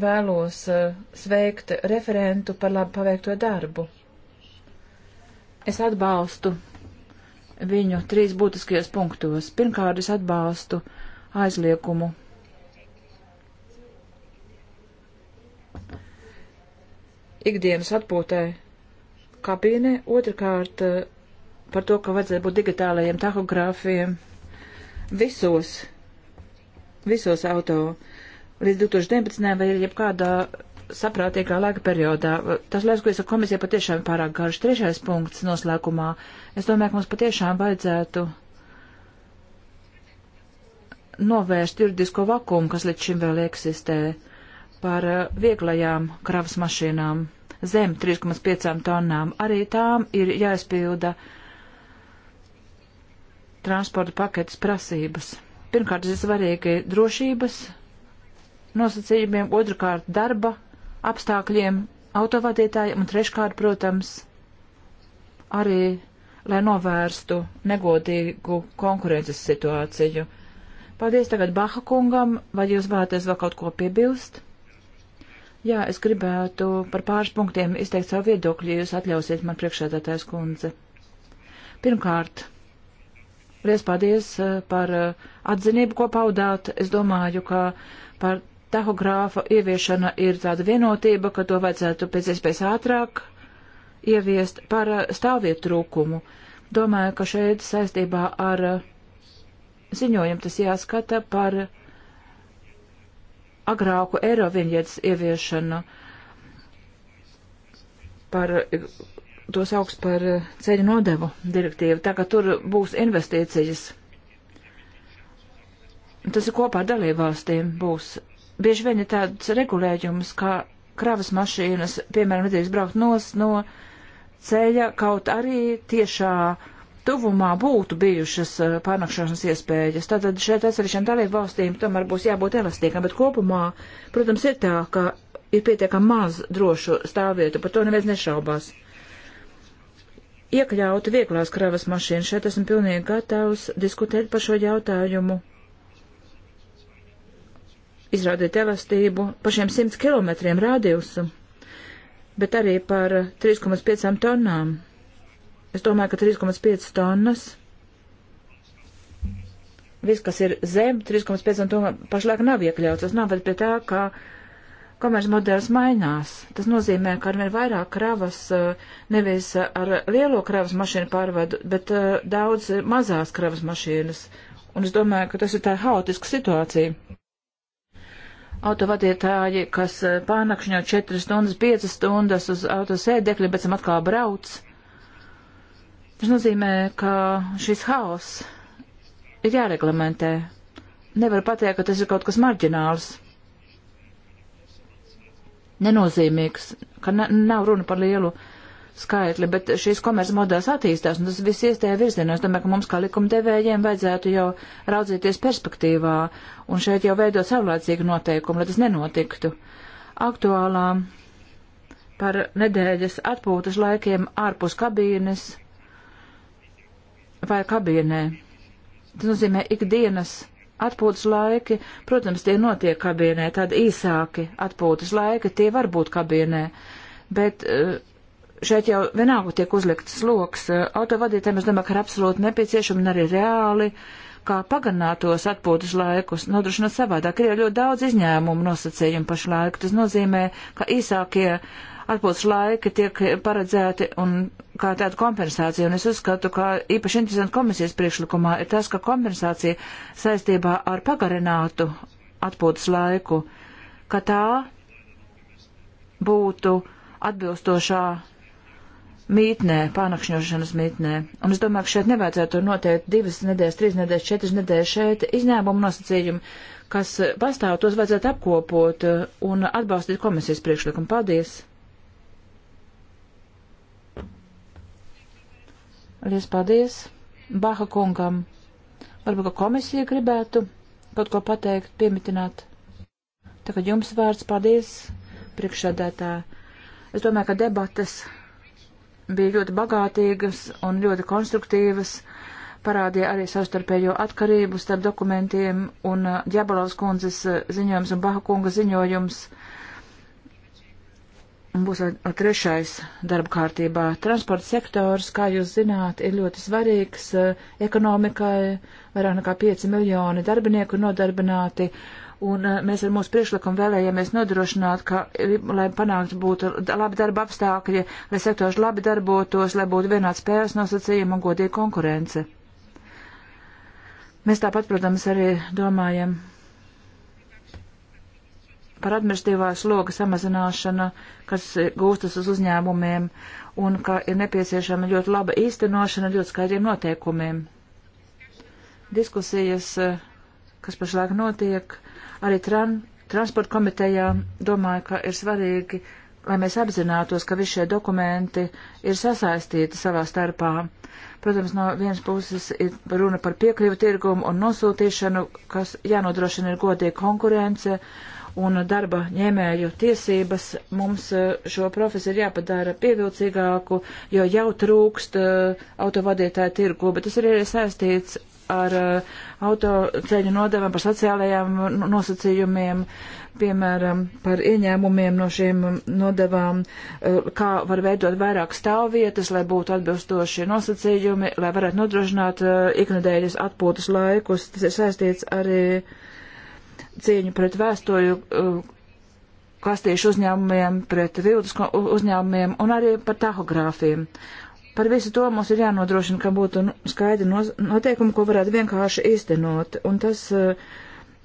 vēlos eh, sveikt referentu par labi paveikto darbu. Es atbalstu viņu trīs būtiskajos punktos. Pirmkārt, es atbalstu aizliekumu. Ikdienas atpūtē kabīne, otrkārt par to, ka vajadzētu būt digitālajiem tahogrāfiem visos, visos auto līdz 2019. vai jebkādā saprātīgā laika periodā. Tas liekas, ko es ar komisiju patiešām pārāk garš. Trešais punkts noslēgumā. Es domāju, ka mums patiešām vajadzētu novērst juridisko vakumu, kas līdz šim vēl eksistē par uh, vieglajām kravas mašīnām zem 3,5 tonnām. Arī tām ir jāizpilda transporta paketes prasības. Pirmkārt, ir svarīgi drošības nosacījumiem, otrkārt darba apstākļiem autovadītājiem un treškārt, protams, arī, lai novērstu negodīgu konkurences situāciju. Paldies tagad Baha kungam, vai jūs vēlaties vēl kaut ko piebilst? Jā, es gribētu par pāris punktiem izteikt savu viedokļu, ja jūs atļausiet man priekšsēdētājs kundze. Pirmkārt, liels paldies eh, par eh, atzinību, ko paudāt. Es domāju, ka par tahogrāfa ieviešana ir tāda vienotība, ka to vajadzētu pēc iespējas ātrāk ieviest par eh, stāvvietu trūkumu. Domāju, ka šeit saistībā ar eh, ziņojumu tas jāskata par agrāku eiroviņietas ieviešanu, par eh, to sauc par ceļu nodevu direktīvu, tā ka tur būs investīcijas. Tas ir kopā ar dalībvalstīm būs bieži vien ir tāds regulējums, kā kravas mašīnas, piemēram, nedrīkst braukt nos no ceļa, kaut arī tiešā tuvumā būtu bijušas eh, pārnakšanas iespējas. Tātad šeit atsevišķiem dalību valstīm tomēr būs jābūt elastīgam, bet kopumā, protams, ir tā, ka ir pietiekami maz drošu stāvvietu, par to neviens nešaubās. Iekļauti vieglās kravas mašīnas, šeit esmu pilnīgi gatavs diskutēt par šo jautājumu izrādīt elastību par šiem 100 km rādījusu, bet arī par 3,5 tonnām. Es domāju, ka 3,5 tonnas viss, kas ir zem 3,5 tonnām, pašlaik nav iekļauts. Tas nav pie tā, ka komerces modelis mainās. Tas nozīmē, ka arvien vairāk kravas eh, nevis ar lielo kravas mašīnu pārvadu, bet eh, daudz mazās kravas mašīnas. Un es domāju, ka tas ir tā haotiska situācija autovadītāji, kas eh, pārnakšņo 4 stundas, 5 stundas uz autosēdekļa, pēc tam atkal brauc. Tas nozīmē, ka šis haoss ir jāreglamentē. Nevar pateikt, ka tas ir kaut kas marģināls, nenozīmīgs, ka nav runa par lielu skaitli, bet šīs komerces modās attīstās, un tas viss iestēja virzienā. Es domāju, ka mums kā likumdevējiem vajadzētu jau raudzīties perspektīvā, un šeit jau veidot savlaicīgu noteikumu, lai tas nenotiktu. Aktuālā par nedēļas atpūtas laikiem ārpus kabīnes vai kabīnē. Tas nozīmē ikdienas atpūtas laiki, protams, tie notiek kabīnē, tādi īsāki atpūtas laiki, tie var būt kabīnē, bet uh, šeit jau vienalga tiek uzlikts sloks. Eh, autovadītājiem es domāju, ka ir absolūti nepieciešami un arī reāli, kā pagarinātos atpūtas laikus, nodrošināt savādāk. Ir jau ļoti daudz izņēmumu nosacījumu pašlaik. Tas nozīmē, ka īsākie atpūtas laiki tiek paredzēti un kā tāda kompensācija. Un es uzskatu, ka īpaši interesanti komisijas priekšlikumā ir tas, ka kompensācija saistībā ar pagarinātu atpūtas laiku, ka tā būtu atbilstošā mītnē, pārnakšņošanas mītnē. Un es domāju, ka šeit nevajadzētu tur noteikt divas nedēļas, trīs nedēļas, četras nedēļas šeit izņēmumu nosacījumi, kas pastāv, tos vajadzētu apkopot uh, un atbalstīt komisijas priekšlikumu. Paldies! Lies paldies Baha kungam. Varbūt, ka komisija gribētu kaut ko pateikt, piemitināt. Tagad jums vārds paldies priekšsēdētāji. Es domāju, ka debatas bija ļoti bagātīgas un ļoti konstruktīvas, parādīja arī savstarpējo atkarību starp dokumentiem un uh, Džabalovs kundzes uh, ziņojums un Baha kunga ziņojums. Būs trešais darba kārtībā. Transporta sektors, kā jūs zināt, ir ļoti svarīgs uh, ekonomikai, vairāk nekā 5 miljoni darbinieku nodarbināti. Uh, Un eh, mēs ar mūsu priekšlikumu vēlējāmies nodrošināt, ka, eh, lai panāktu būtu labi darba apstākļi, lai sektors labi darbotos, lai būtu vienāds spēles nosacījumi un godīga konkurence. Mēs tāpat, protams, arī domājam par administratīvās loga samazināšanu, kas gūstas uz uzņēmumiem, un ka ir nepieciešama ļoti laba īstenošana ļoti skaidriem noteikumiem. Diskusijas, eh, kas pašlaik notiek, Arī tran, transporta komitejā domāju, ka ir svarīgi, lai mēs apzinātos, ka visi šie dokumenti ir sasaistīti savā starpā. Protams, no vienas puses ir runa par piekļuvu tirgumu un nosūtīšanu, kas jānodrošina ir godīga konkurence un darba ņēmēju tiesības mums eh, šo profesiju ir jāpadara pievilcīgāku, jo jau trūkst eh, autovadītāju tirgu, bet tas ir arī saistīts ar eh, autoceļu nodevam, par sociālajām nosacījumiem, piemēram, par ieņēmumiem no šiem nodevām, eh, kā var veidot vairāk stāvvietas, lai būtu atbilstoši nosacījumi, lai varētu nodrošināt eh, iknedēļas atpūtas laikus. Tas ir saistīts arī cīņu pret vēstoju kastīšu uzņēmumiem, pret viltus uzņēmumiem un arī par tahogrāfiem. Par visu to mums ir jānodrošina, ka būtu nu, skaidri noteikumi, ko varētu vienkārši īstenot. Un tas eh,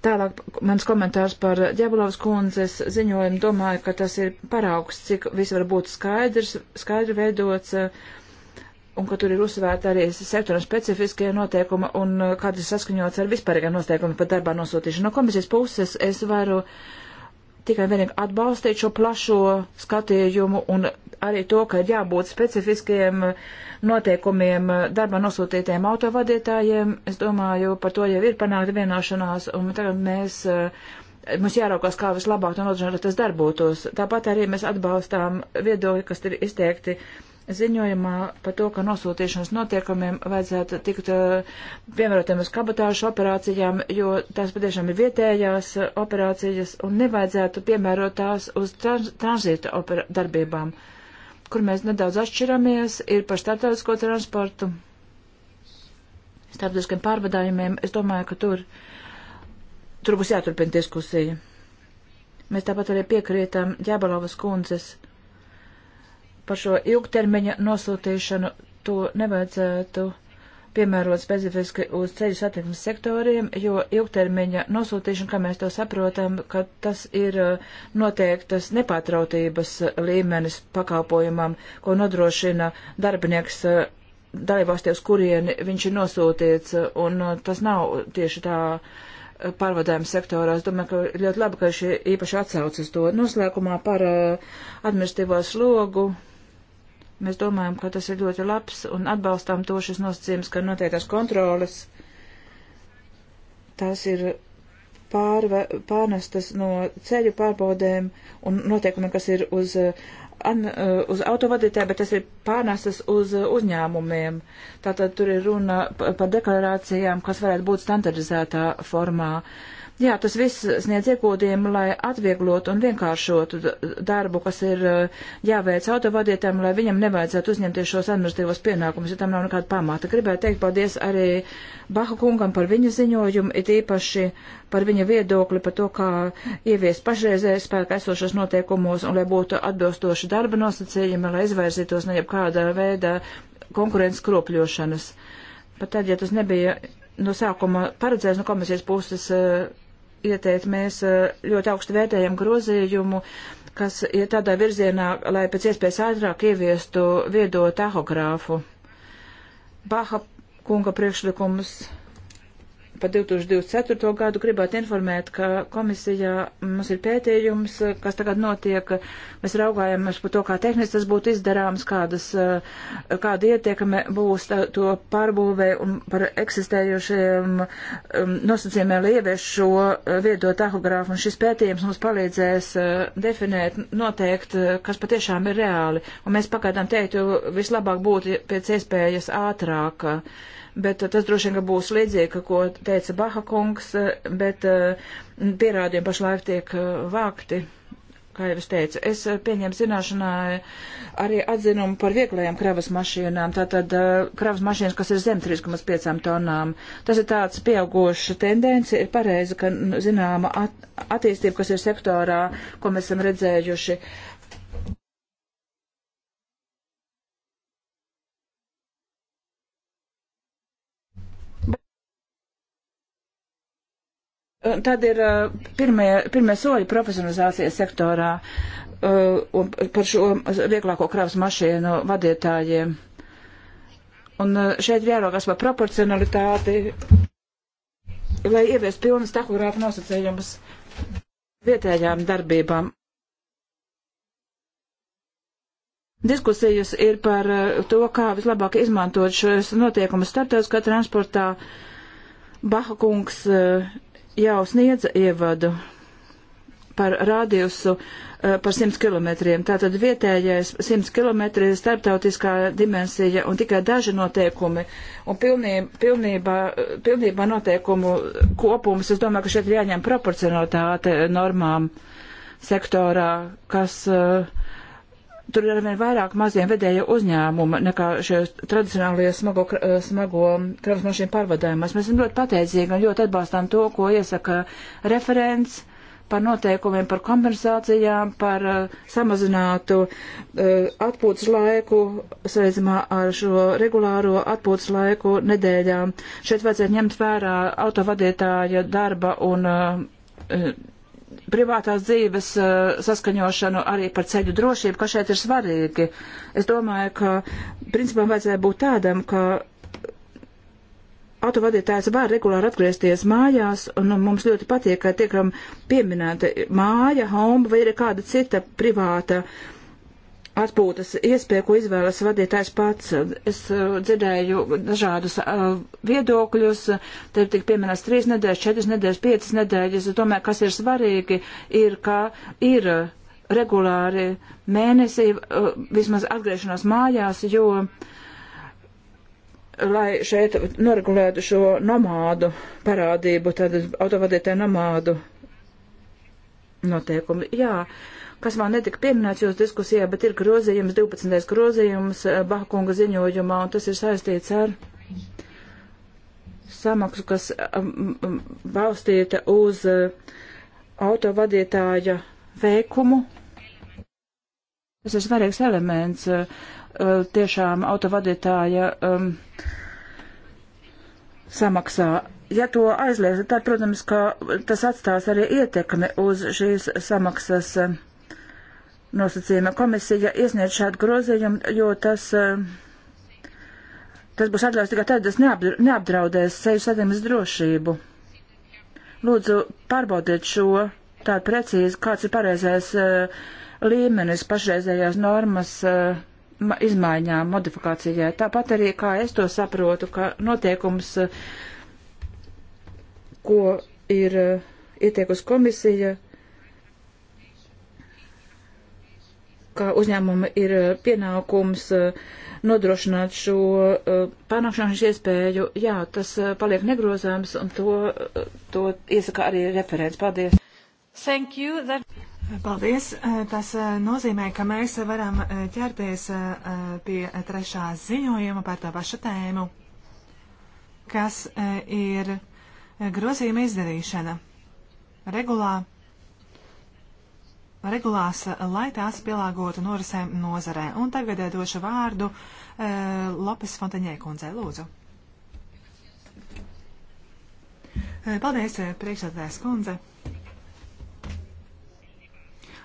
tālāk mans komentārs par Ģebulovas kundzes ziņojumu. Domāju, ka tas ir paraugs, cik viss var būt skaidrs, skaidri veidots eh, un ka tur ir uzsvērta arī sektora specifiskie noteikumi un eh, kā tas saskaņots ar vispārīgiem noteikumiem par darbā nosūtīšanu. No komisijas puses es varu tikai vienīgi atbalstīt šo plašo skatījumu un arī to, ka ir jābūt specifiskiem noteikumiem darbā nosūtītiem autovadītājiem. Es domāju, par to jau ir panākta vienošanās, un tagad mēs, eh, mums jāraukās, kā vislabāk un nodrošināt, lai tas darbotos. Tāpat arī mēs atbalstām viedokļi, kas ir izteikti ziņojumā par to, ka nosūtīšanas notiekumiem vajadzētu tikt eh, piemērotiem uz kabatāšu operācijām, jo tās patiešām ir vietējās eh, operācijas un nevajadzētu piemērot tās uz trans tranzīta darbībām, kur mēs nedaudz atšķiramies, ir par starptautisko transportu, starptautiskiem pārvadājumiem. Es domāju, ka tur, tur būs jāturpina diskusija. Mēs tāpat arī piekrītam Ģebalovas kundzes par šo ilgtermiņa nosūtīšanu to nevajadzētu piemērot specifiski uz ceļu satiksmes sektoriem, jo ilgtermiņa nosūtīšana, kā mēs to saprotam, ka tas ir uh, noteiktas nepārtrautības uh, līmenis pakalpojumam, ko nodrošina darbinieks uh, dalībvalstīs, kurieni viņš ir nosūtīts, un tas nav tieši tā pārvadājuma sektorā. Es domāju, ka ļoti labi, ka šī īpaši atsaucas to noslēgumā par administratīvo slogu. Mēs domājam, ka tas ir ļoti labs un atbalstām to šis nosacījums, ka noteiktās kontrolas tās ir pārve, pārnestas no ceļu pārbaudēm un noteikumiem, kas ir uz, uh, an, uh, uz autovadītāju, bet tas ir pārnestas uz uh, uzņēmumiem. Tātad tur ir runa par deklarācijām, kas varētu būt standardizētā formā. Uh, Jā, tas viss sniedz iegūdījumu, lai atvieglotu un vienkāršotu darbu, kas ir jāveic autovadītājiem, lai viņam nevajadzētu uzņemties šos administratīvos pienākumus, ja tam nav nekāda pamata. Gribētu teikt paldies arī Baha kungam par viņa ziņojumu, it īpaši par viņa viedokli par to, kā ieviest pašreizēju spēku esošos noteikumos un lai būtu atbilstoši darba nosacījumi, lai izvairsītos ne jebkāda veida konkurences kropļošanas. Pat tad, ja tas nebija no sākuma paredzēts no komisijas puses uh, ieteikt, mēs eh, ļoti augstu vērtējam grozījumu, kas ir tādā virzienā, lai pēc iespējas ātrāk ieviestu viedo tahogrāfu. Baha kunga priekšlikums par 2024. gadu gribētu informēt, ka komisijā mums ir pētījums, kas tagad notiek. Mēs raugājamies par to, kā tehniski tas būtu izdarāms, kādas, kāda ietekme būs tā, to pārbūvē un par eksistējošiem um, nosacījumiem, lai ievieš šo viedo tahogrāfu. Un šis pētījums mums palīdzēs uh, definēt, noteikt, uh, kas patiešām ir reāli. Un mēs pagaidām teiktu, vislabāk būtu pēc iespējas ātrāk. Uh, bet uh, tas droši vien, ka būs līdzīgi, ko teica Baha kungs, uh, bet uh, pierādījumi pašlaik tiek vākti. Kā jau es teicu, es pieņemu zināšanā arī atzinumu par vieglajām kravas mašīnām, tātad kravas mašīnas, kas ir zem 3,5 tonām. Tas ir tāds pieaugošs tendence, ir pareizi, ka nu, zināma at attīstība, kas ir sektorā, ko mēs esam redzējuši. Uh, Tad ir uh, pirmie, pirmie soļi profesionalizācijas sektorā uh, un par šo vieglāko kravas mašīnu vadītājiem. Un uh, šeit jāraugās par proporcionalitāti, lai ievies pilnas tahogrāfa nosacījumus vietējām darbībām. Diskusijas ir par to, kā vislabāk izmantot šos notiekumus starptautiskā transportā. Baha kungs jau sniedza ievadu par radiusu eh, par 100 km. Tātad vietējais 100 km ir starptautiskā dimensija un tikai daži noteikumi. Un pilnība, pilnībā, pilnībā noteikumu kopums, es domāju, ka šeit ir jāņem proporcionalitāte normām sektorā, kas uh, tur ir arvien vairāk maziem vedēja uzņēmumu nekā šajos tradicionālajos smago, eh, smago kravas mašīnu pārvadājumos. Mēs esam ļoti pateicīgi un ļoti atbalstām to, ko iesaka referents par noteikumiem, par kompensācijām, par uh, samazinātu uh, atpūtas laiku, saistībā ar šo regulāro atpūtas laiku nedēļām. Šeit vajadzētu ņemt vērā autovadītāja darba un uh, privātās dzīves eh, saskaņošanu arī par ceļu drošību, ka šeit ir svarīgi. Es domāju, ka principam vajadzēja būt tādam, ka autovadītājs var regulāri atgriezties mājās, un mums ļoti patīk, ka tiekam pieminēta māja, home vai ir kāda cita privāta uh, atpūtas iespēju, ko izvēlas vadītājs pats. Es uh, dzirdēju dažādus uh, viedokļus, te tik pieminēts trīs nedēļas, četras nedēļas, piecas nedēļas. Es domāju, kas ir svarīgi, ir, ka ir regulāri mēnesī uh, vismaz atgriešanās mājās, jo, lai šeit noregulētu šo nomādu parādību, tad autovadītāju nomādu noteikumi. Jā. Uh, kas vēl netika pieminēts jūsu diskusijā, bet ir grozījums, 12. grozījums eh, Bahkunga ziņojumā, un tas ir saistīts ar samaksu, kas eh, balstīta uz eh, autovadītāja veikumu. Tas ir svarīgs elements tiešām autovadītāja um, samaksā ja to aizliedzat, tad, protams, ka tas atstās arī ietekmi uz šīs samaksas nosacījuma. Komisija iesniedz šādu grozījumu, jo tas, eh, tas būs atļauts tikai tad, tas neapdraudēs ceļu satiksmes drošību. Lūdzu, pārbaudiet šo tā precīzi, kāds ir pareizais uh, līmenis pašreizējās normas uh, izmaiņām, modifikācijai. Tāpat arī, kā es to saprotu, ka notiekums, uh, ko ir ieteikusi komisija, uh, ka uzņēmumi ir eh, pienākums eh, nodrošināt šo eh, pārnākšanas iespēju. Jā, tas paliek negrozāms, un to, to iesaka arī referents. Paldies! Thank you. That... Paldies! Tas nozīmē, ka mēs varam ķerties pie trešā ziņojuma par tā pašu tēmu, kas ir grozījuma izdarīšana regulā regulās, lai tās pielāgotu norisēm nozarē. Un tagad eh, došu vārdu eh, Lopes Fontaņē kundzei, lūdzu. Eh, paldies, priekšsēdētājs kundze.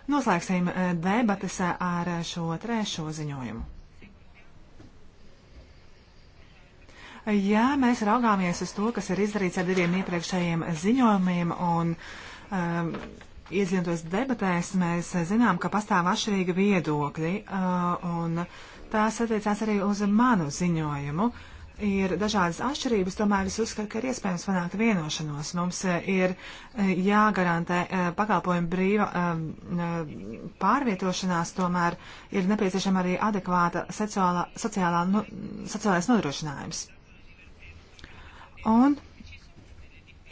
Noslēgsim debatas ar šo trešo ziņojumu. Ja mēs raugāmies uz to, kas ir izdarīts ar diviem iepriekšējiem ziņojumiem un um, iedzientos debatēs, mēs zinām, ka pastāv atšķirīgi viedokļi, un tās attiecās arī uz manu ziņojumu. Ir dažādas atšķirības, tomēr es uzskatu, ka ir iespējams panākt vienošanos. Mums ir jāgarantē pakalpojumu brīva pārvietošanās, tomēr ir nepieciešama arī adekvāta sociālā, sociālā, nu, sociālais nodrošinājums. Un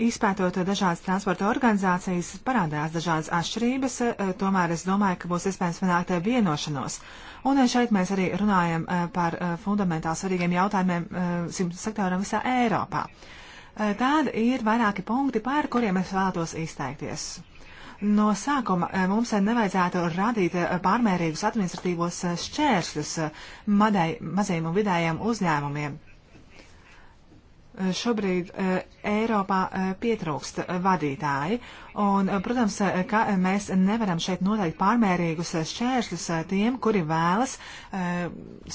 Izpētot dažādas transporta organizācijas, parādās dažādas atšķirības, eh, tomēr es domāju, ka būs iespējams panākt eh, vienošanos. Un eh, šeit mēs arī runājam par fundamentāli svarīgiem jautājumiem sektoram visā Eiropā. Tāda ir vairāki punkti, par kuriem es vēlētos izteikties. No sākuma mums nevajadzētu radīt pārmērīgus administratīvos šķēršļus mazajiem un vidējiem uzņēmumiem. Eh, šobrīd eh, Eiropā eh, pietrūkst vadītāji, un, protams, ka mēs nevaram šeit noteikt pārmērīgus šķēršļus tiem, kuri vēlas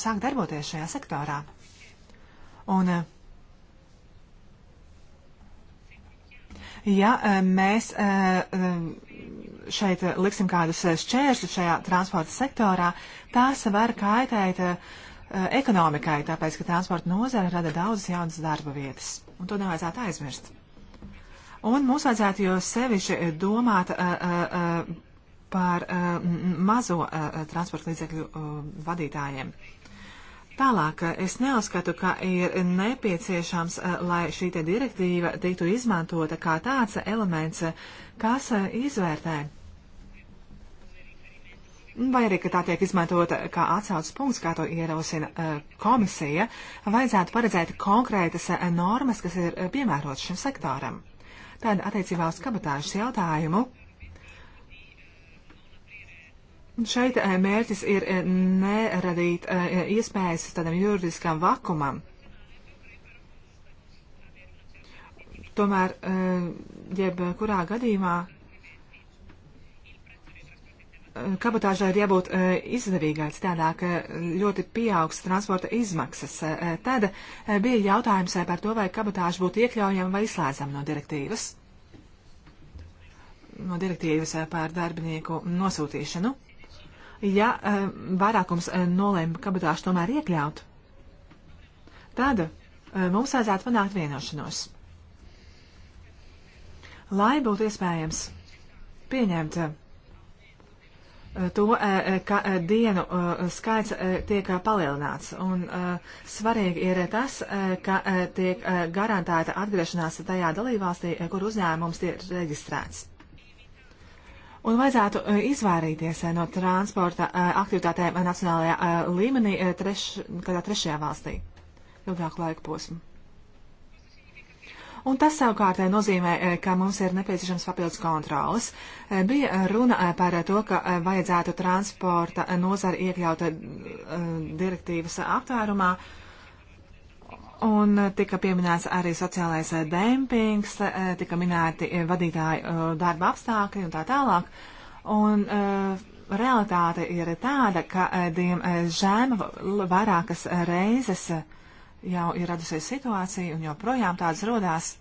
sākt darboties šajā sektorā. Un, ja mēs šeit liksim kādus šķēršļus šajā transporta sektorā, tās var kaitēt Eh, ekonomikai, tāpēc, ka transporta nozara rada daudzas jaunas darba vietas, un to nevajadzētu aizmirst. Un mums vajadzētu jau sevišķi domāt eh, eh, par mazo transporta līdzekļu vadītājiem. Tālāk es neuzskatu, ka ir nepieciešams, lai šī direktīva tiktu izmantota kā tāds elements, kas izvērtē vai arī, ka tā tiek izmantota kā atsaucas punkts, kā to ierosina e, komisija, vajadzētu paredzēt konkrētas e, normas, kas ir e, piemērotas šim sektoram. Tad attiecībā uz kabatāžas jautājumu. Šeit mērķis ir neradīt iespējas tādam juridiskam vakumam. Tomēr, jebkurā gadījumā kabatāžai ir jābūt e, izdevīgai, citādāk e, ļoti pieaugs transporta izmaksas. E, tad bija jautājums par to, vai kabatāža būtu iekļaujama vai izslēdzama no direktīvas. No direktīvas par darbinieku nosūtīšanu. Ja vairākums nolēma kabatāžu tomēr iekļaut, tad mums vajadzētu panākt vienošanos. Lai būtu iespējams pieņemt Eh, to, eh, eh, ka dienu skaits tiek palielināts. Un svarīgi ir tas, ka tiek garantēta atgriešanās tajā dalībvalstī, kur uzņēmums ir reģistrēts. Un vajadzētu izvairīties no transporta aktivitātēm nacionālajā līmenī treš, kādā trešajā valstī ilgāku laiku posmu. Un tas savukārt eh, nozīmē, eh, ka mums ir nepieciešams papildus kontrolas. Eh, bija runa par to, ka vajadzētu transporta nozari iekļaut direktīvas aptvērumā. Un tika pieminēts arī sociālais dempings, tika minēti vadītāju darba apstākļi un tā tālāk. Un realitāte ir tāda, ka, diemžēl, vairākas reizes uh, jau ir radusies situācija un joprojām tādas rodās.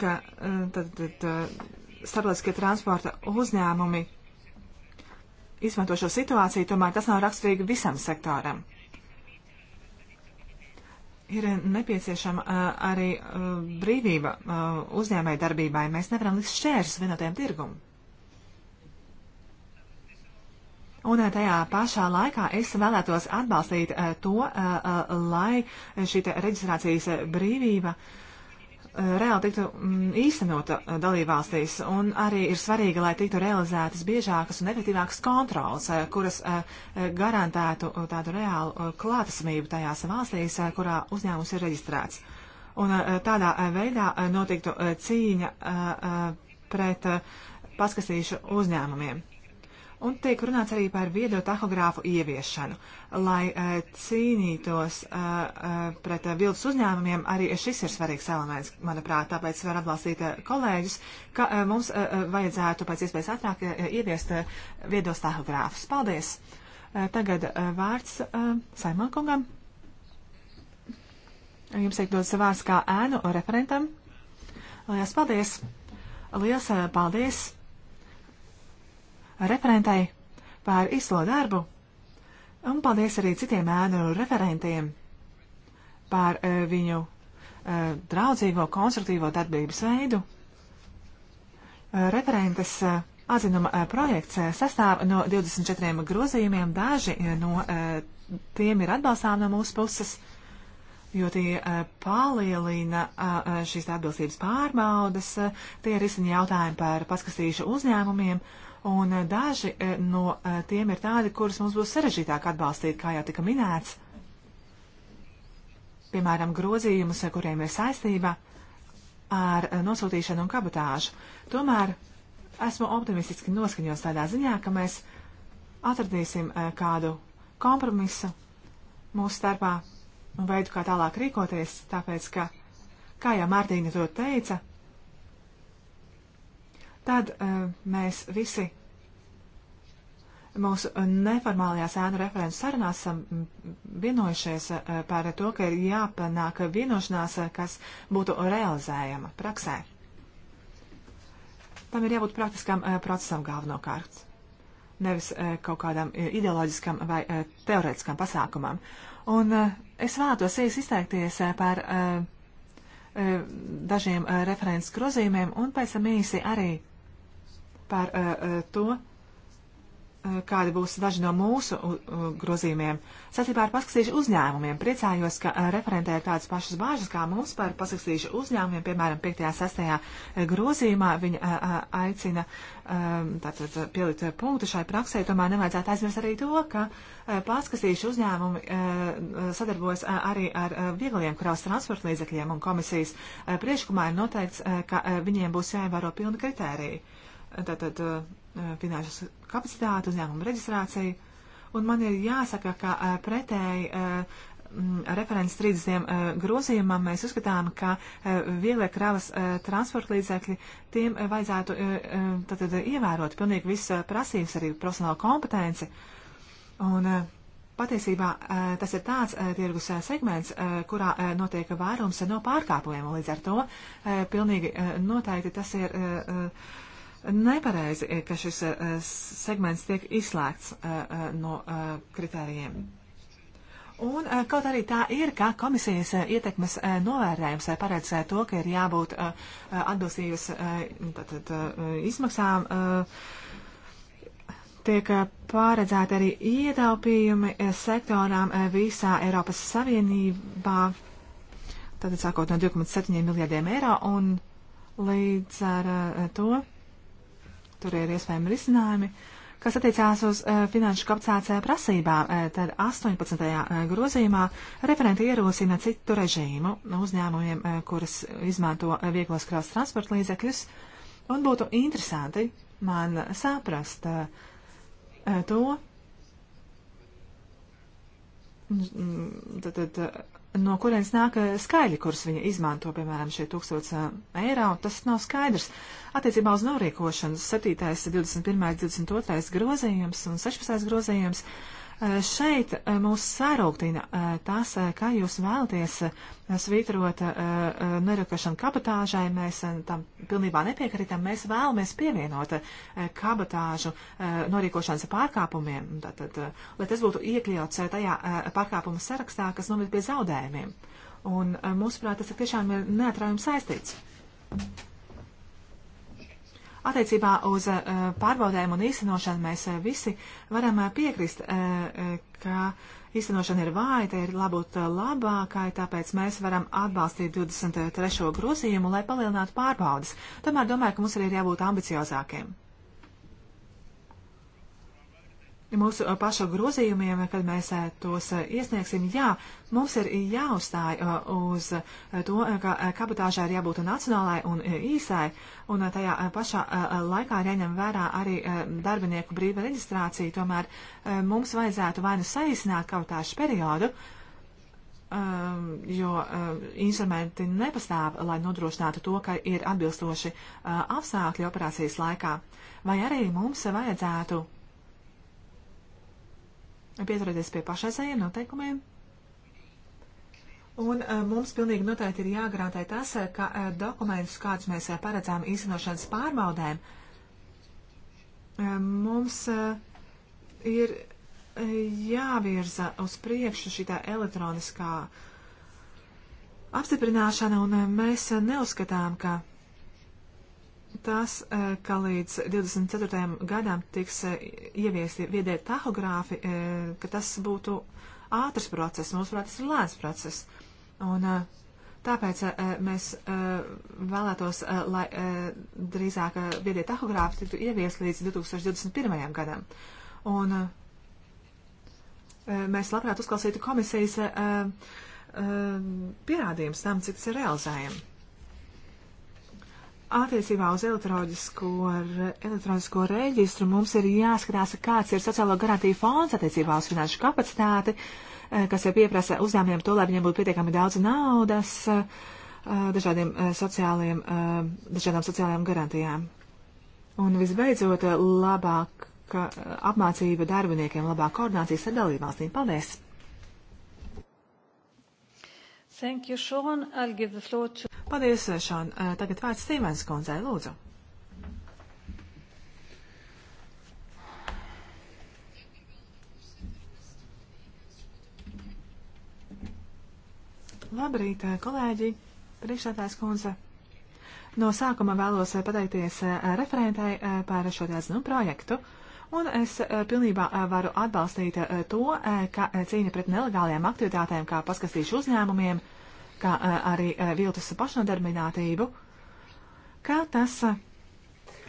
ka eh, tad, tad, eh, starptautiskie transporta uzņēmumi izmanto šo situāciju, tomēr tas nav raksturīgi visam sektoram. Ir nepieciešama uh, arī uh, brīvība uh, uzņēmējdarbībai. Mēs nevaram likt šķērs vienotajam tirgumam. Un eh, tajā pašā laikā es vēlētos atbalstīt eh, to, eh, lai šī reģistrācijas brīvība reāli tiktu mm, īstenota dalībvalstīs. Un arī ir svarīgi, lai tiktu realizētas biežākas un efektīvākas kontrolas, kuras garantētu tādu reālu klātesamību tajās valstīs, kurā uzņēmums ir reģistrēts. Un tādā veidā notiktu cīņa pret paskastīšu uzņēmumiem. Un tiek runāts arī par viedo tahogrāfu ieviešanu. Lai uh, cīnītos uh, uh, pret uh, viltus uzņēmumiem, arī šis ir svarīgs elements, manuprāt, tāpēc var atbalstīt uh, kolēģus, ka uh, mums uh, vajadzētu pēc iespējas ātrāk uh, ieviest uh, viedos tahogrāfus. Paldies! Uh, tagad uh, vārds uh, Saimankungam. Jums tiek dots vārds kā ēnu referentam. Lielas paldies! Lielas paldies! referentai par izslo darbu, un paldies arī citiem ēnu referentiem par e, viņu e, draudzīgo, konstruktīvo darbības veidu. E, referentes atzinuma projekts sastāv no 24 grozījumiem. Daži no tiem ir atbalstām no mūsu puses, jo tie palielina šīs atbilstības pārbaudas, tie risina jautājumi par paskastīšu uzņēmumiem un eh, daži eh, no eh, tiem ir tādi, kurus mums būs sarežģītāk atbalstīt, kā jau tika minēts. Piemēram, grozījumus, kuriem ir saistība ar nosūtīšanu un kabatāžu. Tomēr esmu optimistiski noskaņots tādā ziņā, ka mēs atradīsim kādu kompromisu mūsu starpā un veidu, kā tālāk rīkoties, tāpēc, ka, kā jau Mārtiņa to teica, tad uh, mēs visi mūsu neformālajā sēnu referents sarunās esam mm, vienojušies uh, par to, ka ir jāpanāk vienošanās, uh, kas būtu realizējama praksē. Tam ir jābūt praktiskam procesam galvenokārt, nevis kaut kādam ideoloģiskam vai teorētiskam pasākumam. Un es vēlētos īsi izteikties par dažiem referents grozījumiem un pēc tam īsi arī par eh, eh, to, eh, kādi būs daži no mūsu grozījumiem. Sacībā ar paskatīšu uzņēmumiem priecājos, ka referentē ir tādas pašas bāžas kā mums par paskatīšu uzņēmumiem, piemēram, 5. 6. grozījumā viņa aicina tātad pielikt punktu šai praksē, tomēr nevajadzētu aizmirst arī to, ka paskatīšu uzņēmumi sadarbojas arī ar viegliem kraus transporta līdzekļiem un komisijas priekšlikumā ir noteikts, ka viņiem būs jāievēro pilni kritēriji tātad finanšu kapacitāti, uzņēmumu reģistrāciju. Un man ir jāsaka, ka pretēji referents 30 grozījumam mēs uzskatām, ka vieglie kravas transporta līdzekļi tiem vajadzētu tātad ievērot pilnīgi visas prasības, arī profesionālu kompetenci. Un, Patiesībā tas ir tāds tirgus segments, kurā notiek vairums no pārkāpumiem, un līdz ar to pilnīgi noteikti tas ir nepareizi, eh, ka šis eh, segments tiek izslēgts eh, no kritērijiem. Un, kaut arī tā ir, ka komisijas ietekmes novērējums paredz to, ka ir jābūt atbilstības izmaksām, tiek pārredzēti arī ietaupījumi sektorām visā Eiropas Savienībā, tātad sākot no 2,7 miljardiem eiro un līdz ar to. Tur ir iespējami risinājumi. Kas attiecās uz uh, finanšu kapsācē eh, prasībām, uh, tad 18. grozījumā referenti ierosina citu režīmu uzņēmumiem, uh, kuras izmanto vieglos kravas transporta līdzekļus, un būtu interesanti man saprast uh, to, mm, mm, tad, tad, no kurienes nāk eh, skaidri, kurus viņi izmanto, piemēram, šie 1000 eh, eiro, tas nav skaidrs. Attiecībā uz norīkošanu 7., 21., 22. grozījums un 16. grozījums Šeit eh, mūs sarūktina eh, tas, eh, kā jūs vēlaties svītrot nerokašanu kabatāžai. Mēs tam pilnībā nepiekritam. Mēs vēlamies pievienot kabatāžu norīkošanas pārkāpumiem, tātad, lai tas būtu iekļauts tajā pārkāpuma sarakstā, kas noved pie zaudējumiem. Un, mūsuprāt, tas tiešām ir neatrājums saistīts. Attiecībā uz eh, pārbaudēm un īstenošanu mēs eh, visi varam eh, piekrist, ka īstenošana ir vāja, tai ir jābūt labākai, tāpēc mēs varam atbalstīt 23. grozījumu, lai palielinātu pārbaudas. Tomēr domāju, ka mums arī ir jābūt ambiciozākiem mūsu pašu grozījumiem, kad mēs tos iesniegsim, jā, mums ir jāuzstāj uz to, ka kabatāžai ir jābūt nacionālai un īsai, un tajā pašā laikā ir jāņem vērā arī darbinieku brīva reģistrācija. Tomēr mums vajadzētu vai nu saīsināt kabatāžu periodu, jo instrumenti nepastāv, lai nodrošinātu to, ka ir atbilstoši apstākļi operācijas laikā, vai arī mums vajadzētu pieturēties pie pašreizējiem noteikumiem. Un eh, mums pilnīgi noteikti ir jāgarantē tas, eh, ka eh, dokumentus, kādus mēs paredzām īstenošanas pārbaudēm, mums ir jāvirza uz priekšu šī elektroniskā apstiprināšana, un mēs neuzskatām, ka tas, e, ka līdz 24. gadam tiks e, ieviesti viedie tahogrāfi, e, ka tas būtu ātrs process, mūsuprāt, tas ir lēns process. Un tāpēc mēs vēlētos, lai drīzāk viedie tahogrāfi tiktu ieviesti līdz 2021. gadam. Un mēs labprāt uzklausītu komisijas pierādījums tam, cik tas ir realizējami. Attiecībā uz elektronisko, elektronisko reģistru mums ir jāskatās, kāds ir sociālo garantiju fonds attiecībā uz finanšu kapacitāti, eh, kas jau pieprasa uzņēmumiem to, lai viņiem būtu pietiekami daudz naudas eh, dažādiem eh, sociāliem, dažādām sociālajām garantijām. Un visbeidzot, labāka apmācība darbiniekiem, labāka koordinācija ar dalībvalstīm. Paldies! Thank you, Sean. I'll give the floor to... Paldies, eh, Sean. Eh, tagad vārds Stīvens kundzei, lūdzu. Labrīt, eh, kolēģi, priekšsētājs kundze. No sākuma vēlos pateikties referentai par šo tēznu projektu. Uh, Un es eh, pilnībā eh, varu atbalstīt eh, to, ka cīņa pret nelegālajām aktivitātēm, kā paskatīšu uzņēmumiem, kā arī viltus pašnodarbinātību, ka tas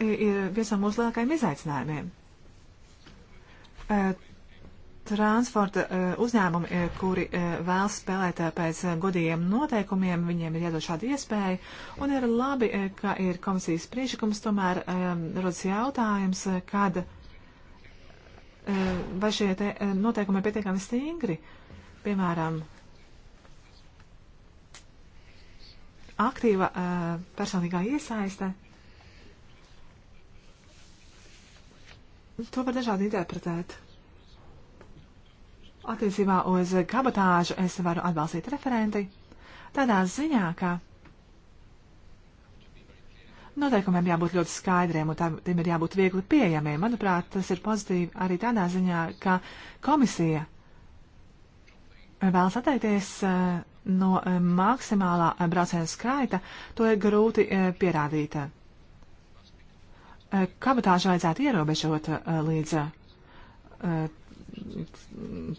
ir viens no mūsu lielākajiem izaicinājumiem. Transporta uzņēmumi, kuri vēlas spēlēt pēc godīgiem noteikumiem, viņiem ir jādod šāda iespēja, un ir labi, ka ir komisijas priekšlikums, tomēr rodas jautājums, kad Eh, vai šie te eh, noteikumi ir pietiekami stingri, piemēram, aktīva eh, personīgā iesaiste. To var dažādi interpretēt. Attiecībā uz kabatāžu es varu atbalstīt referenti. Tādā ziņā, ka Noteikumiem jābūt ļoti skaidriem un tiem ir jābūt viegli pieejamiem. Manuprāt, tas ir pozitīvi arī tādā ziņā, ka komisija vēlas atteikties eh, no eh, maksimālā eh, brauciena skaita, to ir grūti pierādīt. Kabatāžu vajadzētu ierobežot līdz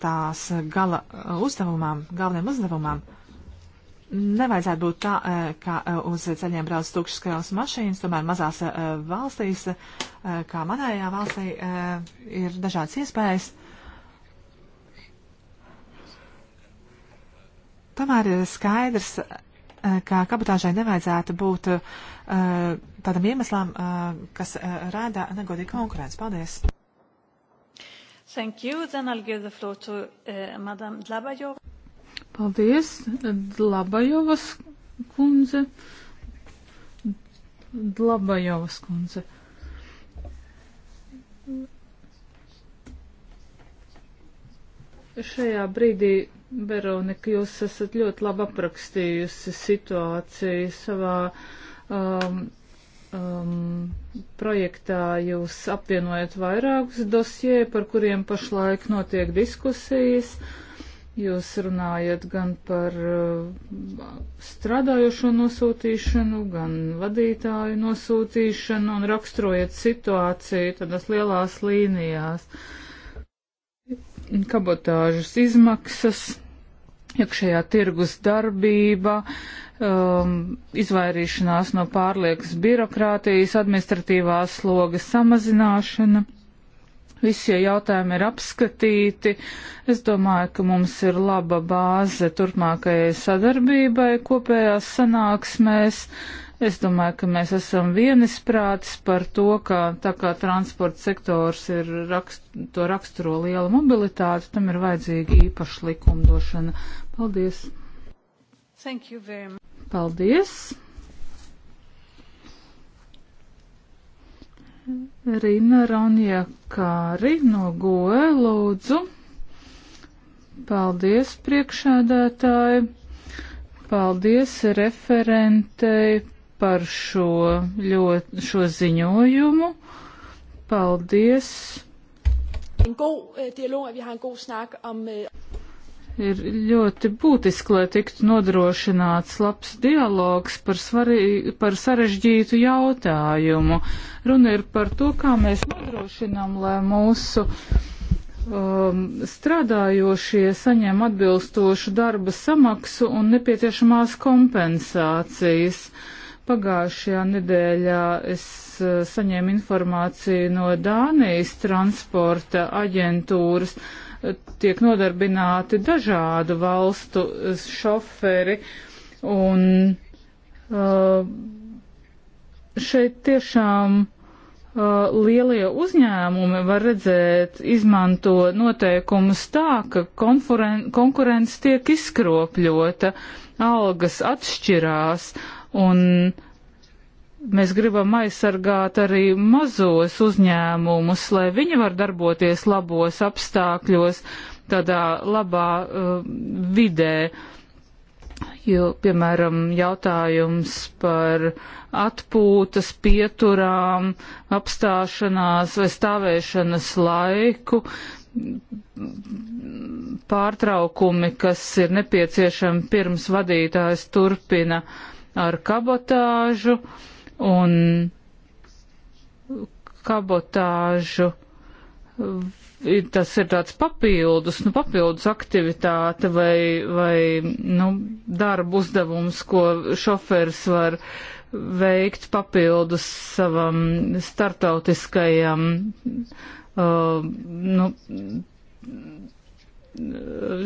tās gala uzdevumām, galveniem uzdevumam. Nevajadzētu būt tā, eh, ka eh, uz ceļiem brauc tukšas kravas mašīnas, tomēr mazās eh, valstīs, kā manējā valstī, ir dažādas iespējas. Tomēr ir skaidrs, ka kabatāžai nevajadzētu būt tādam iemeslam, kas rāda negodīgu konkurenci. Paldies! Thank you. Then I'll give the floor to uh, Madame Dlabajova. Paldies, Dlabajovas kundze. Dlabajovas kundze. Šajā brīdī, Veronika, jūs esat ļoti labi aprakstījusi situāciju savā um, um, projektā. Jūs apvienojat vairākus dosie, par kuriem pašlaik notiek diskusijas. Uh, Jūs runājat gan par uh, strādājošo nosūtīšanu, gan vadītāju nosūtīšanu un raksturojat situāciju tādās lielās līnijās. Kabotāžas izmaksas, iekšējā tirgus darbība, um, izvairīšanās no pārliekas birokrātijas, administratīvās slogas samazināšana. Visi šie jautājumi ir apskatīti. Es domāju, ka mums ir laba bāze turpmākajai sadarbībai kopējās sanāksmēs. Es domāju, ka mēs esam vienisprātis par to, ka tā kā transporta sektors ir rakst, to raksturo liela mobilitāte, tam ir vajadzīga īpaša likumdošana. Paldies! Paldies! Rina Ronja Kāri no Goe, lūdzu. Paldies, priekšēdētāji. Paldies referentei par šo, ļoti, šo ziņojumu. Paldies. En god øh, dialog, at vi har en god snak om. Øh, ir ļoti būtiski, lai tiktu nodrošināts labs dialogs par, svarī, par sarežģītu jautājumu. Runa ir par to, kā mēs nodrošinām, lai mūsu um, strādājošie saņem atbilstošu darba samaksu un nepieciešamās kompensācijas. Pagājušajā nedēļā es uh, saņēmu informāciju no Dānijas transporta aģentūras, uh, tiek nodarbināti dažādu valstu šoferi. Un uh, šeit tiešām uh, lielie uzņēmumi var redzēt, izmanto noteikumus tā, ka konkurence tiek izkropļota, algas atšķirās un mēs gribam aizsargāt arī mazos uzņēmumus, lai viņi var darboties labos apstākļos, tādā labā uh, vidē. Jo, piemēram, jautājums par atpūtas pieturām, apstāšanās vai stāvēšanas laiku, pārtraukumi, kas ir nepieciešami pirms vadītājs turpina ar kabotāžu. Uh, un kabotāžu. Tas ir tāds papildus, nu, papildus aktivitāte vai, vai nu, darba uzdevums, ko šofers var veikt papildus savam startautiskajam uh, nu,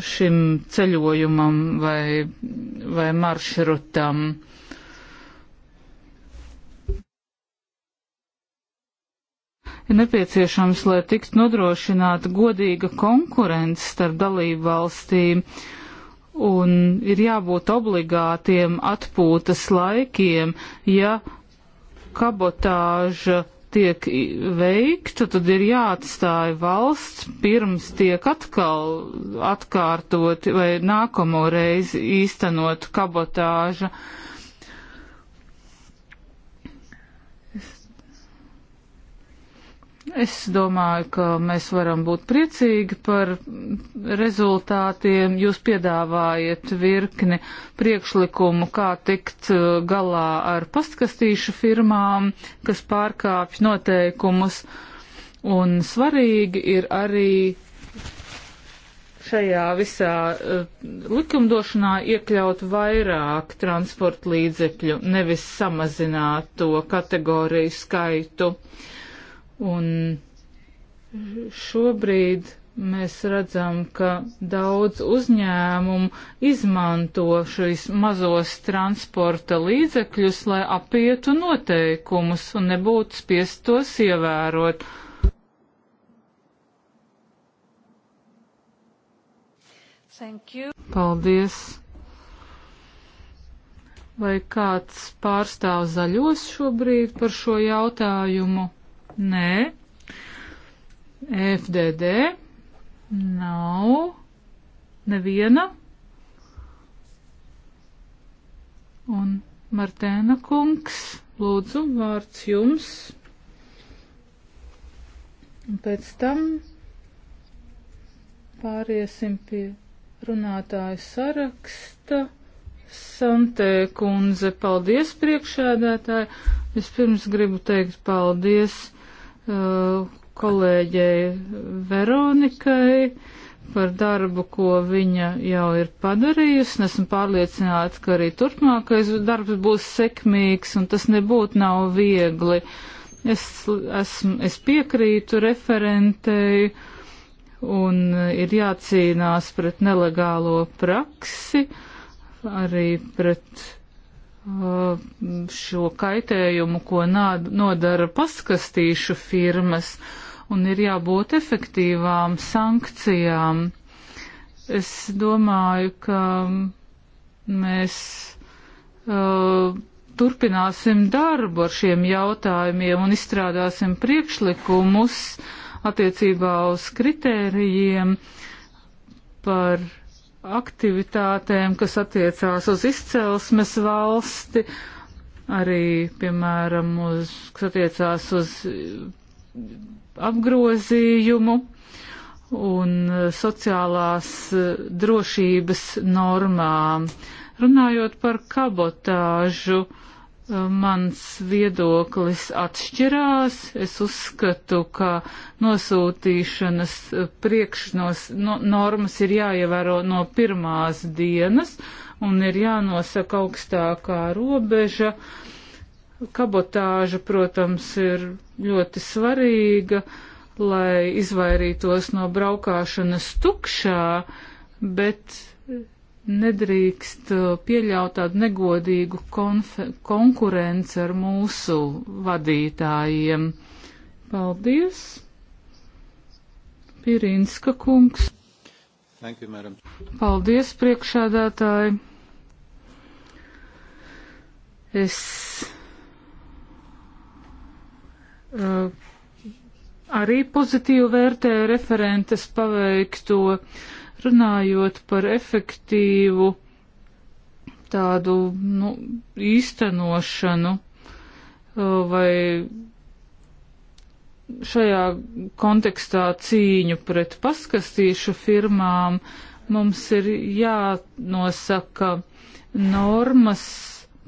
šim ceļojumam vai, vai maršrutam. Uh, ir nepieciešams, lai tiks nodrošināta godīga konkurence starp dalību valstīm un ir jābūt obligātiem atpūtas laikiem, ja kabotāža tiek veikta, tad ir jāatstāja valsts pirms tiek atkal atkārtot vai nākamo reizi īstenot kabotāža. Uh, Es domāju, ka mēs varam būt priecīgi par rezultātiem. Jūs piedāvājat virkni priekšlikumu, kā tikt uh, galā ar pastkastīšu firmām, kas pārkāpj noteikumus. Un svarīgi ir arī šajā visā uh, likumdošanā iekļaut vairāk transporta līdzekļu, nevis samazināt to kategoriju skaitu. Uh, Un šobrīd mēs redzam, ka daudz uzņēmumu izmanto šīs mazos transporta līdzekļus, lai apietu noteikumus un nebūtu spiest tos ievērot. Paldies! Vai kāds pārstāv zaļos šobrīd par šo jautājumu? Nē. FDD. Nav. Neviena. Un Martēna kungs, lūdzu, vārds jums. Un pēc tam pāriesim pie runātāja saraksta. Santē kundze, paldies priekšēdētāji. Vispirms gribu teikt paldies kolēģei Veronikai par darbu, ko viņa jau ir padarījusi. Esmu pārliecināta, ka arī turpmākais darbs būs sekmīgs un tas nebūtu nav viegli. Es, esmu, es piekrītu referentei un ir jācīnās pret nelegālo praksi, arī pret Uh, šo kaitējumu, ko nodara paskastīšu firmas, un ir jābūt efektīvām sankcijām. Es domāju, ka mēs uh, turpināsim darbu ar šiem jautājumiem un izstrādāsim priekšlikumus attiecībā uz kritērijiem par aktivitātēm, kas attiecās uz izcelsmes valsti, arī, piemēram, uz, kas attiecās uz apgrozījumu un sociālās drošības normām. Runājot par kabotāžu, uh, mans viedoklis atšķirās. Es uzskatu, ka nosūtīšanas priekšnos no, normas ir jāievēro no pirmās dienas un ir jānosaka augstākā robeža. Kabotāža, protams, ir ļoti svarīga, lai izvairītos no braukāšanas tukšā, bet nedrīkst uh, pieļaut tādu negodīgu konkurenci ar mūsu vadītājiem. Paldies! Pirinska kungs. Thank you, madam. Paldies, priekšādātāji. Es uh, arī pozitīvi vērtēju referentes paveikto. Uh, Runājot par efektīvu tādu nu, īstenošanu uh, vai šajā kontekstā cīņu pret paskastīšu firmām, mums ir jānosaka normas,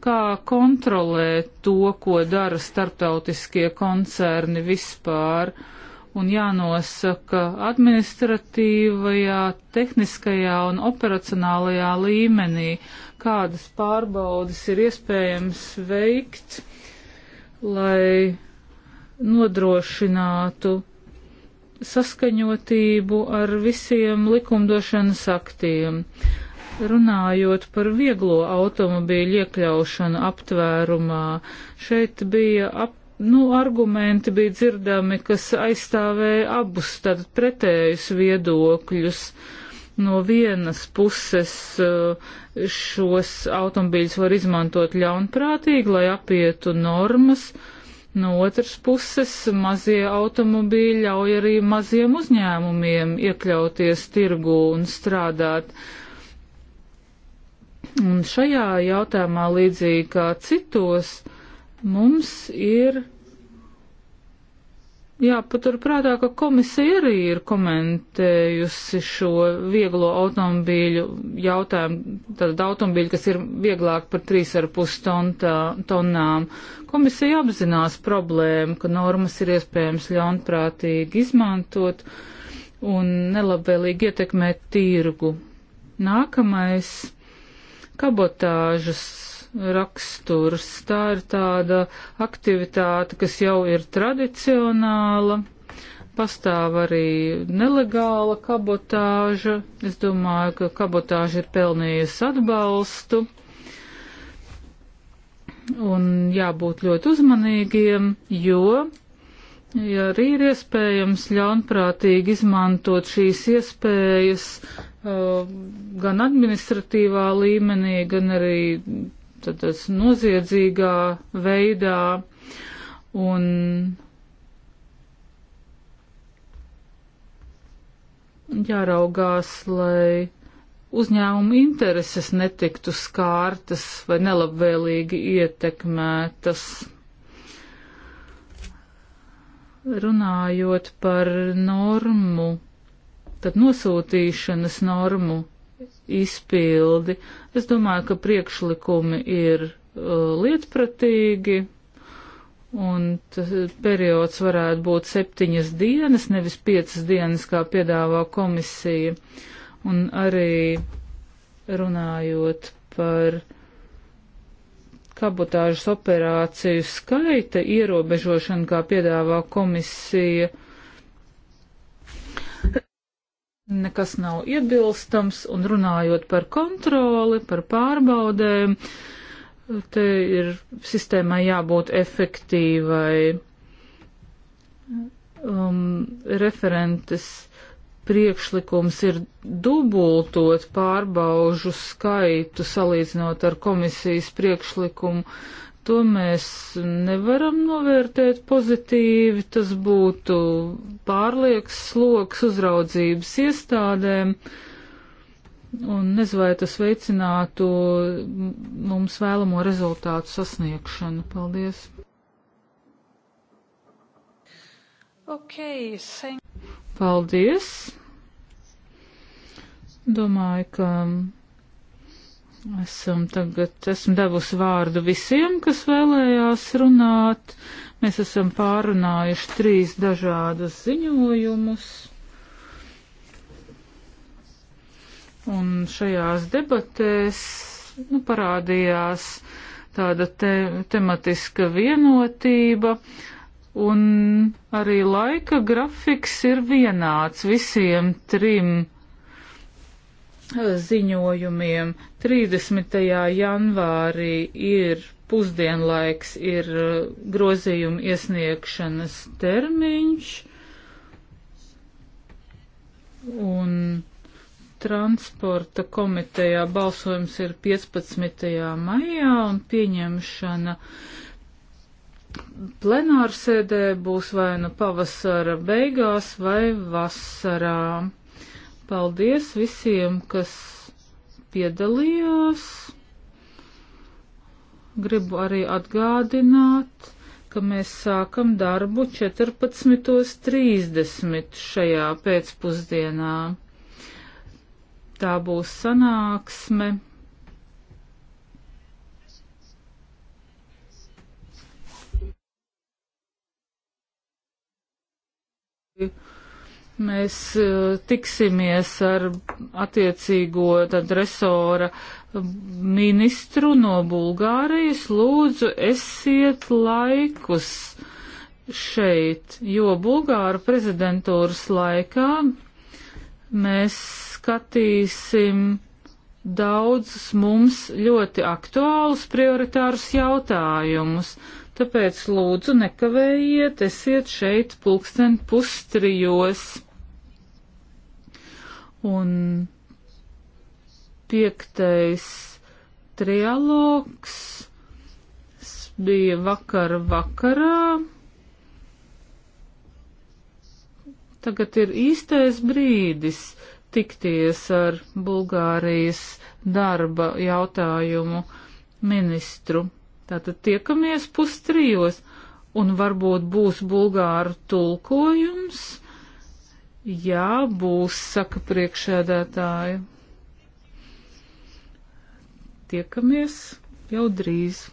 kā kontrolēt to, ko dara starptautiskie koncerni vispār. Uh, un jānosaka administratīvajā, tehniskajā un operacionālajā līmenī, kādas pārbaudas ir iespējams veikt, lai nodrošinātu saskaņotību ar visiem likumdošanas aktiem. Runājot par vieglo automobīļu iekļaušanu aptvērumā, šeit bija ap nu, argumenti bija dzirdami, kas aizstāvēja abus tad pretējus viedokļus. No vienas puses eh, šos automobīļus var izmantot ļaunprātīgi, lai apietu normas, no otras puses mazie automobīļi ļauj arī maziem uzņēmumiem iekļauties tirgu un strādāt. Un šajā jautājumā līdzīgi kā citos, uh, Mums ir jāpaturprātā, ka komisija arī ir komentējusi šo vieglo automobīļu jautājumu, tad automobīļu, kas ir vieglāk par 3,5 tonnām. Komisija apzinās problēmu, ka normas ir iespējams ļaunprātīgi izmantot un nelabvēlīgi ietekmēt tirgu. Nākamais - kabotāžas raksturs. Tā ir tāda aktivitāte, kas jau ir tradicionāla. Pastāv arī nelegāla kabotāža. Es domāju, ka kabotāža ir pelnījusi atbalstu. Un jābūt ļoti uzmanīgiem, jo Ja arī ir iespējams ļaunprātīgi izmantot šīs iespējas uh, gan administratīvā līmenī, gan arī tad tas noziedzīgā veidā un jāraugās, lai uzņēmumu intereses netiktu skārtas vai nelabvēlīgi ietekmētas. Runājot par normu, tad nosūtīšanas normu izpildi. Es domāju, ka priekšlikumi ir uh, lietpratīgi, un periods varētu būt septiņas dienas, nevis piecas dienas, kā piedāvā komisija. Un arī runājot par kabotāžas operāciju skaita ierobežošanu, kā piedāvā komisija, uh, Nekas nav iebilstams, un runājot par kontroli, par pārbaudēm, te ir sistēmai jābūt efektīvai. Um, referentes priekšlikums ir dubultot pārbaužu skaitu salīdzinot ar komisijas priekšlikumu. To mēs nevaram novērtēt pozitīvi, tas būtu pārlieks sloks uzraudzības iestādēm. Un nezinu, vai tas veicinātu mums vēlamo rezultātu sasniegšanu. Paldies! Okay, Paldies! Domāju, ka Esam tagad, esmu devusi vārdu visiem, kas vēlējās runāt. Mēs esam pārunājuši trīs dažādus ziņojumus. Un šajās debatēs nu, parādījās tāda te, tematiska vienotība, un arī laika grafiks ir vienāds visiem trim ziņojumiem. 30. janvārī ir pusdienlaiks, ir uh, grozījuma iesniegšanas termiņš. Un transporta komitejā balsojums ir 15. maijā un pieņemšana plenārsēdē būs vai nu pavasara beigās vai vasarā. Paldies visiem, kas piedalījās. Gribu arī atgādināt, ka mēs sākam darbu 14.30 šajā pēcpusdienā. Tā būs sanāksme. Thank you. Mēs eh, tiksimies ar attiecīgo tad resora ministru no Bulgārijas. Lūdzu, esiet laikus šeit, jo Bulgāru prezidentūras laikā mēs skatīsim daudzus mums ļoti aktuālus prioritārus jautājumus. Tāpēc lūdzu nekavējiet, esiet šeit pulksten pustrijos. Un piektais trialogs bija vakar vakarā. Tagad ir īstais brīdis tikties ar Bulgārijas darba jautājumu ministru. Tātad tiekamies pustrijos un varbūt būs bulgāru tulkojums Jā, būs, saka priekšēdētāja. Tiekamies jau drīz.